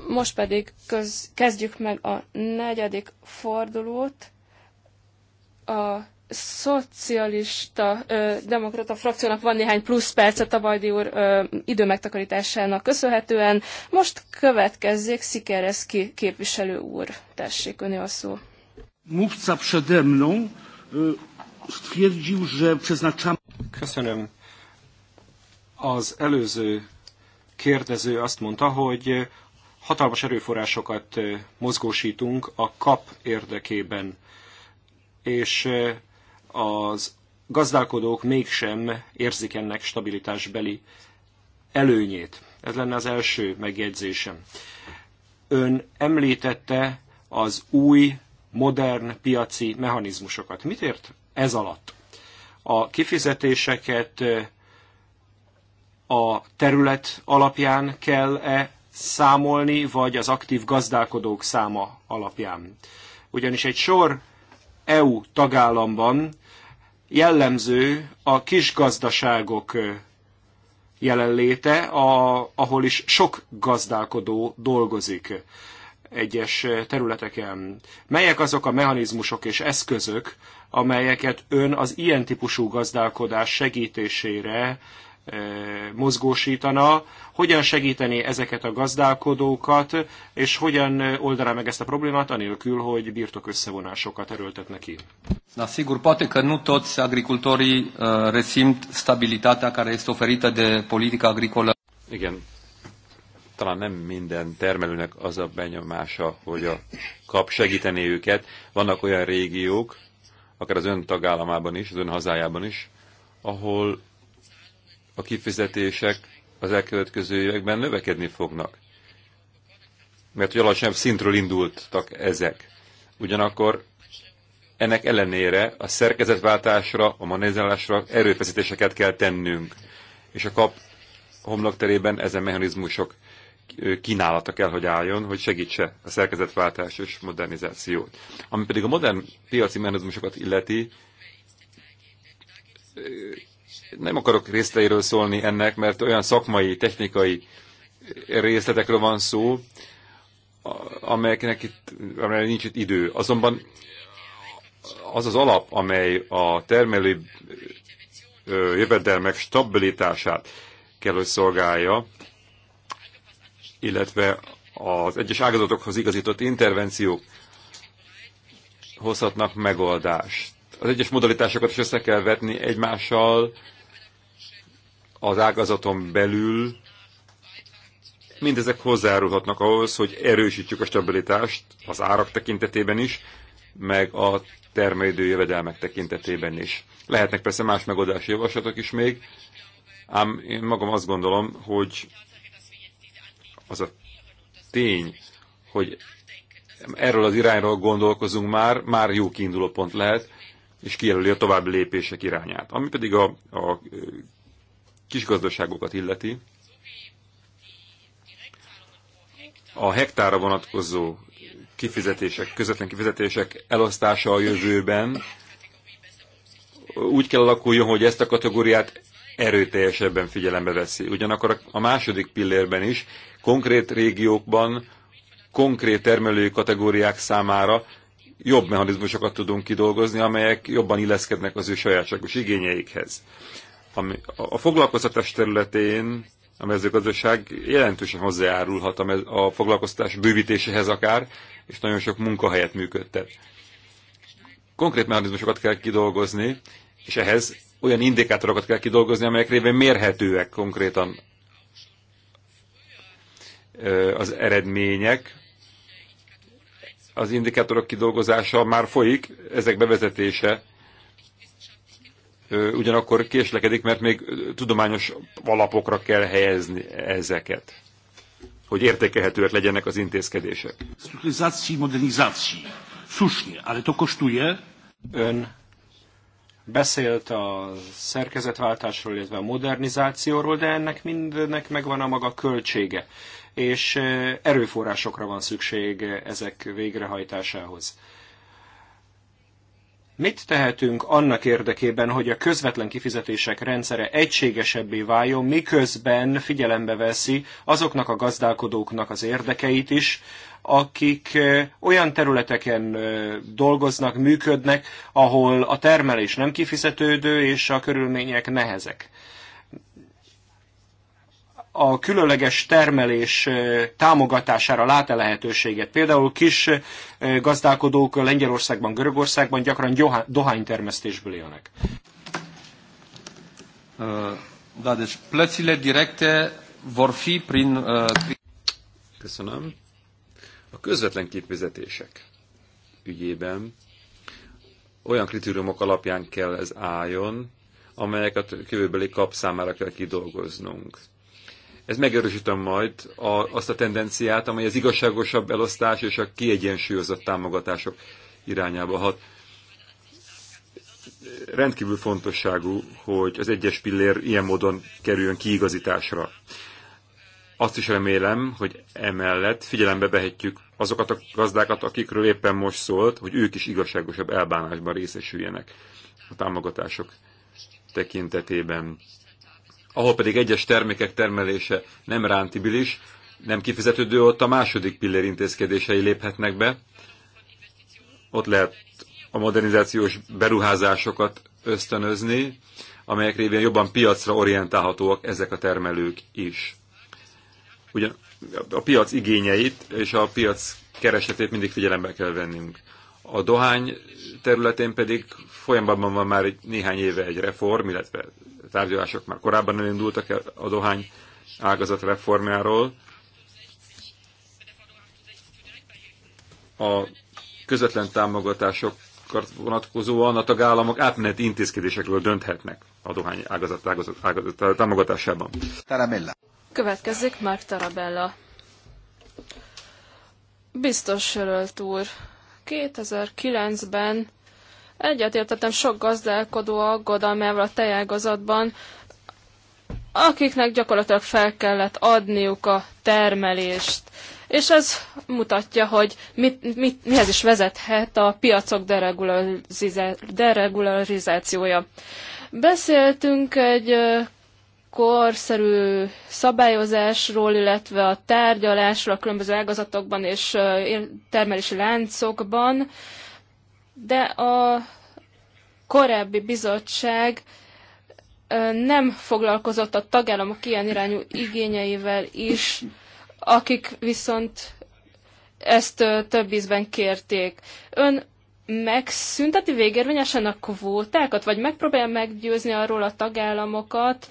Most pedig köz, kezdjük meg a negyedik fordulót. A szocialista ö, demokrata frakciónak van néhány plusz percet a Tabajdi úr ö, időmegtakarításának köszönhetően. Most következzék Szikereszki képviselő úr. Tessék, öné a szó. Mówca przede mną stwierdził, że przeznaczamy... Köszönöm. Az előző kérdező azt mondta, hogy hatalmas erőforrásokat mozgósítunk a kap érdekében, és az gazdálkodók mégsem érzik ennek stabilitásbeli előnyét. Ez lenne az első megjegyzésem. Ön említette az új modern piaci mechanizmusokat. Mit ért ez alatt? A kifizetéseket a terület alapján kell-e számolni, vagy az aktív gazdálkodók száma alapján? Ugyanis egy sor EU tagállamban jellemző a kisgazdaságok jelenléte, a, ahol is sok gazdálkodó dolgozik egyes területeken. Melyek azok a mechanizmusok és eszközök, amelyeket ön az ilyen típusú gazdálkodás segítésére e, mozgósítana, hogyan segíteni ezeket a gazdálkodókat, és hogyan oldaná meg ezt a problémát, anélkül, hogy birtok összevonásokat erőltet ki. Na, sigur, poate că nu toți agricultorii uh, resimt stabilitatea care este oferită de politica agricolă. Igen, talán nem minden termelőnek az a benyomása, hogy a kap segíteni őket. Vannak olyan régiók, akár az ön tagállamában is, az ön hazájában is, ahol a kifizetések az elkövetkező években növekedni fognak. Mert hogy alacsonyabb szintről indultak ezek. Ugyanakkor ennek ellenére a szerkezetváltásra, a manezálásra erőfeszítéseket kell tennünk. És a kap homlokterében ezen mechanizmusok kínálata kell, hogy álljon, hogy segítse a szerkezetváltás és modernizációt. Ami pedig a modern piaci mechanizmusokat illeti, nem akarok részleiről szólni ennek, mert olyan szakmai, technikai részletekről van szó, amelyeknek itt, amelyek nincs itt idő. Azonban az az alap, amely a termelő jövedelmek stabilitását kell, hogy szolgálja, illetve az egyes ágazatokhoz igazított intervenciók hozhatnak megoldást. Az egyes modalitásokat is össze kell vetni egymással az ágazaton belül. Mindezek hozzárulhatnak ahhoz, hogy erősítsük a stabilitást az árak tekintetében is, meg a termelődő jövedelmek tekintetében is. Lehetnek persze más megoldási javaslatok is még, ám én magam azt gondolom, hogy az a tény, hogy erről az irányról gondolkozunk már, már jó kiinduló pont lehet, és kijelöli a további lépések irányát. Ami pedig a, a kisgazdaságokat illeti, a hektára vonatkozó kifizetések, közvetlen kifizetések elosztása a jövőben úgy kell alakuljon, hogy ezt a kategóriát erőteljesebben figyelembe veszi. Ugyanakkor a második pillérben is konkrét régiókban, konkrét termelői kategóriák számára jobb mechanizmusokat tudunk kidolgozni, amelyek jobban illeszkednek az ő sajátságos igényeikhez. a foglalkoztatás területén a mezőgazdaság jelentősen hozzájárulhat a foglalkoztatás bővítéséhez akár, és nagyon sok munkahelyet működtet. Konkrét mechanizmusokat kell kidolgozni, és ehhez olyan indikátorokat kell kidolgozni, amelyek révén mérhetőek konkrétan az eredmények, az indikátorok kidolgozása már folyik, ezek bevezetése ugyanakkor késlekedik, mert még tudományos alapokra kell helyezni ezeket, hogy értékelhetőek legyenek az intézkedések. modernizáció. Słusznie, ale to kosztuje. Ön beszélt a szerkezetváltásról, illetve a modernizációról, de ennek mindennek megvan a maga költsége és erőforrásokra van szükség ezek végrehajtásához. Mit tehetünk annak érdekében, hogy a közvetlen kifizetések rendszere egységesebbé váljon, miközben figyelembe veszi azoknak a gazdálkodóknak az érdekeit is, akik olyan területeken dolgoznak, működnek, ahol a termelés nem kifizetődő és a körülmények nehezek a különleges termelés támogatására lát-e lehetőséget. Például kis gazdálkodók Lengyelországban, Görögországban gyakran dohánytermesztésből élnek. Köszönöm. A közvetlen kifizetések ügyében olyan kritériumok alapján kell ez álljon, amelyeket a jövőbeli kap számára kell kidolgoznunk ez megerősítem majd a, azt a tendenciát, amely az igazságosabb elosztás és a kiegyensúlyozott támogatások irányába hat. Rendkívül fontosságú, hogy az egyes pillér ilyen módon kerüljön kiigazításra. Azt is remélem, hogy emellett figyelembe vehetjük azokat a gazdákat, akikről éppen most szólt, hogy ők is igazságosabb elbánásban részesüljenek a támogatások tekintetében ahol pedig egyes termékek termelése nem rántibilis, nem kifizetődő, ott a második pillér intézkedései léphetnek be. Ott lehet a modernizációs beruházásokat ösztönözni, amelyek révén jobban piacra orientálhatóak ezek a termelők is. Ugyan a piac igényeit és a piac keresetét mindig figyelembe kell vennünk. A dohány területén pedig folyamatban van már néhány éve egy reform, illetve tárgyalások már korábban elindultak a dohány ágazat reformjáról. A közvetlen támogatásokat vonatkozóan a tagállamok átmeneti intézkedésekről dönthetnek a dohány ágazat, ágazat, ágazat támogatásában. Tarabella. Következik már Tarabella. Biztos jelölt úr, 2009-ben Egyetértettem sok gazdálkodó aggodalmával a tejágazatban, akiknek gyakorlatilag fel kellett adniuk a termelést. És ez mutatja, hogy mit, mit, mihez is vezethet a piacok deregularizációja. Beszéltünk egy korszerű szabályozásról, illetve a tárgyalásról a különböző ágazatokban és termelési láncokban de a korábbi bizottság nem foglalkozott a tagállamok ilyen irányú igényeivel is, akik viszont ezt több ízben kérték. Ön megszünteti végérvényesen a kvótákat, vagy megpróbálja meggyőzni arról a tagállamokat,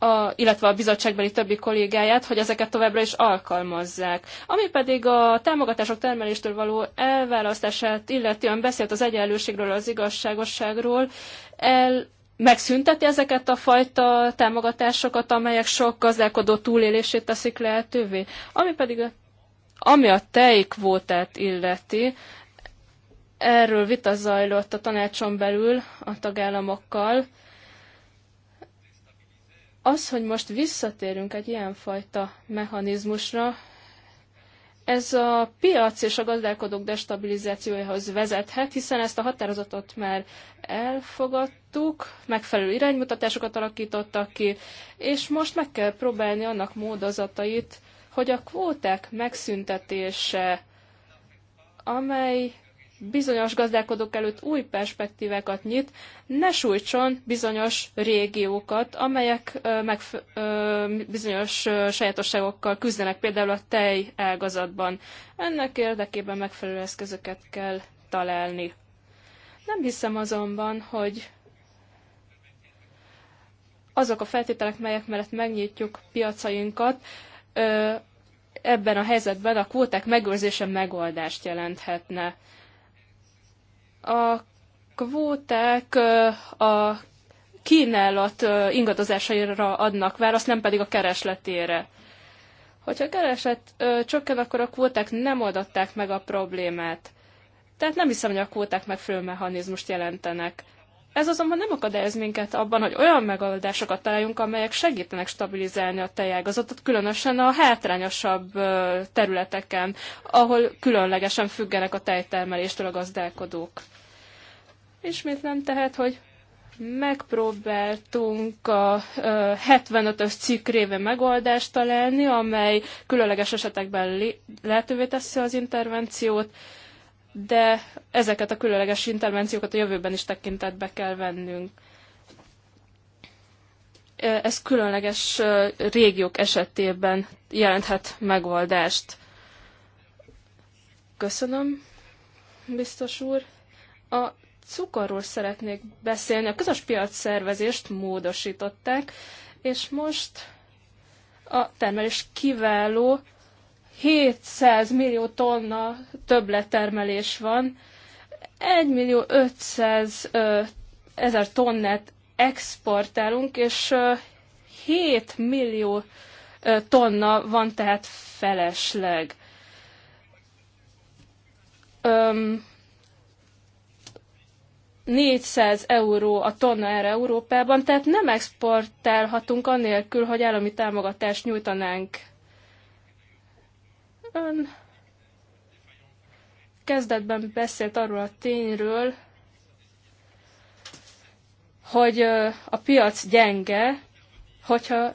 a, illetve a bizottságbeli többi kollégáját, hogy ezeket továbbra is alkalmazzák. Ami pedig a támogatások termeléstől való elválasztását illetően beszélt az egyenlőségről, az igazságosságról, el megszünteti ezeket a fajta támogatásokat, amelyek sok gazdálkodó túlélését teszik lehetővé. Ami pedig ami a tejkvótát illeti, erről vita zajlott a tanácson belül a tagállamokkal, az, hogy most visszatérünk egy ilyenfajta mechanizmusra, ez a piac és a gazdálkodók destabilizációjához vezethet, hiszen ezt a határozatot már elfogadtuk, megfelelő iránymutatásokat alakítottak ki, és most meg kell próbálni annak módozatait, hogy a kvóták megszüntetése, amely bizonyos gazdálkodók előtt új perspektívákat nyit, ne sújtson bizonyos régiókat, amelyek meg bizonyos sajátosságokkal küzdenek, például a tej ágazatban. Ennek érdekében megfelelő eszközöket kell találni. Nem hiszem azonban, hogy azok a feltételek, melyek mellett megnyitjuk piacainkat, ebben a helyzetben a kvóták megőrzése megoldást jelenthetne. A kvóták a kínálat ingadozásaira adnak választ, nem pedig a keresletére. Hogyha a kereslet csökken, akkor a kvóták nem adatták meg a problémát. Tehát nem hiszem, hogy a kvóták megfelelő mechanizmust jelentenek. Ez azonban nem akadályoz minket abban, hogy olyan megoldásokat találjunk, amelyek segítenek stabilizálni a tejágazatot, különösen a hátrányosabb területeken, ahol különlegesen függenek a tejtermeléstől a gazdálkodók. Ismétlem tehát, hogy megpróbáltunk a 75-ös cikk révén megoldást találni, amely különleges esetekben lehetővé teszi az intervenciót, de ezeket a különleges intervenciókat a jövőben is tekintetbe kell vennünk. Ez különleges régiók esetében jelenthet megoldást. Köszönöm, biztos úr. A cukorról szeretnék beszélni. A közös piac szervezést módosították, és most a termelés kiváló 700 millió tonna többlettermelés van, 1 millió 500 ezer tonnát exportálunk, és 7 millió tonna van tehát felesleg. Öm, 400 euró a tonna erre Európában, tehát nem exportálhatunk anélkül, hogy állami támogatást nyújtanánk Ön kezdetben beszélt arról a tényről, hogy a piac gyenge, hogyha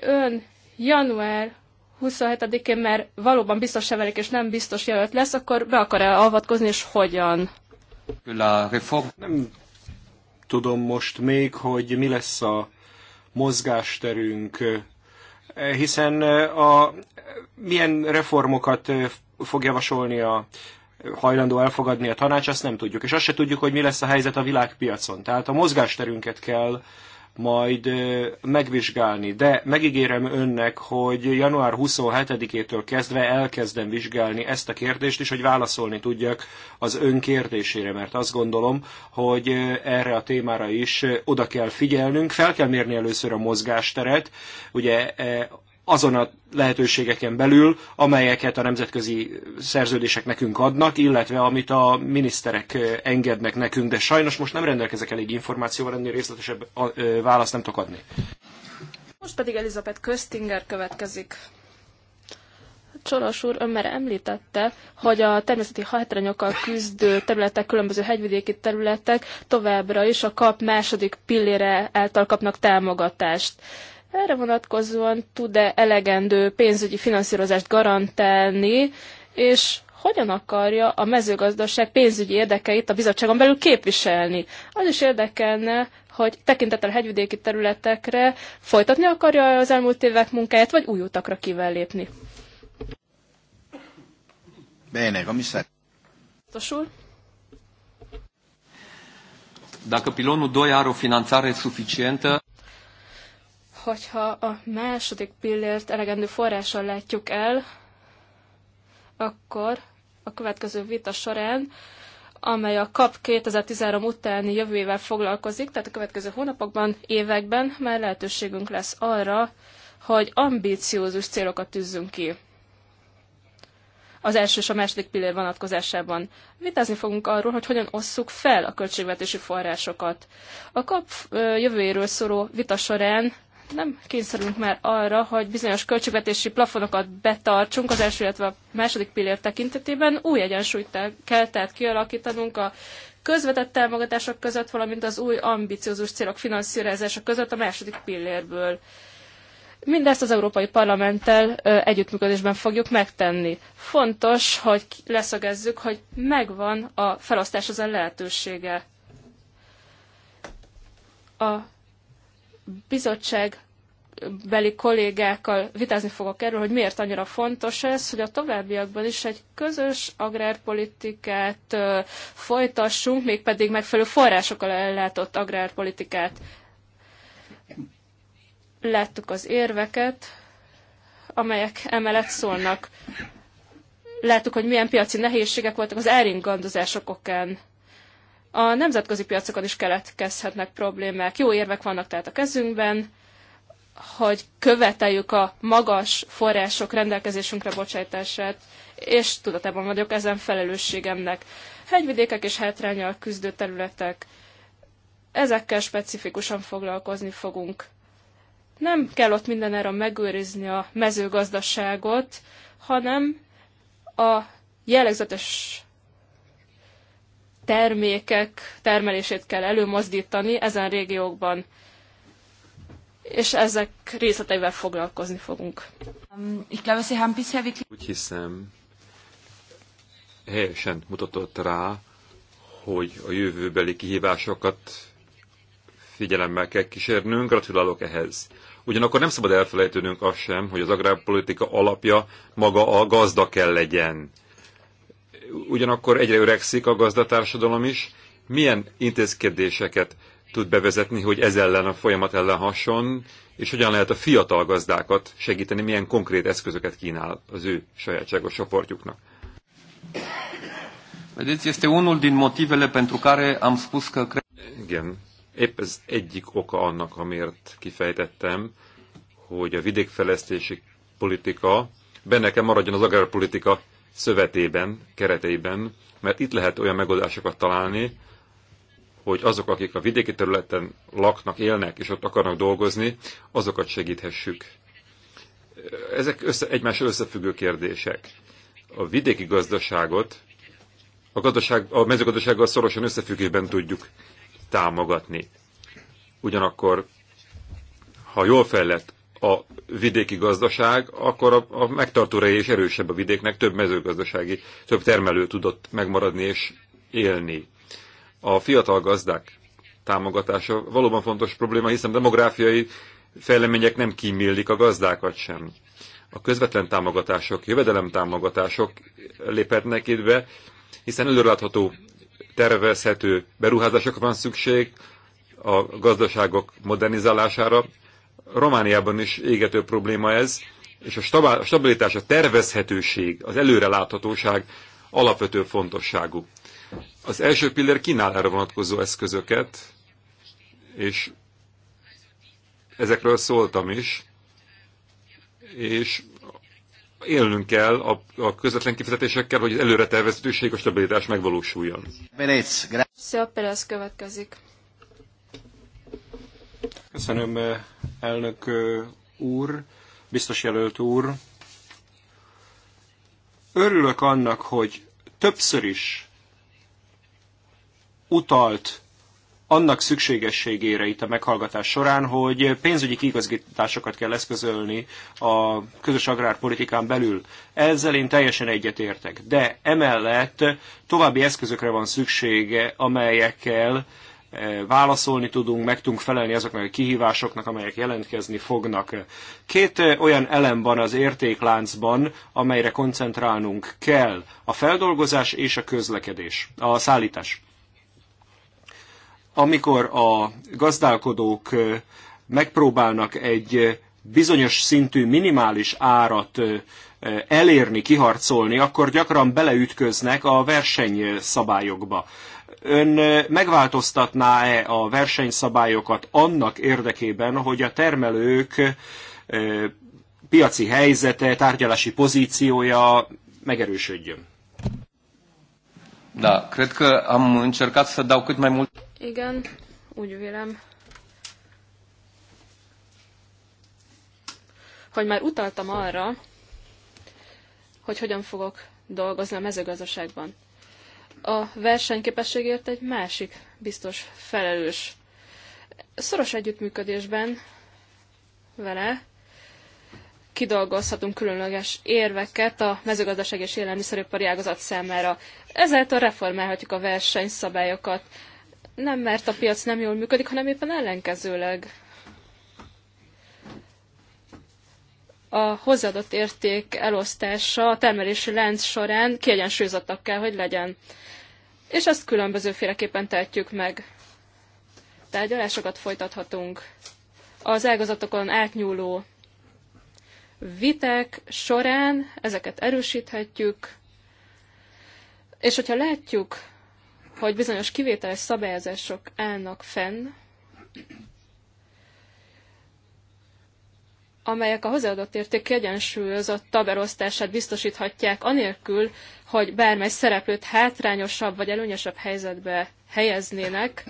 ön január 27-én mert valóban biztos sevelik és nem biztos jelölt lesz, akkor be akar-e avatkozni, és hogyan? Nem tudom most még, hogy mi lesz a mozgásterünk hiszen a, milyen reformokat fog javasolni a hajlandó elfogadni a tanács, azt nem tudjuk. És azt se tudjuk, hogy mi lesz a helyzet a világpiacon. Tehát a mozgásterünket kell majd megvizsgálni. De megígérem önnek, hogy január 27-től kezdve elkezdem vizsgálni ezt a kérdést is, hogy válaszolni tudjak az ön kérdésére, mert azt gondolom, hogy erre a témára is oda kell figyelnünk. Fel kell mérni először a mozgásteret. Ugye e, azon a lehetőségeken belül, amelyeket a nemzetközi szerződések nekünk adnak, illetve amit a miniszterek engednek nekünk, de sajnos most nem rendelkezek elég információval, ennél részletesebb választ nem tudok adni. Most pedig Elizabeth Köstinger következik. Csoros úr, ön már említette, hogy a természeti hátrányokkal küzdő területek, különböző hegyvidéki területek továbbra is a kap második pillére által kapnak támogatást. Erre vonatkozóan tud-e elegendő pénzügyi finanszírozást garantálni, és hogyan akarja a mezőgazdaság pénzügyi érdekeit a bizottságon belül képviselni. Az is érdekelne, hogy tekintettel a hegyvidéki területekre folytatni akarja az elmúlt évek munkáját, vagy új utakra kíván lépni. Bene, komisár. Tosul? Dacă pilonul 2 are o finanțare suficientă hogyha a második pillért elegendő forrással látjuk el, akkor a következő vita során, amely a KAP 2013 utáni jövőjével foglalkozik, tehát a következő hónapokban, években már lehetőségünk lesz arra, hogy ambíciózus célokat tűzzünk ki. Az első és a második pillér vonatkozásában. Vitázni fogunk arról, hogy hogyan osszuk fel a költségvetési forrásokat. A KAP jövőjéről szóló vita során nem kényszerülünk már arra, hogy bizonyos költségvetési plafonokat betartsunk az első, illetve a második pillér tekintetében. Új egyensúlyt kell tehát kialakítanunk a közvetett támogatások között, valamint az új ambiciózus célok finanszírozása között a második pillérből. Mindezt az Európai Parlamenttel együttműködésben fogjuk megtenni. Fontos, hogy leszögezzük, hogy megvan a felosztás a lehetősége. A bizottság beli kollégákkal vitázni fogok erről, hogy miért annyira fontos ez, hogy a továbbiakban is egy közös agrárpolitikát folytassunk, mégpedig megfelelő forrásokkal ellátott agrárpolitikát. Láttuk az érveket, amelyek emellett szólnak. Láttuk, hogy milyen piaci nehézségek voltak az elringandozások okán a nemzetközi piacokon is keletkezhetnek problémák. Jó érvek vannak tehát a kezünkben, hogy követeljük a magas források rendelkezésünkre bocsátását, és tudatában vagyok ezen felelősségemnek. Hegyvidékek és hátrányal küzdő területek, ezekkel specifikusan foglalkozni fogunk. Nem kell ott mindenára megőrizni a mezőgazdaságot, hanem a jellegzetes termékek termelését kell előmozdítani ezen régiókban, és ezek részleteivel foglalkozni fogunk. Um, Úgy hiszem, helyesen mutatott rá, hogy a jövőbeli kihívásokat figyelemmel kell kísérnünk, gratulálok ehhez. Ugyanakkor nem szabad elfelejtőnünk azt sem, hogy az agrárpolitika alapja maga a gazda kell legyen ugyanakkor egyre öregszik a gazdatársadalom is. Milyen intézkedéseket tud bevezetni, hogy ez ellen a folyamat ellen hason, és hogyan lehet a fiatal gazdákat segíteni, milyen konkrét eszközöket kínál az ő sajátságos csoportjuknak? Vedeți, este unul din motivele pentru care am spus că... Igen, épp ez egyik oka annak, amiért kifejtettem, hogy a vidékfejlesztési politika benne kell maradjon az agrárpolitika szövetében, kereteiben, mert itt lehet olyan megoldásokat találni, hogy azok, akik a vidéki területen laknak, élnek, és ott akarnak dolgozni, azokat segíthessük. Ezek össze, egymás összefüggő kérdések. A vidéki gazdaságot a, gazdaság, a mezőgazdasággal szorosan összefüggésben tudjuk támogatni. Ugyanakkor, ha jól fejlett a vidéki gazdaság, akkor a, a megtartóra és erősebb a vidéknek, több mezőgazdasági, több termelő tudott megmaradni és élni. A fiatal gazdák támogatása valóban fontos probléma, hiszen demográfiai fejlemények nem kímélik a gazdákat sem. A közvetlen támogatások, jövedelemtámogatások léphetnek itt be, hiszen előrelátható, tervezhető beruházásokra van szükség, a gazdaságok modernizálására, Romániában is égető probléma ez, és a stabilitás, a tervezhetőség, az előreláthatóság alapvető fontosságú. Az első pillér kínál erre vonatkozó eszközöket, és ezekről szóltam is, és élnünk kell a, a közvetlen kifizetésekkel, hogy az előre tervezhetőség, a stabilitás megvalósuljon. Szia, Perez következik. Köszönöm, eh, elnök eh, úr, biztos jelölt úr. Örülök annak, hogy többször is utalt annak szükségességére itt a meghallgatás során, hogy pénzügyi kigazgításokat kell eszközölni a közös agrárpolitikán belül. Ezzel én teljesen egyetértek, de emellett további eszközökre van szüksége, amelyekkel válaszolni tudunk, meg tudunk felelni azoknak a kihívásoknak, amelyek jelentkezni fognak. Két olyan elem van az értékláncban, amelyre koncentrálnunk kell. A feldolgozás és a közlekedés, a szállítás. Amikor a gazdálkodók megpróbálnak egy bizonyos szintű minimális árat elérni, kiharcolni, akkor gyakran beleütköznek a versenyszabályokba ön megváltoztatná-e a versenyszabályokat annak érdekében, hogy a termelők piaci helyzete, tárgyalási pozíciója megerősödjön? Da, cred că am încercat să dau cât mai mult. Igen, úgy vélem. Hogy már utaltam arra, hogy hogyan fogok dolgozni a mezőgazdaságban a versenyképességért egy másik biztos felelős. Szoros együttműködésben vele kidolgozhatunk különleges érveket a mezőgazdaság és élelmiszeripari ágazat számára. Ezáltal reformálhatjuk a versenyszabályokat. Nem mert a piac nem jól működik, hanem éppen ellenkezőleg a hozzáadott érték elosztása a termelési lánc során kiegyensúlyozottak kell, hogy legyen. És ezt különbözőféleképpen tehetjük meg. Tárgyalásokat folytathatunk. Az ágazatokon átnyúló vitek során ezeket erősíthetjük, és hogyha látjuk, hogy bizonyos kivételes szabályozások állnak fenn, amelyek a hozzáadott érték kiegyensúlyozott elosztását biztosíthatják, anélkül, hogy bármely szereplőt hátrányosabb vagy előnyösebb helyzetbe helyeznének,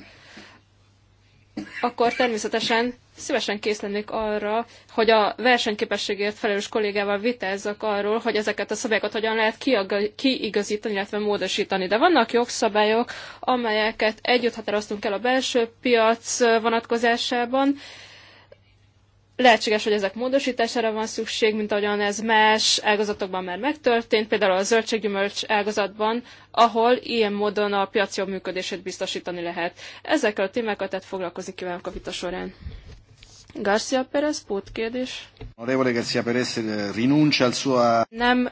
akkor természetesen szívesen kész lennék arra, hogy a versenyképességért felelős kollégával vitázzak arról, hogy ezeket a szabályokat hogyan lehet kiigazítani, illetve módosítani. De vannak jogszabályok, amelyeket együtt határoztunk el a belső piac vonatkozásában, Lehetséges, hogy ezek módosítására van szükség, mint ahogyan ez más ágazatokban már megtörtént, például a zöldséggyümölcs ágazatban, ahol ilyen módon a piac jobb működését biztosítani lehet. Ezekkel a témákkal tehát foglalkozni kívánok a vita során. Garcia Perez, pótkérdés. Onorevole Garcia Perez rinuncia al suo... Nem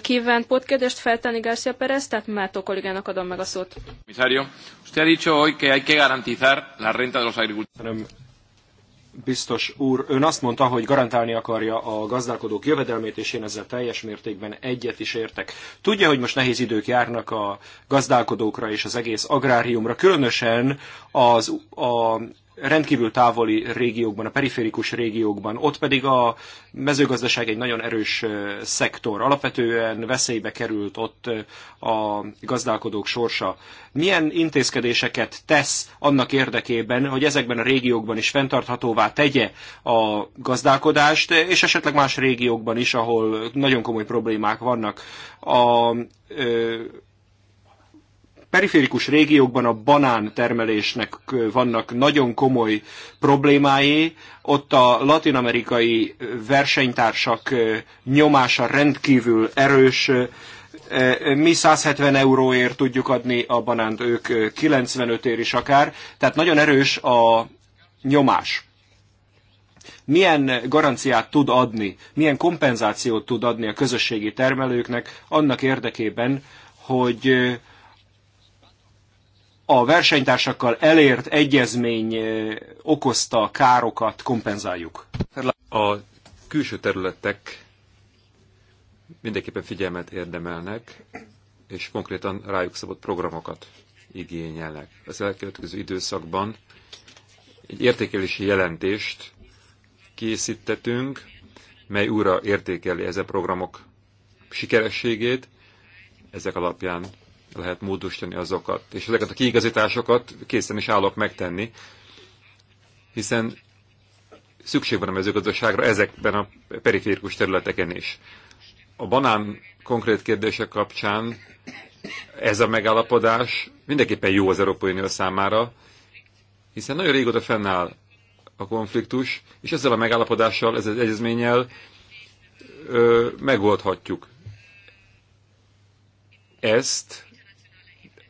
kíván pótkérdést feltenni Garcia Perez, tehát Mátó kollégának adom meg a szót. Comisario, usted ha dicho hoy que hay que garantizar la renta de los agricultores biztos úr, ön azt mondta, hogy garantálni akarja a gazdálkodók jövedelmét, és én ezzel teljes mértékben egyet is értek. Tudja, hogy most nehéz idők járnak a gazdálkodókra és az egész agráriumra, különösen az, a rendkívül távoli régiókban, a periférikus régiókban, ott pedig a mezőgazdaság egy nagyon erős szektor. Alapvetően veszélybe került ott a gazdálkodók sorsa. Milyen intézkedéseket tesz annak érdekében, hogy ezekben a régiókban is fenntarthatóvá tegye a gazdálkodást, és esetleg más régiókban is, ahol nagyon komoly problémák vannak. A, ö, periférikus régiókban a banán termelésnek vannak nagyon komoly problémái, ott a latinamerikai versenytársak nyomása rendkívül erős, mi 170 euróért tudjuk adni a banánt, ők 95 ér is akár, tehát nagyon erős a nyomás. Milyen garanciát tud adni, milyen kompenzációt tud adni a közösségi termelőknek annak érdekében, hogy a versenytársakkal elért egyezmény okozta károkat kompenzáljuk. A külső területek mindenképpen figyelmet érdemelnek, és konkrétan rájuk szabott programokat igényelnek. Az elkövetkező időszakban egy értékelési jelentést készítettünk, mely újra értékeli ezen programok sikerességét, ezek alapján lehet módosítani azokat. És ezeket a kiigazításokat készen is állok megtenni, hiszen szükség van a mezőgazdaságra ezekben a periférikus területeken is. A banán konkrét kérdése kapcsán ez a megállapodás mindenképpen jó az Európai Unió számára, hiszen nagyon régóta fennáll a konfliktus, és ezzel a megállapodással, ezzel az egyezménnyel ö, megoldhatjuk ezt,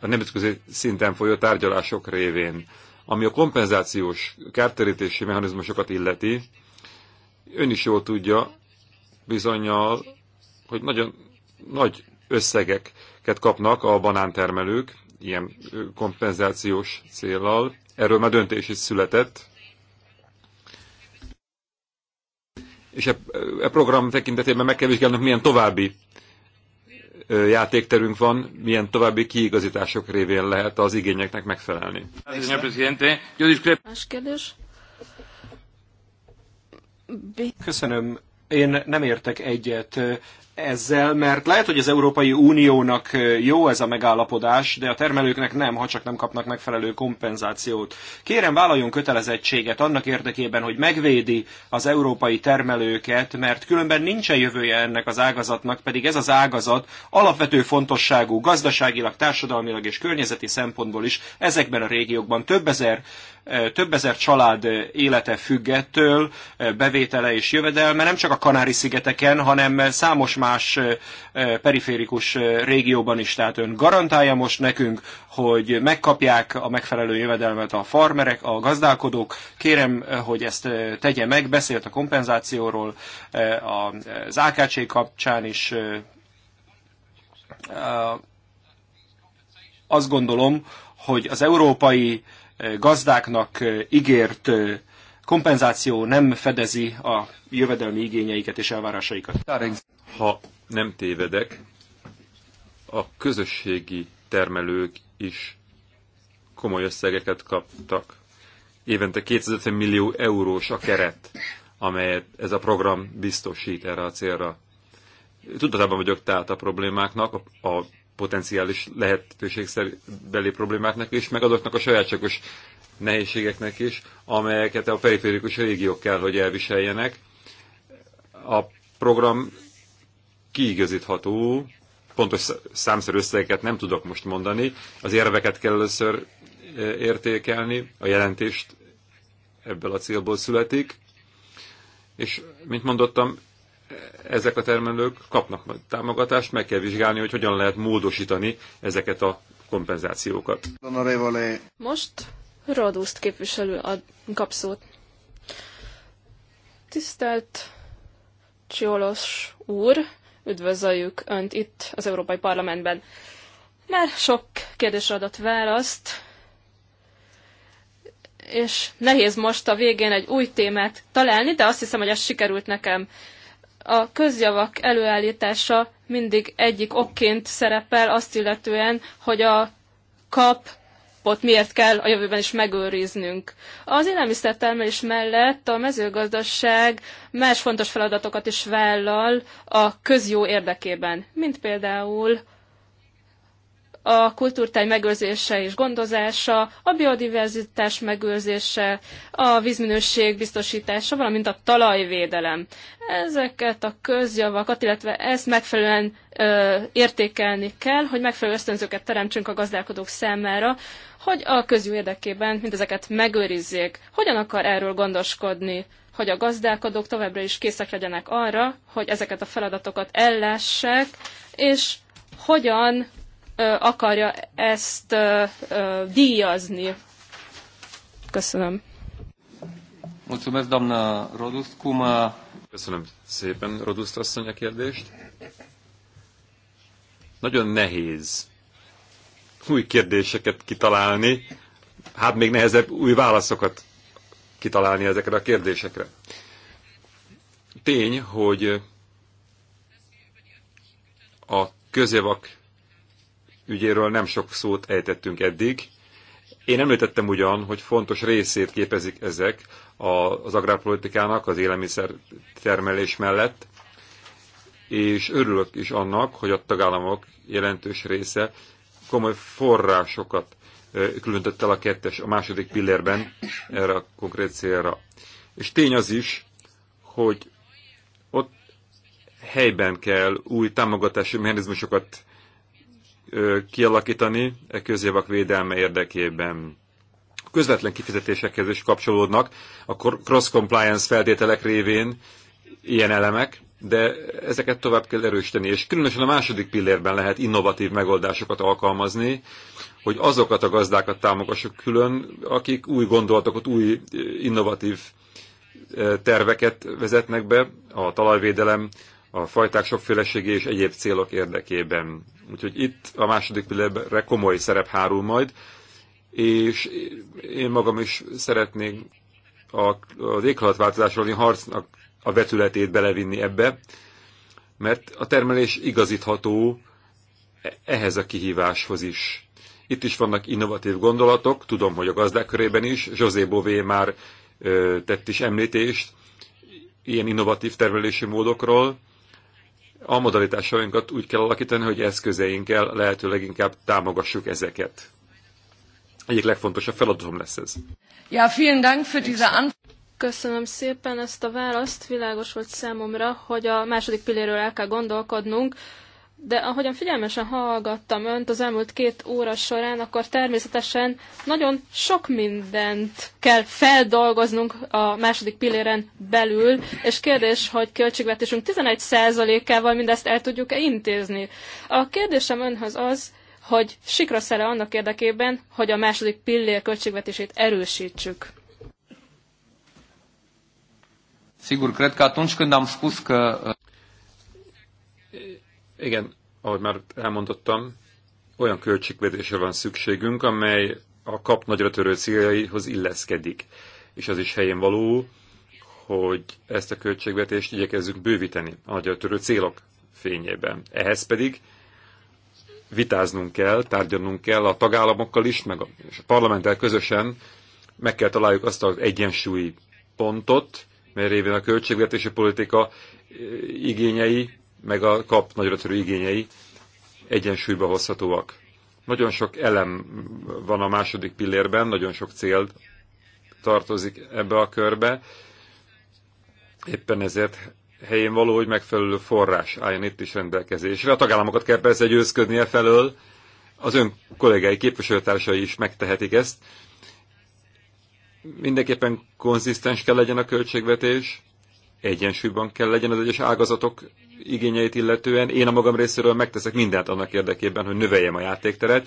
a nemzetközi szinten folyó tárgyalások révén. Ami a kompenzációs kártérítési mechanizmusokat illeti, ön is jól tudja bizonyal, hogy nagyon nagy összegeket kapnak a banántermelők, ilyen kompenzációs célral. Erről már döntés is született. És e, e program tekintetében meg kell vizsgálnunk, milyen további játékterünk van, milyen további kiigazítások révén lehet az igényeknek megfelelni. Köszönöm. Én nem értek egyet ezzel, mert lehet, hogy az Európai Uniónak jó ez a megállapodás, de a termelőknek nem, ha csak nem kapnak megfelelő kompenzációt. Kérem, vállaljon kötelezettséget annak érdekében, hogy megvédi az európai termelőket, mert különben nincsen jövője ennek az ágazatnak, pedig ez az ágazat alapvető fontosságú gazdaságilag, társadalmilag és környezeti szempontból is ezekben a régiókban több ezer több ezer család élete függettől, bevétele és jövedelme nem csak a Kanári-szigeteken, hanem számos más periférikus régióban is. Tehát ön garantálja most nekünk, hogy megkapják a megfelelő jövedelmet a farmerek, a gazdálkodók. Kérem, hogy ezt tegye meg. Beszélt a kompenzációról, az AKC kapcsán is azt gondolom, hogy az európai gazdáknak ígért kompenzáció nem fedezi a jövedelmi igényeiket és elvárásaikat. Ha nem tévedek, a közösségi termelők is komoly összegeket kaptak. Évente 250 millió eurós a keret, amelyet ez a program biztosít erre a célra. Tudatában vagyok tehát a problémáknak, a potenciális lehetőségbeli problémáknak is, meg azoknak a sajátságos nehézségeknek is, amelyeket a periférikus régiók kell, hogy elviseljenek. A program kiigazítható, pontos számszerű összegeket nem tudok most mondani, az érveket kell először e, értékelni, a jelentést ebből a célból születik, és mint mondottam, e, ezek a termelők kapnak majd támogatást, meg kell vizsgálni, hogy hogyan lehet módosítani ezeket a kompenzációkat. Most Roduszt képviselő ad, kap szót. Tisztelt Csiolos úr, Üdvözöljük Önt itt az Európai Parlamentben. Már sok kérdésre adott választ, és nehéz most a végén egy új témát találni, de azt hiszem, hogy ez sikerült nekem. A közjavak előállítása mindig egyik okként szerepel azt illetően, hogy a kap alapot miért kell a jövőben is megőriznünk. Az élelmiszertermelés mellett a mezőgazdaság más fontos feladatokat is vállal a közjó érdekében, mint például a kultúrtáj megőrzése és gondozása, a biodiverzitás megőrzése, a vízminőség biztosítása, valamint a talajvédelem. Ezeket a közjavakat, illetve ezt megfelelően ö, értékelni kell, hogy megfelelő ösztönzőket teremtsünk a gazdálkodók számára, hogy a közjó érdekében mindezeket megőrizzék. Hogyan akar erről gondoskodni? hogy a gazdálkodók továbbra is készek legyenek arra, hogy ezeket a feladatokat ellássák, és hogyan akarja ezt díjazni. Köszönöm. Mulțumesc, doamna Rodust. Cum a... Köszönöm szépen, Rodust asszony, a kérdést. Nagyon nehéz új kérdéseket kitalálni, hát még nehezebb új válaszokat kitalálni ezekre a kérdésekre. Tény, hogy a közévak ügyéről nem sok szót ejtettünk eddig. Én említettem ugyan, hogy fontos részét képezik ezek az agrárpolitikának az élelmiszer termelés mellett, és örülök is annak, hogy a tagállamok jelentős része komoly forrásokat különtött el a kettes, a második pillérben erre a konkrét célra. És tény az is, hogy ott helyben kell új támogatási mechanizmusokat kialakítani e közjavak védelme érdekében. Közvetlen kifizetésekhez is kapcsolódnak a cross-compliance feltételek révén ilyen elemek, de ezeket tovább kell erősíteni, és különösen a második pillérben lehet innovatív megoldásokat alkalmazni, hogy azokat a gazdákat támogassuk külön, akik új gondolatokat, új innovatív terveket vezetnek be a talajvédelem a fajták sokfélesége és egyéb célok érdekében. Úgyhogy itt a második pillérre komoly szerep hárul majd, és én magam is szeretnék a, az éghajlatváltozásról harcnak a vetületét belevinni ebbe, mert a termelés igazítható ehhez a kihíváshoz is. Itt is vannak innovatív gondolatok, tudom, hogy a gazdák körében is, José Bové már ö, tett is említést ilyen innovatív termelési módokról, a modalitásainkat úgy kell alakítani, hogy eszközeinkkel lehetőleg inkább támogassuk ezeket. Egyik legfontosabb feladatom lesz ez. Ja, vielen Dank für diese Antwort. Köszönöm szépen ezt a választ. Világos volt számomra, hogy a második pilléről el kell gondolkodnunk, de ahogyan figyelmesen hallgattam önt az elmúlt két óra során, akkor természetesen nagyon sok mindent kell feldolgoznunk a második pilléren belül, és kérdés, hogy költségvetésünk 11%-ával mindezt el tudjuk-e intézni. A kérdésem önhöz az, hogy sikra szere annak érdekében, hogy a második pillér költségvetését erősítsük. Sigur, cred că atunci când am spus că igen, ahogy már elmondottam, olyan költségvetésre van szükségünk, amely a kap nagyra törő céljaihoz illeszkedik. És az is helyén való, hogy ezt a költségvetést igyekezzünk bővíteni a nagyra törő célok fényében. Ehhez pedig vitáznunk kell, tárgyalnunk kell a tagállamokkal is, meg a, és a parlamenttel közösen meg kell találjuk azt az egyensúlyi pontot, mert révén a költségvetési politika eh, igényei meg a kap nagyra törő igényei egyensúlyba hozhatóak. Nagyon sok elem van a második pillérben, nagyon sok cél tartozik ebbe a körbe, éppen ezért helyén való, hogy megfelelő forrás álljon itt is rendelkezésre. A tagállamokat kell persze győzködni e felől, az ön kollégái, képviselőtársai is megtehetik ezt. Mindenképpen konzisztens kell legyen a költségvetés, egyensúlyban kell legyen az egyes ágazatok igényeit illetően. Én a magam részéről megteszek mindent annak érdekében, hogy növeljem a játékteret,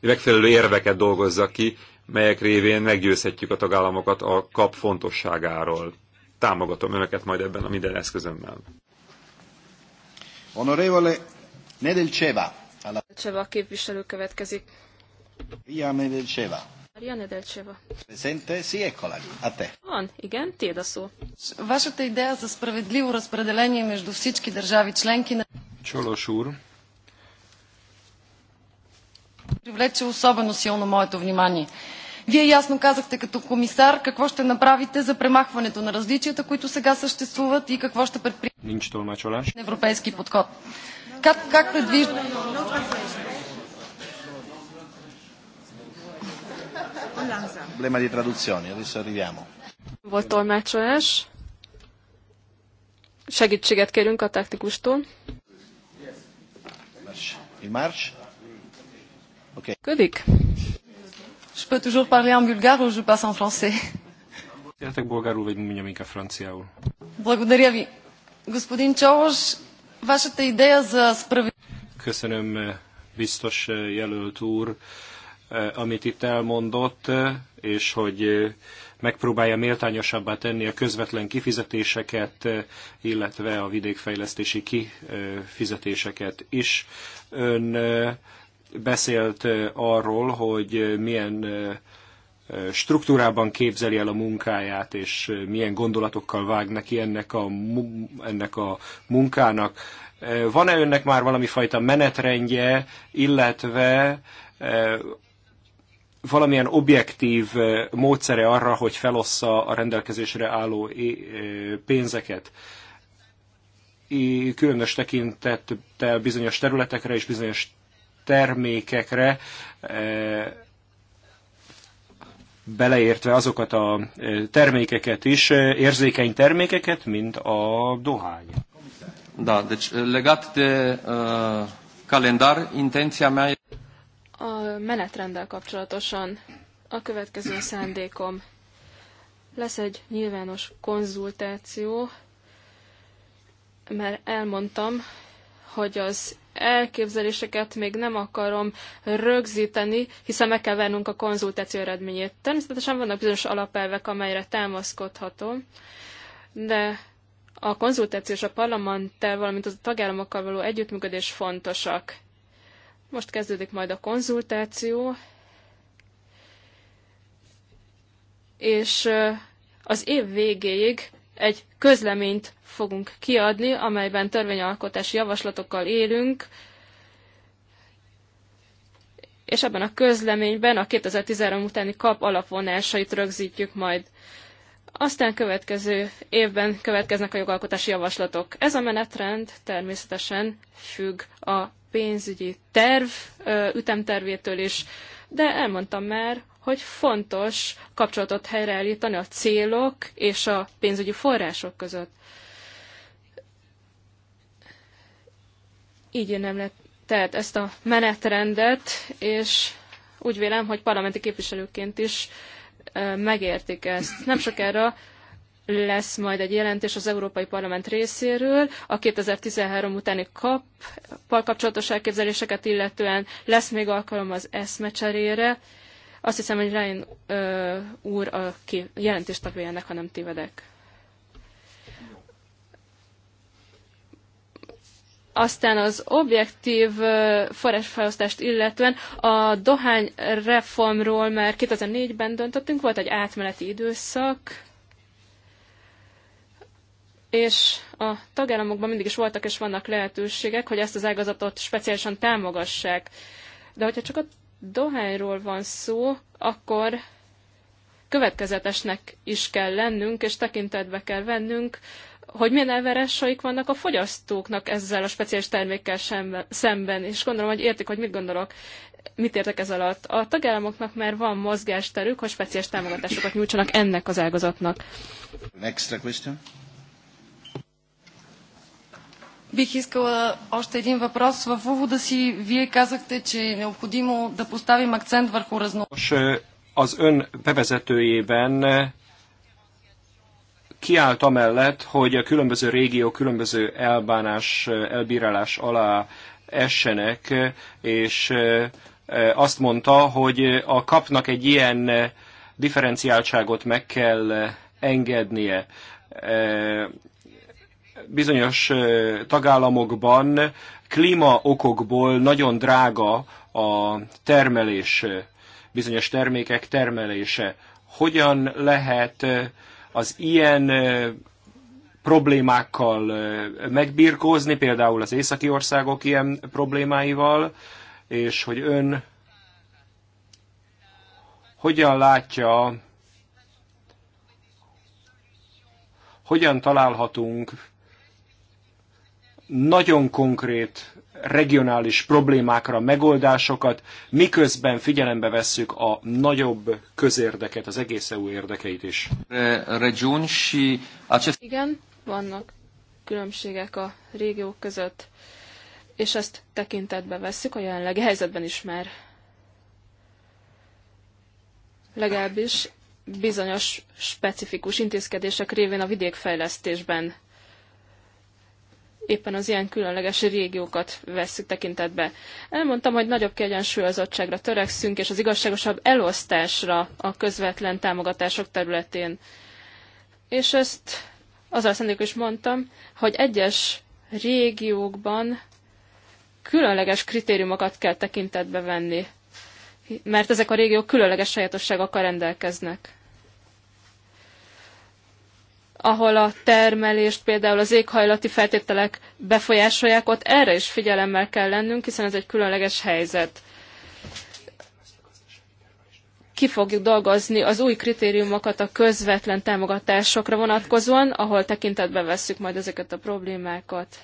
megfelelő érveket dolgozzak ki, melyek révén meggyőzhetjük a tagállamokat a kap fontosságáról. Támogatom önöket majd ebben a minden eszközömmel. Honorevole Nedelceva. Cseva képviselő következik. Via Nedelceva. Mariana Delcseva. Presente, si eccola, a te. Van, igen, tiéd a szó. Вашата идея за справедливо разпределение между всички държави членки на... Чолош úr. Привлече особено силно моето внимание. Вие ясно казахте като комисар какво ще направите за премахването на различията, които сега съществуват и какво ще предприемете на европейски подход. Как, как предвиждате? problema di traduzioni, adesso arriviamo. Volt tolmácsolás. Segítséget kérünk a taktikustól. Il marche? Ok. Ködik? Je peux toujours parler en bulgare ou je passe en français? Beszéltek bulgárul, vagy mondjam inkább franciául. Благодаря ви. Господин Чолош, вашата идея за справедливост... Köszönöm, biztos eh, jelölt úr Eh, amit itt elmondott, eh, és hogy eh, megpróbálja méltányosabbá tenni a közvetlen kifizetéseket, illetve a vidékfejlesztési kifizetéseket is. Ön beszélt arról, hogy milyen struktúrában képzeli el a munkáját, és milyen gondolatokkal vág neki ennek a, ennek a munkának. Van-e önnek már valami fajta menetrendje, illetve valamilyen objektív módszere arra, hogy felossza a rendelkezésre álló pénzeket különös tekintettel bizonyos területekre és bizonyos termékekre, beleértve azokat a termékeket is, érzékeny termékeket, mint a dohány. Da, deci legat de uh, calendar, intenția mea a menetrenddel kapcsolatosan a következő szándékom. Lesz egy nyilvános konzultáció, mert elmondtam, hogy az elképzeléseket még nem akarom rögzíteni, hiszen meg kell vennünk a konzultáció eredményét. Természetesen vannak bizonyos alapelvek, amelyre támaszkodhatom, de a konzultáció és a parlamenttel, valamint a tagállamokkal való együttműködés fontosak. Most kezdődik majd a konzultáció, és az év végéig egy közleményt fogunk kiadni, amelyben törvényalkotási javaslatokkal élünk, és ebben a közleményben a 2013 utáni kap alapvonásait rögzítjük majd. Aztán következő évben következnek a jogalkotási javaslatok. Ez a menetrend természetesen függ a pénzügyi terv ütemtervétől is, de elmondtam már, hogy fontos kapcsolatot helyreállítani a célok és a pénzügyi források között. Így nem lett tehát ezt a menetrendet, és úgy vélem, hogy parlamenti képviselőként is megértik ezt. Nem sokára lesz majd egy jelentés az Európai Parlament részéről a 2013 utáni kappal kapcsolatos elképzeléseket illetően lesz még alkalom az cserére. Azt hiszem, hogy Ryan ö, úr a jelentéstevője ennek, ha nem tévedek. aztán az objektív forrásfelosztást illetően a dohány reformról már 2004-ben döntöttünk, volt egy átmeneti időszak, és a tagállamokban mindig is voltak és vannak lehetőségek, hogy ezt az ágazatot speciálisan támogassák. De hogyha csak a dohányról van szó, akkor következetesnek is kell lennünk, és tekintetbe kell vennünk, hogy milyen elverásaik vannak a fogyasztóknak ezzel a speciális termékkel szemben, és gondolom, hogy értik, hogy mit gondolok, mit értek ez alatt. A tagállamoknak már van mozgásterük, hogy speciális támogatásokat nyújtsanak ennek az ágazatnak. Next question. Бих искала още един въпрос. В увода си вие казахте, че е необходимо да поставим акцент върху разнообразието. Az ön bevezetőjében kiállt amellett, hogy a különböző régió különböző elbánás, e, elbírálás alá essenek, e, és e, azt mondta, hogy a kapnak egy ilyen differenciáltságot meg kell engednie bizonyos tagállamokban klímaokokból nagyon drága a termelés, bizonyos termékek termelése. Hogyan lehet az ilyen problémákkal megbirkózni, például az északi országok ilyen problémáival, és hogy ön hogyan látja, hogyan találhatunk nagyon konkrét regionális problémákra megoldásokat, miközben figyelembe vesszük a nagyobb közérdeket, az egész EU érdekeit is. E, Igen, vannak különbségek a régiók között, és ezt tekintetbe vesszük a jelenlegi helyzetben is mert Legalábbis bizonyos specifikus intézkedések révén a vidékfejlesztésben éppen az ilyen különleges régiókat vesszük tekintetbe. Elmondtam, hogy nagyobb kiegyensúlyozottságra törekszünk, és az igazságosabb elosztásra a közvetlen támogatások területén. És ezt azzal szándékos is mondtam, hogy egyes régiókban különleges kritériumokat kell tekintetbe venni, mert ezek a régiók különleges sajátosságokkal rendelkeznek ahol a termelést például az éghajlati feltételek befolyásolják, ott erre is figyelemmel kell lennünk, hiszen ez egy különleges helyzet. Ki fogjuk dolgozni az új kritériumokat a közvetlen támogatásokra vonatkozóan, ahol tekintetbe vesszük majd ezeket a problémákat.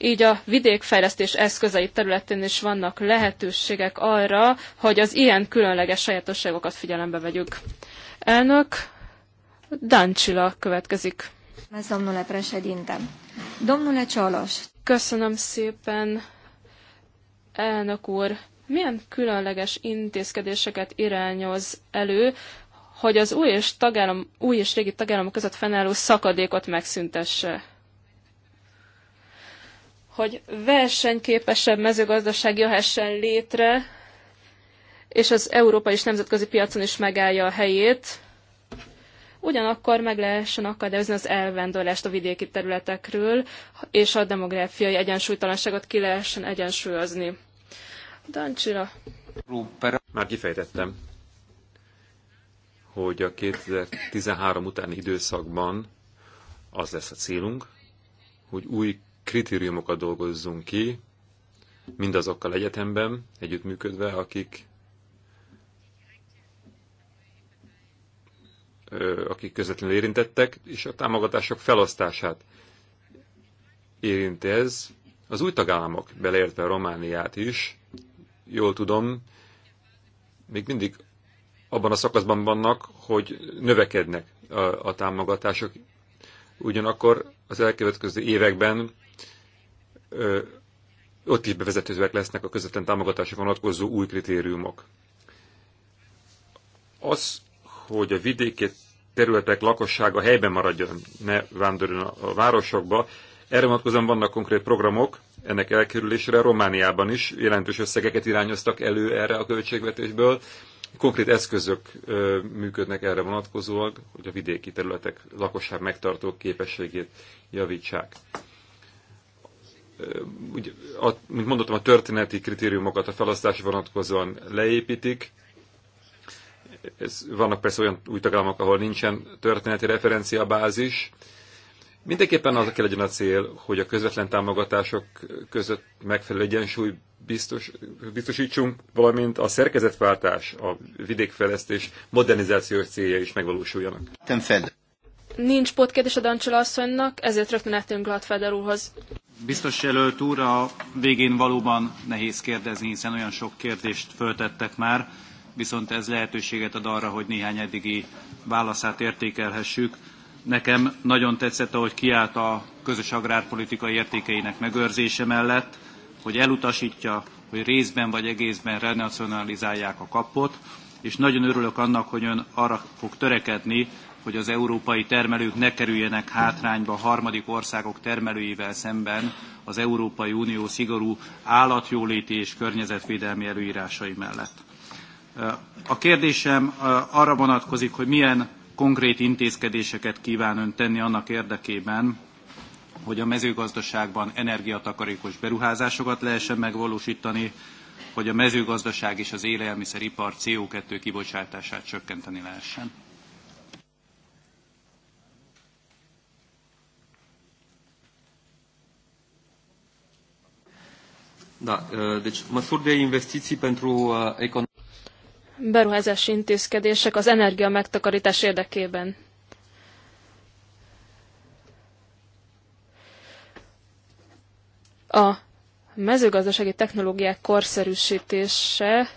Így a vidékfejlesztés eszközei területén is vannak lehetőségek arra, hogy az ilyen különleges sajátosságokat figyelembe vegyük. Elnök Dancsila következik. Domnule președinte, domnule Köszönöm szépen, elnök úr. Milyen különleges intézkedéseket irányoz elő, hogy az új és, tagállam, új és régi tagállamok között fennálló szakadékot megszüntesse? Hogy versenyképesebb mezőgazdaság jöhessen létre, és az európai és nemzetközi piacon is megállja a helyét, ugyanakkor meg lehessen akadályozni az elvándorlást a vidéki területekről, és a demográfiai egyensúlytalanságot ki lehessen egyensúlyozni. Dancsira. Már kifejtettem, hogy a 2013 utáni időszakban az lesz a célunk, hogy új kritériumokat dolgozzunk ki, mindazokkal egyetemben, együttműködve, akik akik közvetlenül érintettek, és a támogatások felosztását érinti ez. Az új tagállamok, beleértve Romániát is, jól tudom, még mindig abban a szakaszban vannak, hogy növekednek a, a támogatások. Ugyanakkor az elkövetkező években ö, ott is bevezetőzőek lesznek a közvetlen támogatásra vonatkozó új kritériumok. Az hogy a vidéki területek lakossága helyben maradjon, ne vándorjon a városokba. Erre vonatkozóan vannak konkrét programok, ennek elkerülésére Romániában is jelentős összegeket irányoztak elő erre a költségvetésből. Konkrét eszközök működnek erre vonatkozóan, hogy a vidéki területek lakosság megtartó képességét javítsák úgy, a, mint mondottam, a történeti kritériumokat a felasztás vonatkozóan leépítik, ez, vannak persze olyan új tagállamok, ahol nincsen történeti referenciabázis. Mindenképpen az kell legyen a cél, hogy a közvetlen támogatások között megfelelő egyensúly biztos, biztosítsunk, valamint a szerkezetváltás, a vidékfejlesztés modernizációs célja is megvalósuljanak. Nincs podkérdés a Dancsola asszonynak, ezért rögtön eltűnk Gladfeder úrhoz. Biztos jelölt úr, a végén valóban nehéz kérdezni, hiszen olyan sok kérdést föltettek már viszont ez lehetőséget ad arra, hogy néhány eddigi válaszát értékelhessük. Nekem nagyon tetszett, ahogy kiállt a közös agrárpolitika értékeinek megőrzése mellett, hogy elutasítja, hogy részben vagy egészben renacionalizálják a kapot, és nagyon örülök annak, hogy ön arra fog törekedni, hogy az európai termelők ne kerüljenek hátrányba harmadik országok termelőivel szemben az Európai Unió szigorú állatjóléti és környezetvédelmi előírásai mellett. A kérdésem arra vonatkozik, hogy milyen konkrét intézkedéseket kíván ön tenni annak érdekében, hogy a mezőgazdaságban energiatakarékos beruházásokat lehessen megvalósítani, hogy a mezőgazdaság és az élelmiszeripar CO2 kibocsátását csökkenteni lehessen. Da, deci măsuri de investiții pentru uh, economie beruházási intézkedések az energia megtakarítás érdekében. A mezőgazdasági technológiák korszerűsítése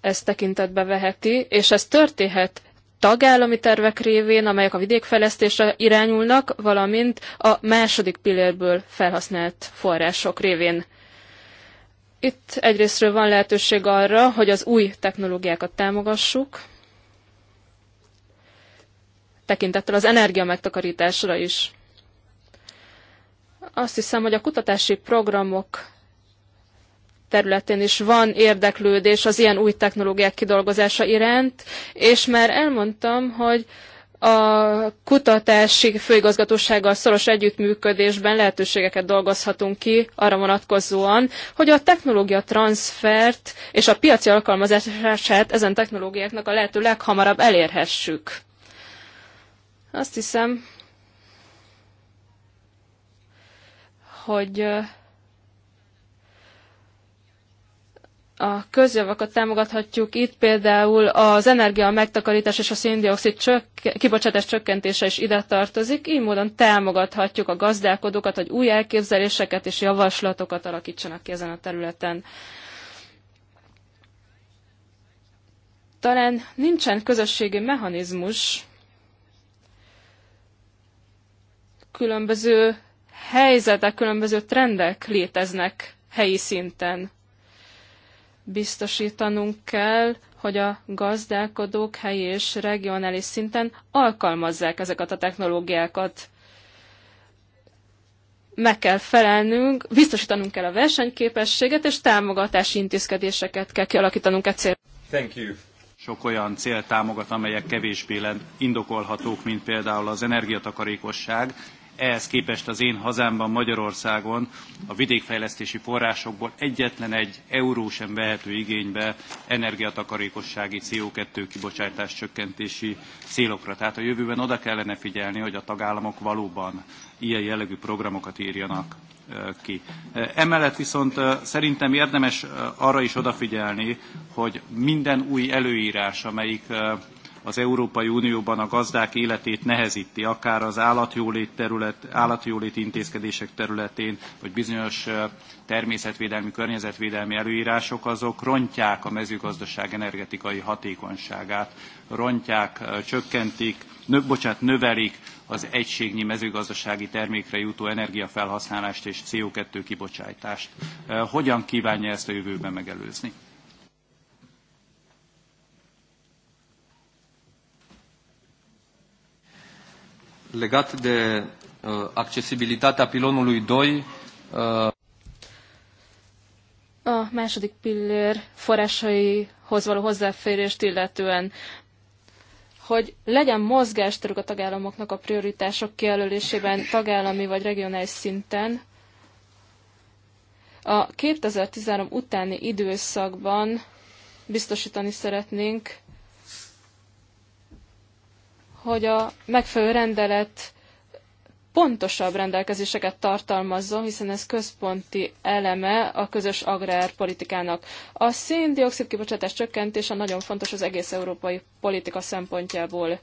ezt tekintetbe veheti, és ez történhet tagállami tervek révén, amelyek a vidékfejlesztésre irányulnak, valamint a második pillérből felhasznált források révén. Itt egyrésztről van lehetőség arra, hogy az új technológiákat támogassuk, tekintettel az energia megtakarításra is. Azt hiszem, hogy a kutatási programok területén is van érdeklődés az ilyen új technológiák kidolgozása iránt, és már elmondtam, hogy a kutatási főigazgatósággal szoros együttműködésben lehetőségeket dolgozhatunk ki arra vonatkozóan, hogy a technológia transfert és a piaci alkalmazását ezen technológiáknak a lehető leghamarabb elérhessük. Azt hiszem, hogy a közjavakat támogathatjuk itt, például az energia megtakarítás és a széndiokszid csökk- kibocsátás csökkentése is ide tartozik, így módon támogathatjuk a gazdálkodókat, hogy új elképzeléseket és javaslatokat alakítsanak ki ezen a területen. Talán nincsen közösségi mechanizmus különböző helyzetek, különböző trendek léteznek helyi szinten biztosítanunk kell, hogy a gazdálkodók helyi és regionális szinten alkalmazzák ezeket a technológiákat. Meg kell felelnünk, biztosítanunk kell a versenyképességet, és támogatási intézkedéseket kell kialakítanunk e cél. Thank you. Sok olyan cél támogat, amelyek kevésbé indokolhatók, mint például az energiatakarékosság, ehhez képest az én hazámban Magyarországon a vidékfejlesztési forrásokból egyetlen egy euró sem vehető igénybe energiatakarékossági CO2 kibocsátás csökkentési célokra. Tehát a jövőben oda kellene figyelni, hogy a tagállamok valóban ilyen jellegű programokat írjanak ki. Emellett viszont szerintem érdemes arra is odafigyelni, hogy minden új előírás, amelyik az Európai Unióban a gazdák életét nehezíti, akár az állatjólét, terület, állatjólét intézkedések területén, vagy bizonyos természetvédelmi, környezetvédelmi előírások, azok rontják a mezőgazdaság energetikai hatékonyságát, rontják, csökkentik, nö, bocsánat, növelik az egységnyi mezőgazdasági termékre jutó energiafelhasználást és CO2 kibocsátást. Hogyan kívánja ezt a jövőben megelőzni? legat de uh, accesibilitatea pilonului 2. Uh... A második pillér forrásaihoz való hozzáférést illetően hogy legyen mozgásterük a tagállamoknak a prioritások kijelölésében tagállami vagy regionális szinten. A 2013 utáni időszakban biztosítani szeretnénk, hogy a megfelelő rendelet pontosabb rendelkezéseket tartalmazzon, hiszen ez központi eleme a közös agrárpolitikának. A szén-dioxid kibocsátás csökkentése nagyon fontos az egész európai politika szempontjából.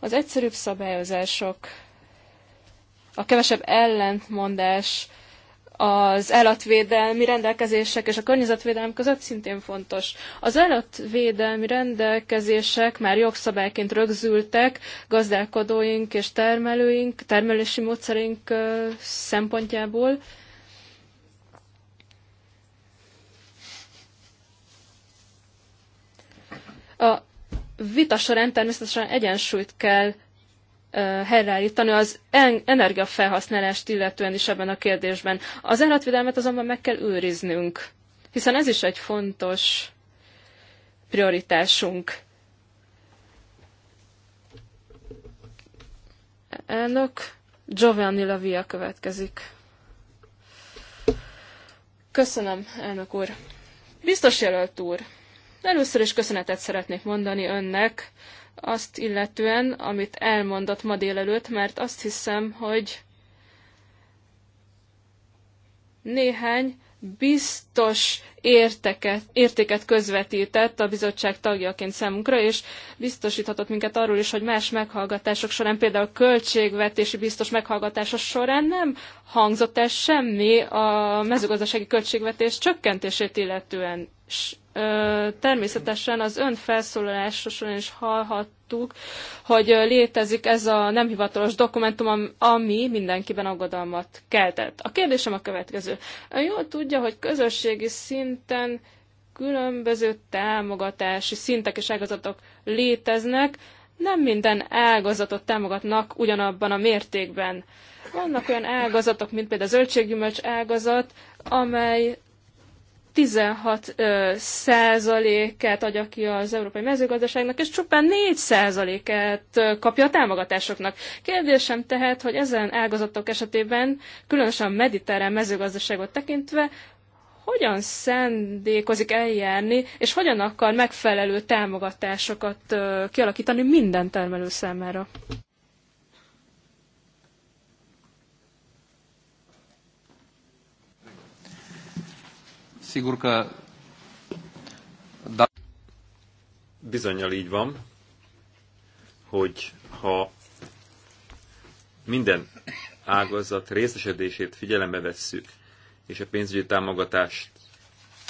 Az egyszerűbb szabályozások, a kevesebb ellentmondás, az állatvédelmi rendelkezések és a környezetvédelem között szintén fontos. Az állatvédelmi rendelkezések már jogszabályként rögzültek gazdálkodóink és termelőink, termelési módszerink szempontjából. A vita során természetesen egyensúlyt kell helyreállítani az energiafelhasználást illetően is ebben a kérdésben. Az állatvédelmet azonban meg kell őriznünk, hiszen ez is egy fontos prioritásunk. Elnök Giovanni Lavia következik. Köszönöm, elnök úr. Biztos jelölt úr, először is köszönetet szeretnék mondani önnek azt illetően, amit elmondott ma délelőtt, mert azt hiszem, hogy néhány biztos érteket, értéket közvetített a bizottság tagjaként számunkra, és biztosíthatott minket arról is, hogy más meghallgatások során, például költségvetési biztos meghallgatása során nem hangzott el semmi a mezőgazdasági költségvetés csökkentését illetően természetesen az ön felszólalása során is hallhattuk, hogy létezik ez a nem hivatalos dokumentum, ami mindenkiben aggodalmat keltett. A kérdésem a következő. Ön jól tudja, hogy közösségi szinten különböző támogatási szintek és ágazatok léteznek, nem minden ágazatot támogatnak ugyanabban a mértékben. Vannak olyan ágazatok, mint például a zöldséggyümölcs ágazat, amely 16 százalékát adja ki az európai mezőgazdaságnak, és csupán 4 százalékát kapja a támogatásoknak. Kérdésem tehát, hogy ezen ágazatok esetében, különösen a mediterrán mezőgazdaságot tekintve, hogyan szendékozik eljárni, és hogyan akar megfelelő támogatásokat kialakítani minden termelő számára? Sigur Da... Bizonyal így van, hogy ha minden ágazat részesedését figyelembe vesszük, és a pénzügyi támogatást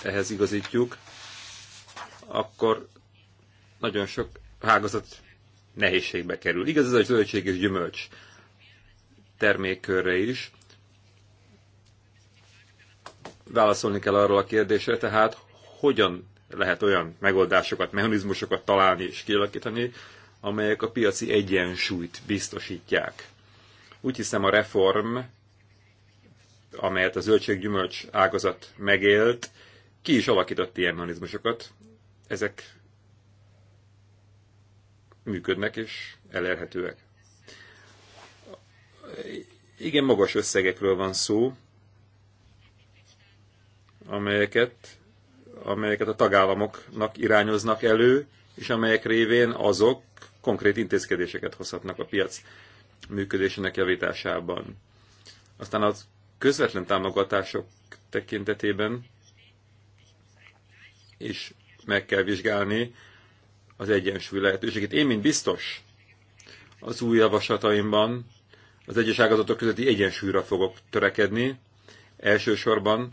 ehhez igazítjuk, akkor nagyon sok ágazat nehézségbe kerül. Igaz ez a zöldség és gyümölcs termékkörre is, válaszolni kell arról a kérdésre, tehát hogyan lehet olyan megoldásokat, mechanizmusokat találni és kialakítani, amelyek a piaci egyensúlyt biztosítják. Úgy hiszem a reform, amelyet a zöldséggyümölcs ágazat megélt, ki is alakított ilyen mechanizmusokat. Ezek működnek és elérhetőek. Igen, magas összegekről van szó, amelyeket, amelyeket a tagállamoknak irányoznak elő, és amelyek révén azok konkrét intézkedéseket hozhatnak a piac működésének javításában. Aztán az közvetlen támogatások tekintetében is meg kell vizsgálni az egyensúly lehetőségét. Én, mint biztos, az új javaslataimban az egyes ágazatok közötti egyensúlyra fogok törekedni, elsősorban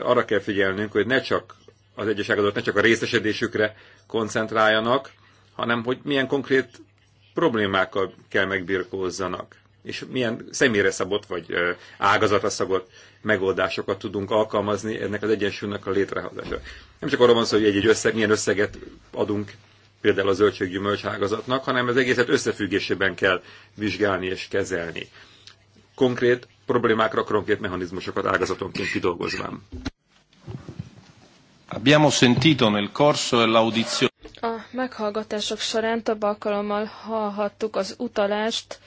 arra kell figyelnünk, hogy ne csak az egyes ágazatok ne csak a részesedésükre koncentráljanak, hanem hogy milyen konkrét problémákkal kell megbirkózzanak, és milyen személyre szabott vagy ágazatra szabott megoldásokat tudunk alkalmazni ennek az egyensúlynak a létrehozása. Nem csak arról van szó, hogy egy-egy összeg, milyen összeget adunk például a zöldséggyümölcs ágazatnak, hanem az egészet összefüggésében kell vizsgálni és kezelni. Konkrét problémákra konkrét mechanizmusokat ágazatonként kidolgozván. Abbiamo sentito nel corso dell'audizione. A meghallgatások során több alkalommal hallhattuk az utalást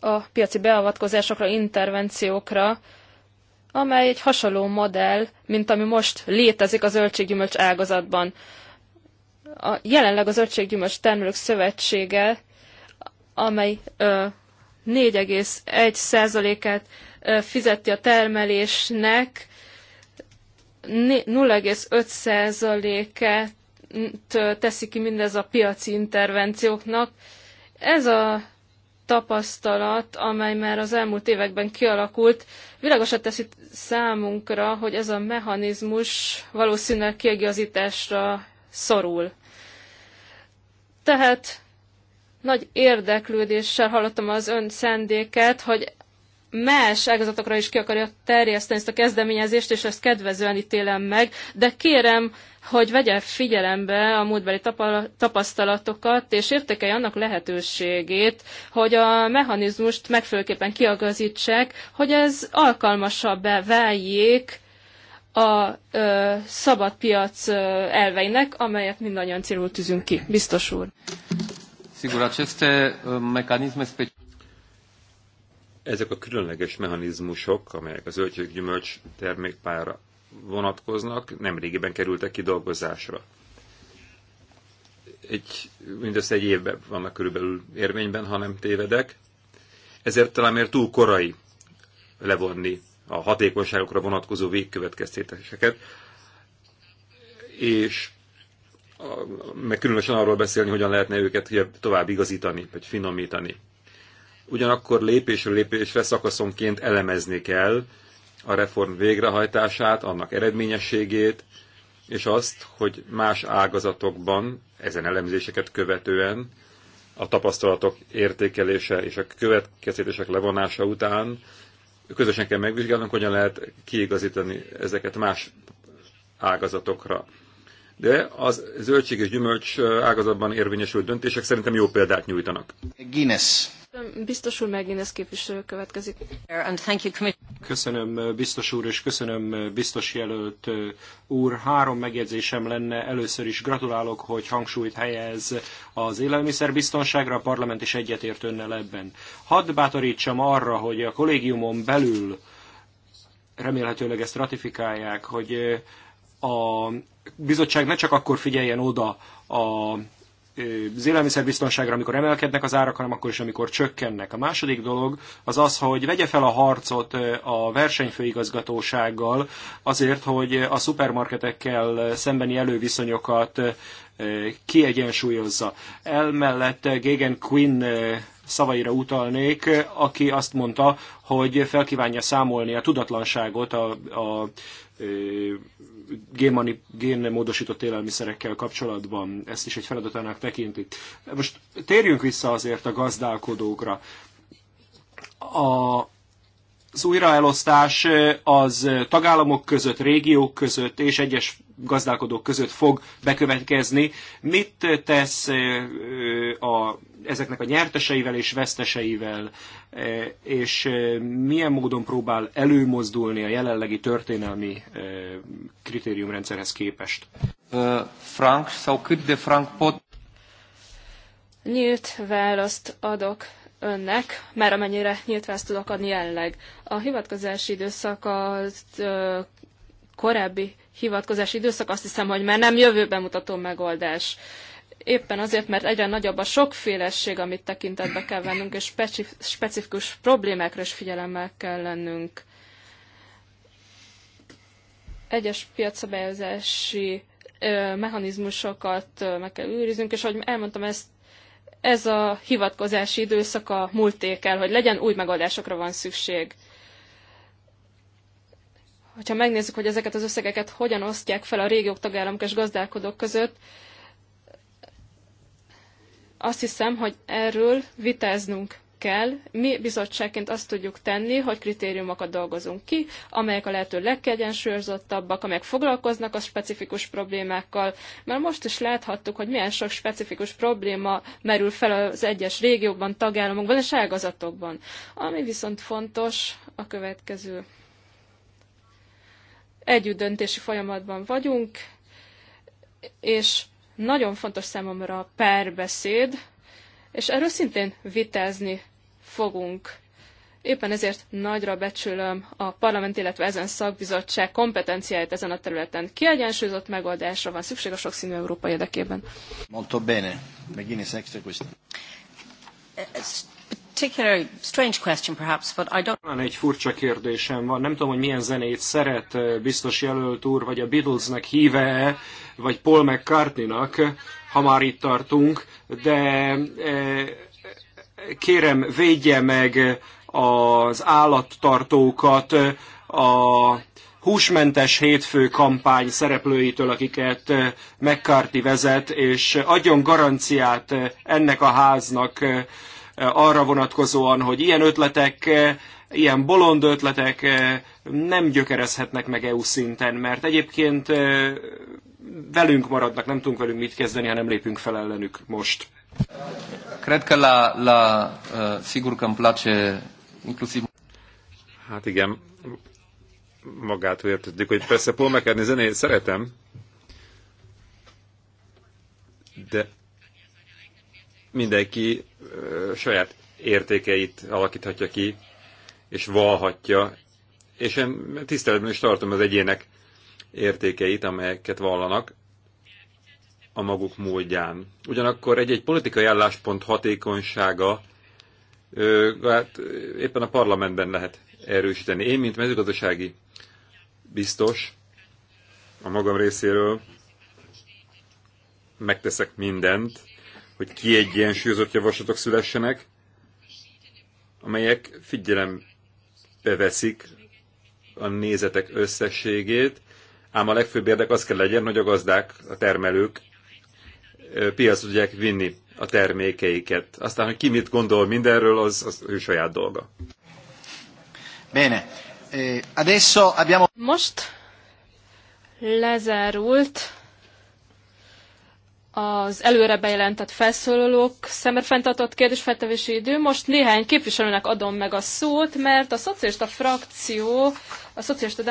a piaci beavatkozásokra, intervenciókra, amely egy hasonló modell, mint ami most létezik a zöldséggyümölcs ágazatban. A, jelenleg a Zöldséggyümölcs Termelők Szövetsége, amely ö, 4,1%-át fizeti a termelésnek, 0,5%-et teszi ki mindez a piaci intervencióknak. Ez a tapasztalat, amely már az elmúlt években kialakult, világosat teszi számunkra, hogy ez a mechanizmus valószínűleg kiegazításra szorul. Tehát nagy érdeklődéssel hallottam az ön szendéket, hogy más ágazatokra is ki akarja terjeszteni ezt a kezdeményezést, és ezt kedvezően ítélem meg, de kérem, hogy vegye figyelembe a múltbeli tapasztalatokat, és értékelj annak lehetőségét, hogy a mechanizmust megfőképpen kiagazítsák, hogy ez alkalmasabbá váljék a ö, szabad piac elveinek, amelyet mindannyian célul tűzünk ki. Biztos úr. Sigur, aceste uh, mecanisme ezek a különleges mechanizmusok, amelyek az gyümölcs termékpára vonatkoznak, nemrégiben kerültek kidolgozásra. Egy, mindössze egy évben vannak körülbelül érvényben, ha nem tévedek. Ezért talán miért túl korai levonni a hatékonyságokra vonatkozó végkövetkeztetéseket, és meg különösen arról beszélni, hogyan lehetne őket tovább igazítani, vagy finomítani. Ugyanakkor lépésről lépésre szakaszonként elemezni kell a reform végrehajtását, annak eredményességét, és azt, hogy más ágazatokban, ezen elemzéseket követően, a tapasztalatok értékelése és a következtetések levonása után közösen kell megvizsgálnunk, hogyan lehet kiigazítani ezeket más ágazatokra de az zöldség és gyümölcs ágazatban érvényesült döntések szerintem jó példát nyújtanak. Guinness. Biztos úr, meg Guinness képviselő következik. Köszönöm, biztos úr, és köszönöm, biztos jelölt úr. Három megjegyzésem lenne. Először is gratulálok, hogy hangsúlyt helyez az élelmiszerbiztonságra, a parlament is egyetért önnel ebben. Hadd bátorítsam arra, hogy a kollégiumon belül remélhetőleg ezt ratifikálják, hogy a bizottság ne csak akkor figyeljen oda a az élelmiszerbiztonságra, amikor emelkednek az árak, hanem akkor is, amikor csökkennek. A második dolog az az, hogy vegye fel a harcot a versenyfőigazgatósággal azért, hogy a szupermarketekkel szembeni előviszonyokat kiegyensúlyozza. Elmellett Gégen Quinn szavaira utalnék, aki azt mondta, hogy felkívánja számolni a tudatlanságot a, a génmani, génmódosított élelmiszerekkel kapcsolatban. Ezt is egy feladatának tekinti. Most térjünk vissza azért a gazdálkodókra. A az újraelosztás az tagállamok között, régiók között és egyes gazdálkodók között fog bekövetkezni. Mit tesz a, ezeknek a nyerteseivel és veszteseivel, és milyen módon próbál előmozdulni a jelenlegi történelmi kritériumrendszerhez képest? Frank, so could the Frank pot... Nyílt választ adok önnek, már amennyire nyilván ezt tudok adni jelenleg. A hivatkozási időszak az ö, korábbi hivatkozási időszak azt hiszem, hogy már nem jövőben mutató megoldás. Éppen azért, mert egyre nagyobb a sokféleség, amit tekintetbe kell vennünk, és specifikus problémákra is figyelemmel kell lennünk. Egyes piacszabályozási mechanizmusokat meg kell őriznünk, és ahogy elmondtam, ezt ez a hivatkozási időszak a múlté kell, hogy legyen, új megoldásokra van szükség. Hogyha megnézzük, hogy ezeket az összegeket hogyan osztják fel a régiók, tagállamok és gazdálkodók között, azt hiszem, hogy erről vitáznunk kell. Mi bizottságként azt tudjuk tenni, hogy kritériumokat dolgozunk ki, amelyek a lehető legkiegyensúlyozottabbak, amelyek foglalkoznak a specifikus problémákkal, mert most is láthattuk, hogy milyen sok specifikus probléma merül fel az egyes régiókban, tagállamokban és ágazatokban. Ami viszont fontos, a következő. Együtt döntési folyamatban vagyunk, és nagyon fontos számomra a párbeszéd, és erről szintén vitázni fogunk. Éppen ezért nagyra becsülöm a parlament, illetve ezen szakbizottság kompetenciáját ezen a területen. Kiegyensúlyozott megoldásra van szükség a sokszínű Európa érdekében. Molto bene. Megint extra question. Uh, particularly strange question perhaps, but I don't... Van egy furcsa kérdésem van. Nem tudom, hogy milyen zenét szeret uh, biztos jelölt úr, vagy a Beatlesnek híve vagy Paul McCartney-nak, ha már itt tartunk, de uh, kérem védje meg az állattartókat a húsmentes hétfő kampány szereplőitől, akiket McCarthy vezet, és adjon garanciát ennek a háznak arra vonatkozóan, hogy ilyen ötletek, ilyen bolond ötletek nem gyökerezhetnek meg EU szinten, mert egyébként velünk maradnak, nem tudunk velünk mit kezdeni, ha nem lépünk fel ellenük most. Cred că la, la uh, sigur că îmi place inclusiv... Hát igen, magától értetjük, hogy persze Paul McCartney zenét szeretem, de mindenki ö, uh, saját értékeit alakíthatja ki, és valhatja, és én tiszteletben is tartom az egyének értékeit, amelyeket vallanak, a maguk módján. Ugyanakkor egy-egy politikai álláspont hatékonysága hát éppen a parlamentben lehet erősíteni. Én, mint mezőgazdasági biztos a magam részéről megteszek mindent, hogy kiegyensúlyozott javaslatok szülessenek, amelyek figyelembe veszik a nézetek összességét, ám a legfőbb érdek az kell legyen, hogy a gazdák, a termelők piacra tudják vinni a termékeiket. Aztán, hogy ki mit gondol mindenről, az, az ő saját dolga. Bene. E, adesso abbiamo... Most lezárult az előre bejelentett felszólalók szemre kérdésfeltevési idő. Most néhány képviselőnek adom meg a szót, mert a szocialista frakció a Szocialista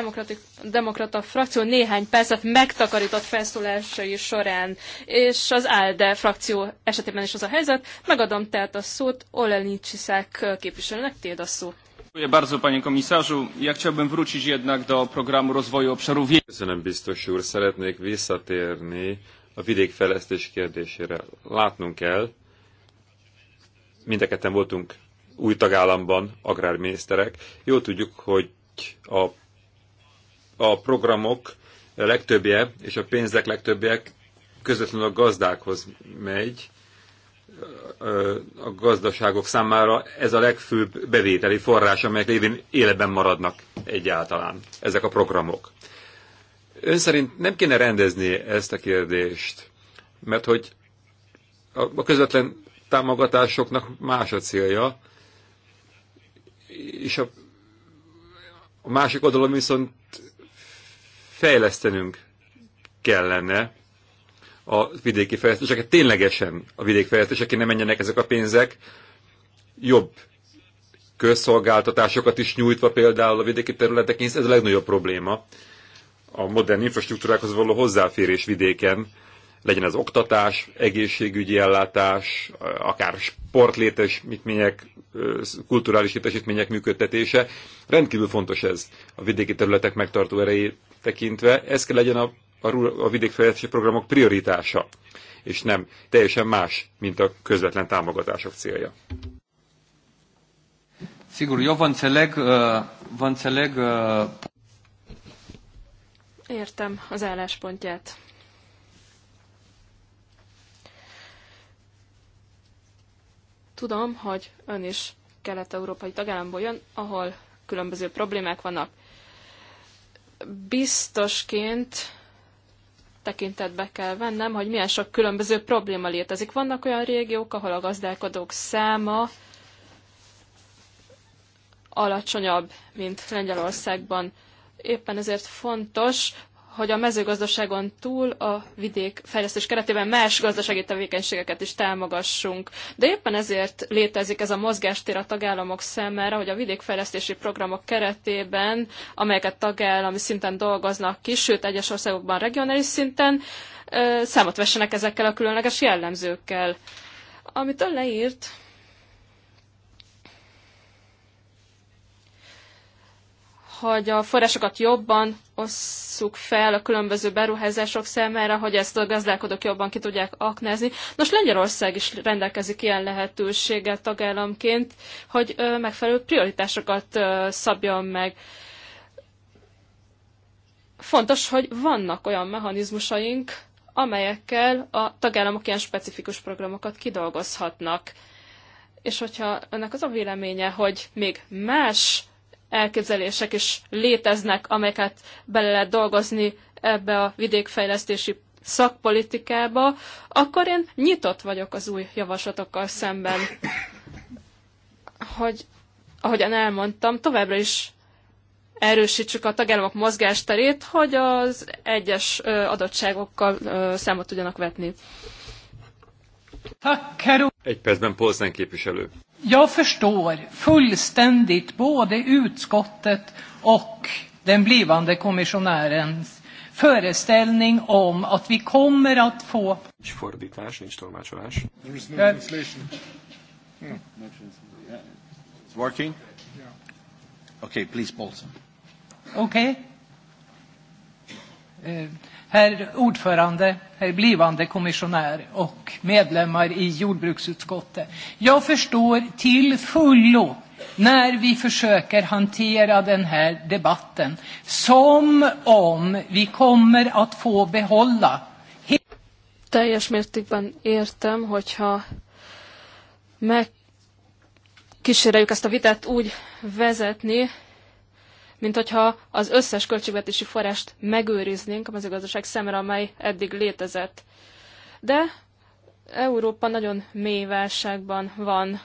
Demokrata frakció néhány percet megtakarított felszólásai során, és az ALDE frakció esetében is az a helyzet. Megadom tehát a szót Oleni Csiszák képviselőnek, tiéd a szó. Dziękuję bardzo panie komisarzu. Ja chciałbym wrócić jednak do programu rozwoju obszarów wiejskich. Köszönöm biztos úr, szeretnék visszatérni a vidékfejlesztés kérdésére. Látnunk kell, mindeketen voltunk új tagállamban agrárminiszterek. Jó tudjuk, hogy a, a programok legtöbbje és a pénzek legtöbbje közvetlenül a gazdákhoz megy, a gazdaságok számára ez a legfőbb bevételi forrás, amelyek lévén életben maradnak egyáltalán ezek a programok. Ön szerint nem kéne rendezni ezt a kérdést, mert hogy a közvetlen támogatásoknak más a célja, és a a másik oldalon viszont fejlesztenünk kellene a vidéki fejlesztéseket. Ténylegesen a vidéki fejlesztéseket, ne menjenek ezek a pénzek, jobb közszolgáltatásokat is nyújtva például a vidéki területek ez a legnagyobb probléma. A modern infrastruktúrákhoz való hozzáférés vidéken, legyen az oktatás, egészségügyi ellátás, akár sportlétesítmények, kulturális létesítmények működtetése. Rendkívül fontos ez a vidéki területek megtartó erejét tekintve. Ez kell legyen a, a, a vidékfejlesztési programok prioritása, és nem teljesen más, mint a közvetlen támogatások célja. jó, van celeg, van celeg, uh... Értem az álláspontját. Tudom, hogy ön is kelet-európai tagállamból jön, ahol különböző problémák vannak. Biztosként tekintetbe kell vennem, hogy milyen sok különböző probléma létezik. Vannak olyan régiók, ahol a gazdálkodók száma alacsonyabb, mint Lengyelországban. Éppen ezért fontos, hogy a mezőgazdaságon túl a vidék fejlesztés keretében más gazdasági tevékenységeket is támogassunk. De éppen ezért létezik ez a mozgástér a tagállamok számára, hogy a vidékfejlesztési programok keretében, amelyeket tagállami szinten dolgoznak ki, sőt egyes országokban regionális szinten, számot vessenek ezekkel a különleges jellemzőkkel. Amit ön leírt, hogy a forrásokat jobban osszuk fel a különböző beruházások számára, hogy ezt a gazdálkodók jobban ki tudják aknázni. Nos, Lengyelország is rendelkezik ilyen lehetőséggel tagállamként, hogy megfelelő prioritásokat szabjon meg. Fontos, hogy vannak olyan mechanizmusaink, amelyekkel a tagállamok ilyen specifikus programokat kidolgozhatnak. És hogyha önnek az a véleménye, hogy még más elképzelések is léteznek, amelyeket bele lehet dolgozni ebbe a vidékfejlesztési szakpolitikába, akkor én nyitott vagyok az új javaslatokkal szemben. Hogy, ahogyan elmondtam, továbbra is erősítsük a tagállamok mozgásterét, hogy az egyes adottságokkal számot tudjanak vetni. Egy percben Polszán képviselő. Jag förstår fullständigt både utskottet och den blivande kommissionärens föreställning om att vi kommer att få... Nincs fordítás, nincs tolmácsolás. Hmm. working? Okay, please, Paulson. Okay. Eh, herr ordförande, herr blivande kommissionär och medlemmar i jordbruksutskottet. Jag förstår till fullo när vi försöker hantera den här debatten som om vi kommer att få behålla teljes mértékben értem, hogyha kísérjük ezt a vitát úgy vezetni, mint hogyha az összes költségvetési forrást megőriznénk a mezőgazdaság szemre, amely eddig létezett. De Európa nagyon mély válságban van.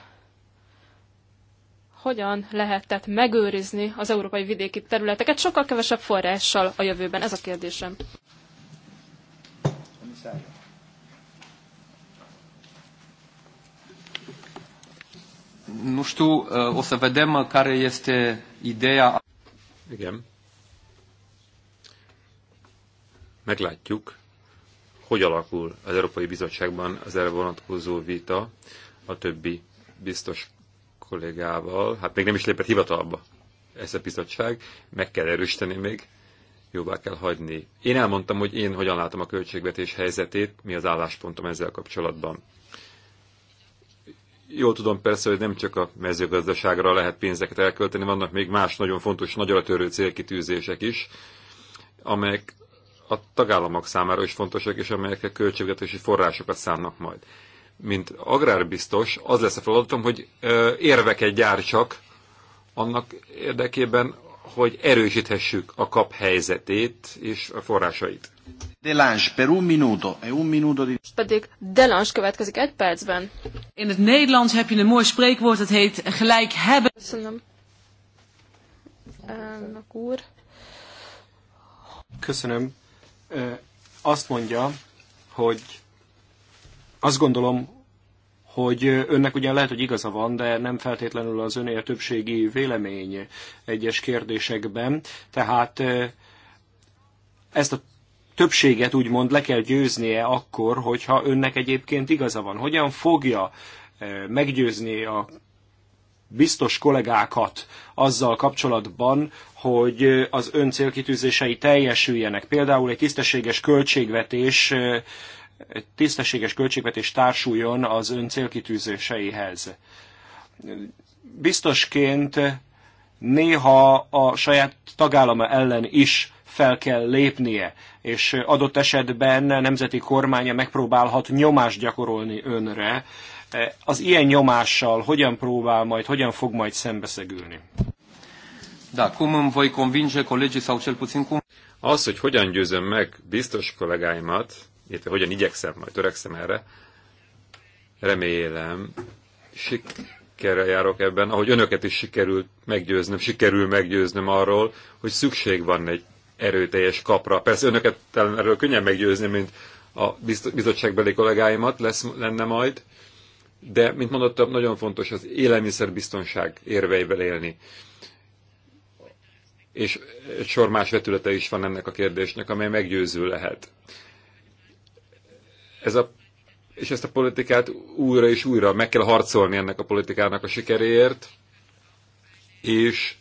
Hogyan lehetett megőrizni az európai vidéki területeket sokkal kevesebb forrással a jövőben? Ez a kérdésem. Nu știu, o să vedem care este ideea. Igen. Meglátjuk, hogy alakul az Európai Bizottságban az erre vonatkozó vita a többi biztos kollégával. Hát még nem is lépett hivatalba ez a bizottság, meg kell erősíteni még, jóvá kell hagyni. Én elmondtam, hogy én hogyan látom a költségvetés helyzetét, mi az álláspontom ezzel kapcsolatban. Jól tudom persze, hogy nem csak a mezőgazdaságra lehet pénzeket elkölteni, vannak még más nagyon fontos, nagyra törő célkitűzések is, amelyek a tagállamok számára is fontosak, és amelyek a költségvetési forrásokat szánnak majd. Mint agrárbiztos, az lesz a feladatom, hogy érveket gyártsak annak érdekében, hogy erősíthessük a kap helyzetét és a forrásait. Delange, per un minuto, e un minuto di... Pedig Delange következik egy percben. In het Nederlands heb je een mooi spreekwoord, dat heet gelijk hebben. Köszönöm. Elnök úr. Köszönöm. Azt mondja, hogy azt gondolom, hogy önnek ugyan lehet, hogy igaza van, de nem feltétlenül az önél többségi vélemény egyes kérdésekben. Tehát ezt a többséget úgymond le kell győznie akkor, hogyha önnek egyébként igaza van. Hogyan fogja meggyőzni a biztos kollégákat azzal kapcsolatban, hogy az ön célkitűzései teljesüljenek. Például egy tisztességes költségvetés tisztességes költségvetés társuljon az ön célkitűzéseihez. Biztosként néha a saját tagállama ellen is fel kell lépnie, és adott esetben nemzeti kormánya megpróbálhat nyomást gyakorolni önre. Az ilyen nyomással hogyan próbál majd, hogyan fog majd szembeszegülni? Da, cum îmi voi convinge colegii sau cel puțin cum... Az, hogy hogyan győzöm meg biztos kollégáimat, illetve hogyan igyekszem, majd törekszem erre. Remélem, sikerrel járok ebben, ahogy önöket is sikerült meggyőznöm, sikerül meggyőznöm arról, hogy szükség van egy erőteljes kapra. Persze önöket talán erről könnyen meggyőzni, mint a bizottságbeli kollégáimat lesz, lenne majd, de, mint mondottam, nagyon fontos az élelmiszerbiztonság érveivel élni. És egy sor más vetülete is van ennek a kérdésnek, amely meggyőző lehet ez a, és ezt a politikát újra és újra meg kell harcolni ennek a politikának a sikeréért, és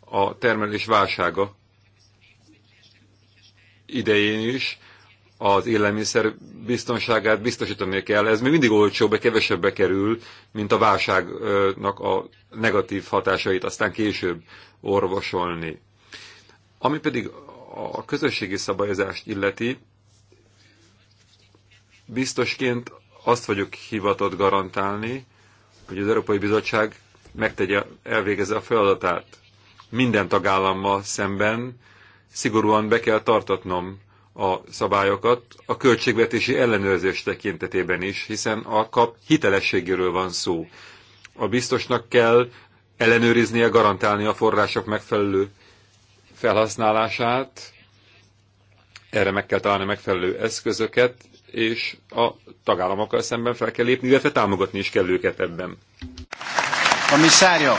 a termelés válsága idején is az élelmiszer biztonságát biztosítani kell. Ez még mindig olcsóbb, kevesebbe kerül, mint a válságnak a negatív hatásait aztán később orvosolni. Ami pedig a közösségi szabályozást illeti, biztosként azt vagyok hivatott garantálni, hogy az Európai Bizottság megtegye, elvégezze a feladatát. Minden tagállammal szemben szigorúan be kell tartatnom a szabályokat a költségvetési ellenőrzés tekintetében is, hiszen a kap hitelességéről van szó. A biztosnak kell ellenőriznie, garantálni a források megfelelő felhasználását, erre meg kell találni megfelelő eszközöket, és a tagállamokkal szemben fel kell lépni, illetve támogatni is kell őket ebben. Komisszárió!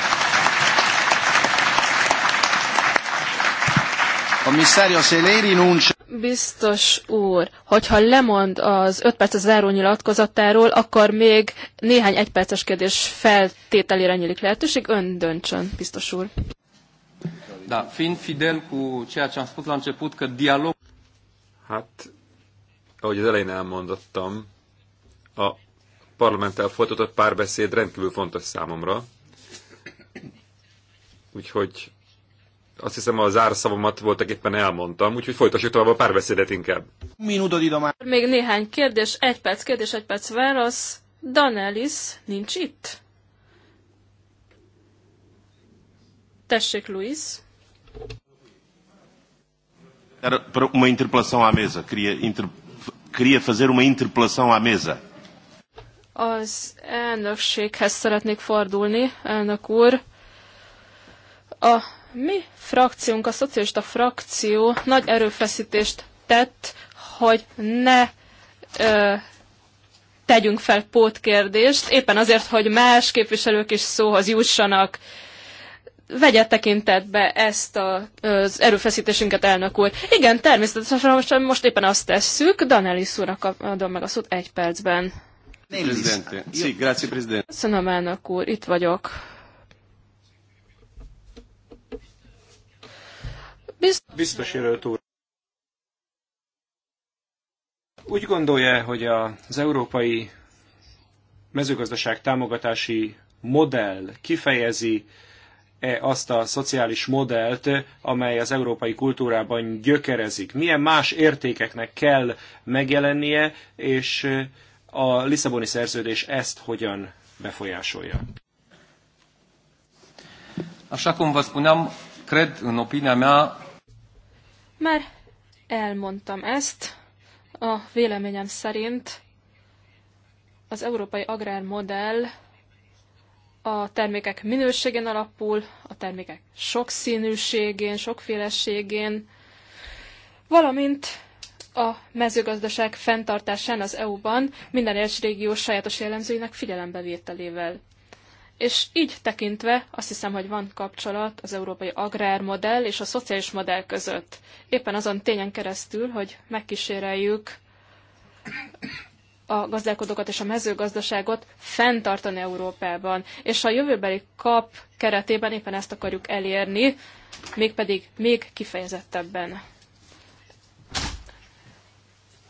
Komisszárió, se lei Biztos úr, hogyha lemond az 5 perc záró nyilatkozatáról, akkor még néhány egyperces kérdés feltételére nyílik lehetőség. Ön döntsön, biztos úr. Da, fiind fidel cu ceea ce am spus la început, că dialog... Hát ahogy az elején elmondottam, a parlamenttel folytatott párbeszéd rendkívül fontos számomra. Úgyhogy azt hiszem a zárszavamat voltak éppen elmondtam, úgyhogy folytassuk tovább a párbeszédet inkább. Minutod idomá. Még néhány kérdés, egy perc kérdés, egy perc válasz. Danelis nincs itt. Tessék, Luis. Era para uma interpelação à mesa. Queria interpelar queria fazer uma interpelação à mesa. Az elnökséghez szeretnék fordulni, elnök úr. A mi frakciónk, a szocialista frakció nagy erőfeszítést tett, hogy ne ö, tegyünk fel pótkérdést, éppen azért, hogy más képviselők is szóhoz jussanak vegye tekintetbe ezt a, az erőfeszítésünket, elnök úr. Igen, természetesen most, most éppen azt tesszük. Danelis úrnak adom meg a szót egy percben. Presidente. Sí, Köszönöm, elnök úr, itt vagyok. Biztos jelölt úr. Úgy gondolja, hogy az európai mezőgazdaság támogatási modell kifejezi E azt a szociális modellt, amely az európai kultúrában gyökerezik. Milyen más értékeknek kell megjelennie, és a Lisszaboni szerződés ezt hogyan befolyásolja? Așa cum vă spuneam, cred în opinia mea... Már elmondtam ezt, a véleményem szerint az európai agrármodell a termékek minőségén alapul, a termékek sokszínűségén, sokféleségén, valamint a mezőgazdaság fenntartásán az EU-ban minden egyes régió sajátos jellemzőinek figyelembevételével. És így tekintve azt hiszem, hogy van kapcsolat az európai agrármodell és a szociális modell között. Éppen azon tényen keresztül, hogy megkíséreljük a gazdálkodókat és a mezőgazdaságot fenntartani Európában. És a jövőbeli kap keretében éppen ezt akarjuk elérni, mégpedig még kifejezettebben.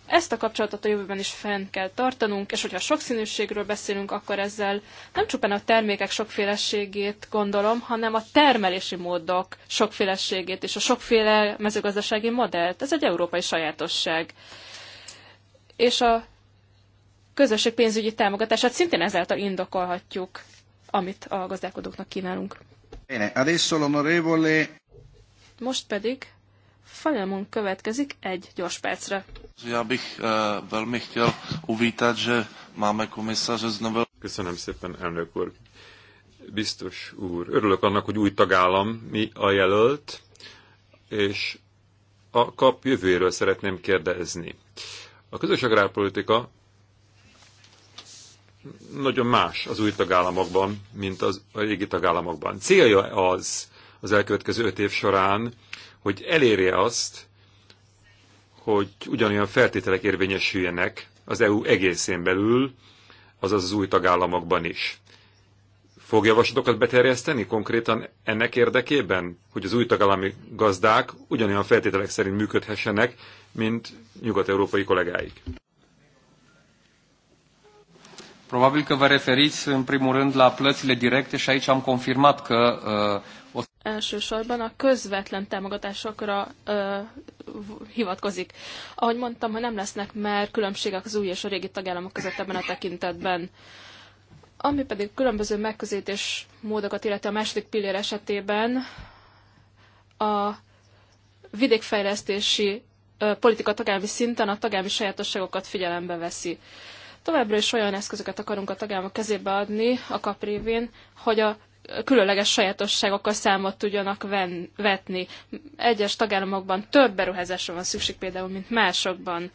Ezt a kapcsolatot a jövőben is fenn kell tartanunk, és hogyha sokszínűségről beszélünk, akkor ezzel nem csupán a termékek sokféleségét gondolom, hanem a termelési módok sokféleségét és a sokféle mezőgazdasági modellt. Ez egy európai sajátosság. És a közösség pénzügyi támogatását szintén ezáltal indokolhatjuk, amit a gazdálkodóknak kínálunk. Most pedig Falemon következik egy gyors percre. Já bych uh, velmi chtěl uvítat, že máme komisaře z Köszönöm szépen, elnök úr. Biztos úr, örülök annak, hogy új tagállam mi a jelölt, és a kap jövőjéről szeretném kérdezni. A közös agrárpolitika nagyon más az új tagállamokban, mint az a régi tagállamokban. Célja az az elkövetkező öt év során, hogy elérje azt, hogy ugyanolyan feltételek érvényesüljenek az EU egészén belül, azaz az új tagállamokban is. Fog javaslatokat beterjeszteni konkrétan ennek érdekében, hogy az új tagállami gazdák ugyanolyan feltételek szerint működhessenek, mint nyugat-európai kollégáik? Probabil că vă referiți în primul rând la plățile directe și aici am confirmat că uh, o... Elsősorban a közvetlen támogatásokra uh, hivatkozik. Ahogy mondtam, hogy nem lesznek már különbségek az új és a régi tagállamok között ebben a tekintetben. Ami pedig különböző megközelítés módokat illeti a második pillér esetében, a vidékfejlesztési uh, politika tagállami szinten a tagállami sajátosságokat figyelembe veszi. Uh, Továbbra is olyan eszközöket akarunk a tagállamok kezébe adni a kap révén, hogy a különleges sajátosságokkal számot tudjanak ven, vetni. Egyes tagállamokban több beruházásra van szükség például, mint másokban.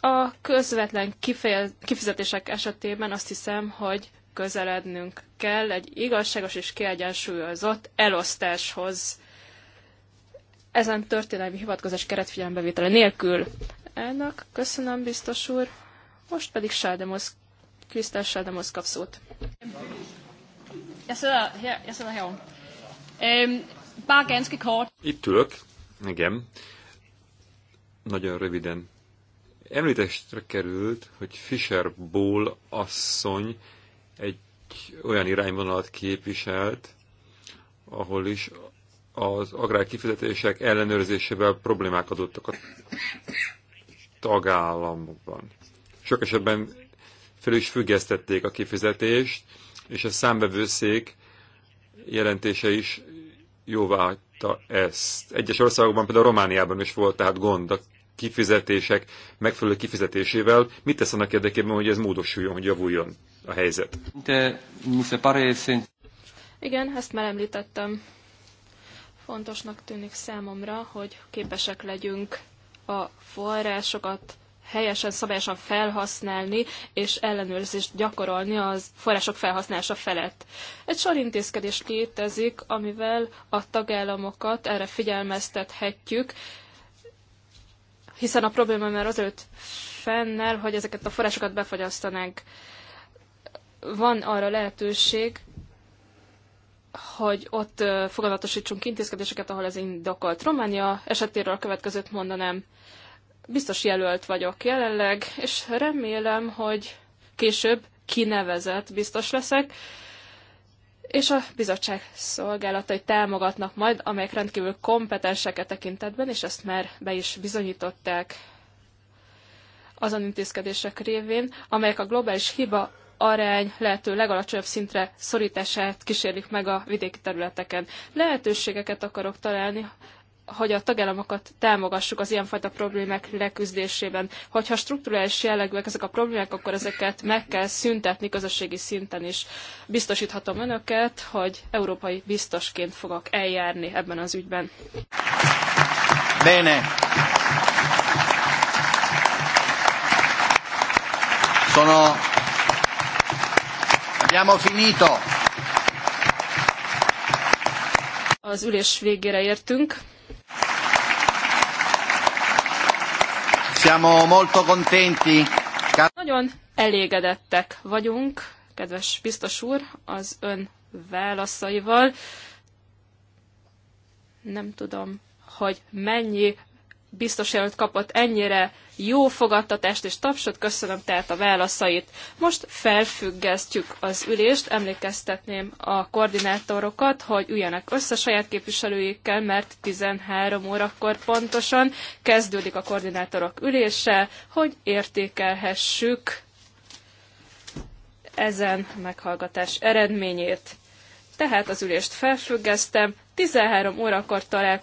A közvetlen kifejez, kifizetések esetében azt hiszem, hogy közelednünk kell egy igazságos és kiegyensúlyozott elosztáshoz. Ezen történelmi hivatkozás keretfigyelembevétele nélkül. Ennek köszönöm, biztos úr. Most pedig Sárdemosz, Krisztál Sárdemosz kap szót. Itt ülök, igen. Nagyon röviden. Említésre került, hogy Fisher Bowl asszony egy olyan irányvonalat képviselt, ahol is az agrár kifizetések ellenőrzésével problémák adottak a tagállamokban sok esetben fel is függesztették a kifizetést, és a számbevőszék jelentése is jóváhagyta ezt. Egyes országokban, például Romániában is volt tehát gond a kifizetések megfelelő kifizetésével. Mit tesz annak érdekében, hogy ez módosuljon, hogy javuljon a helyzet? De, Igen, ezt már említettem. Fontosnak tűnik számomra, hogy képesek legyünk a forrásokat helyesen, szabályosan felhasználni és ellenőrzést gyakorolni az források felhasználása felett. Egy sor intézkedés létezik, amivel a tagállamokat erre figyelmeztethetjük, hiszen a probléma már azelőtt fennel, hogy ezeket a forrásokat befogyasztanánk. Van arra lehetőség, hogy ott fogadatosítsunk intézkedéseket, ahol ez indokolt. Románia esetéről a következőt mondanám biztos jelölt vagyok jelenleg, és remélem, hogy később kinevezett biztos leszek, és a bizottság szolgálatai támogatnak majd, amelyek rendkívül kompetensek a tekintetben, és ezt már be is bizonyították azon intézkedések révén, amelyek a globális hiba arány lehető legalacsonyabb szintre szorítását kísérlik meg a vidéki területeken. Lehetőségeket akarok találni hogy a tagállamokat támogassuk az ilyenfajta problémák leküzdésében. Hogyha strukturális jellegűek ezek a problémák, akkor ezeket meg kell szüntetni közösségi szinten is. Biztosíthatom önöket, hogy európai biztosként fogok eljárni ebben az ügyben. Bene. Sono... Abbiamo finito. Az ülés végére értünk. Siamo molto contenti. Nagyon elégedettek vagyunk, kedves biztos úr, az ön válaszaival. Nem tudom, hogy mennyi biztos jelölt kapott ennyire jó fogadtatást és tapsot, köszönöm tehát a válaszait. Most felfüggesztjük az ülést, emlékeztetném a koordinátorokat, hogy üljenek össze saját képviselőikkel, mert 13 órakor pontosan kezdődik a koordinátorok ülése, hogy értékelhessük ezen meghallgatás eredményét. Tehát az ülést felfüggesztem, 13 órakor találkozunk.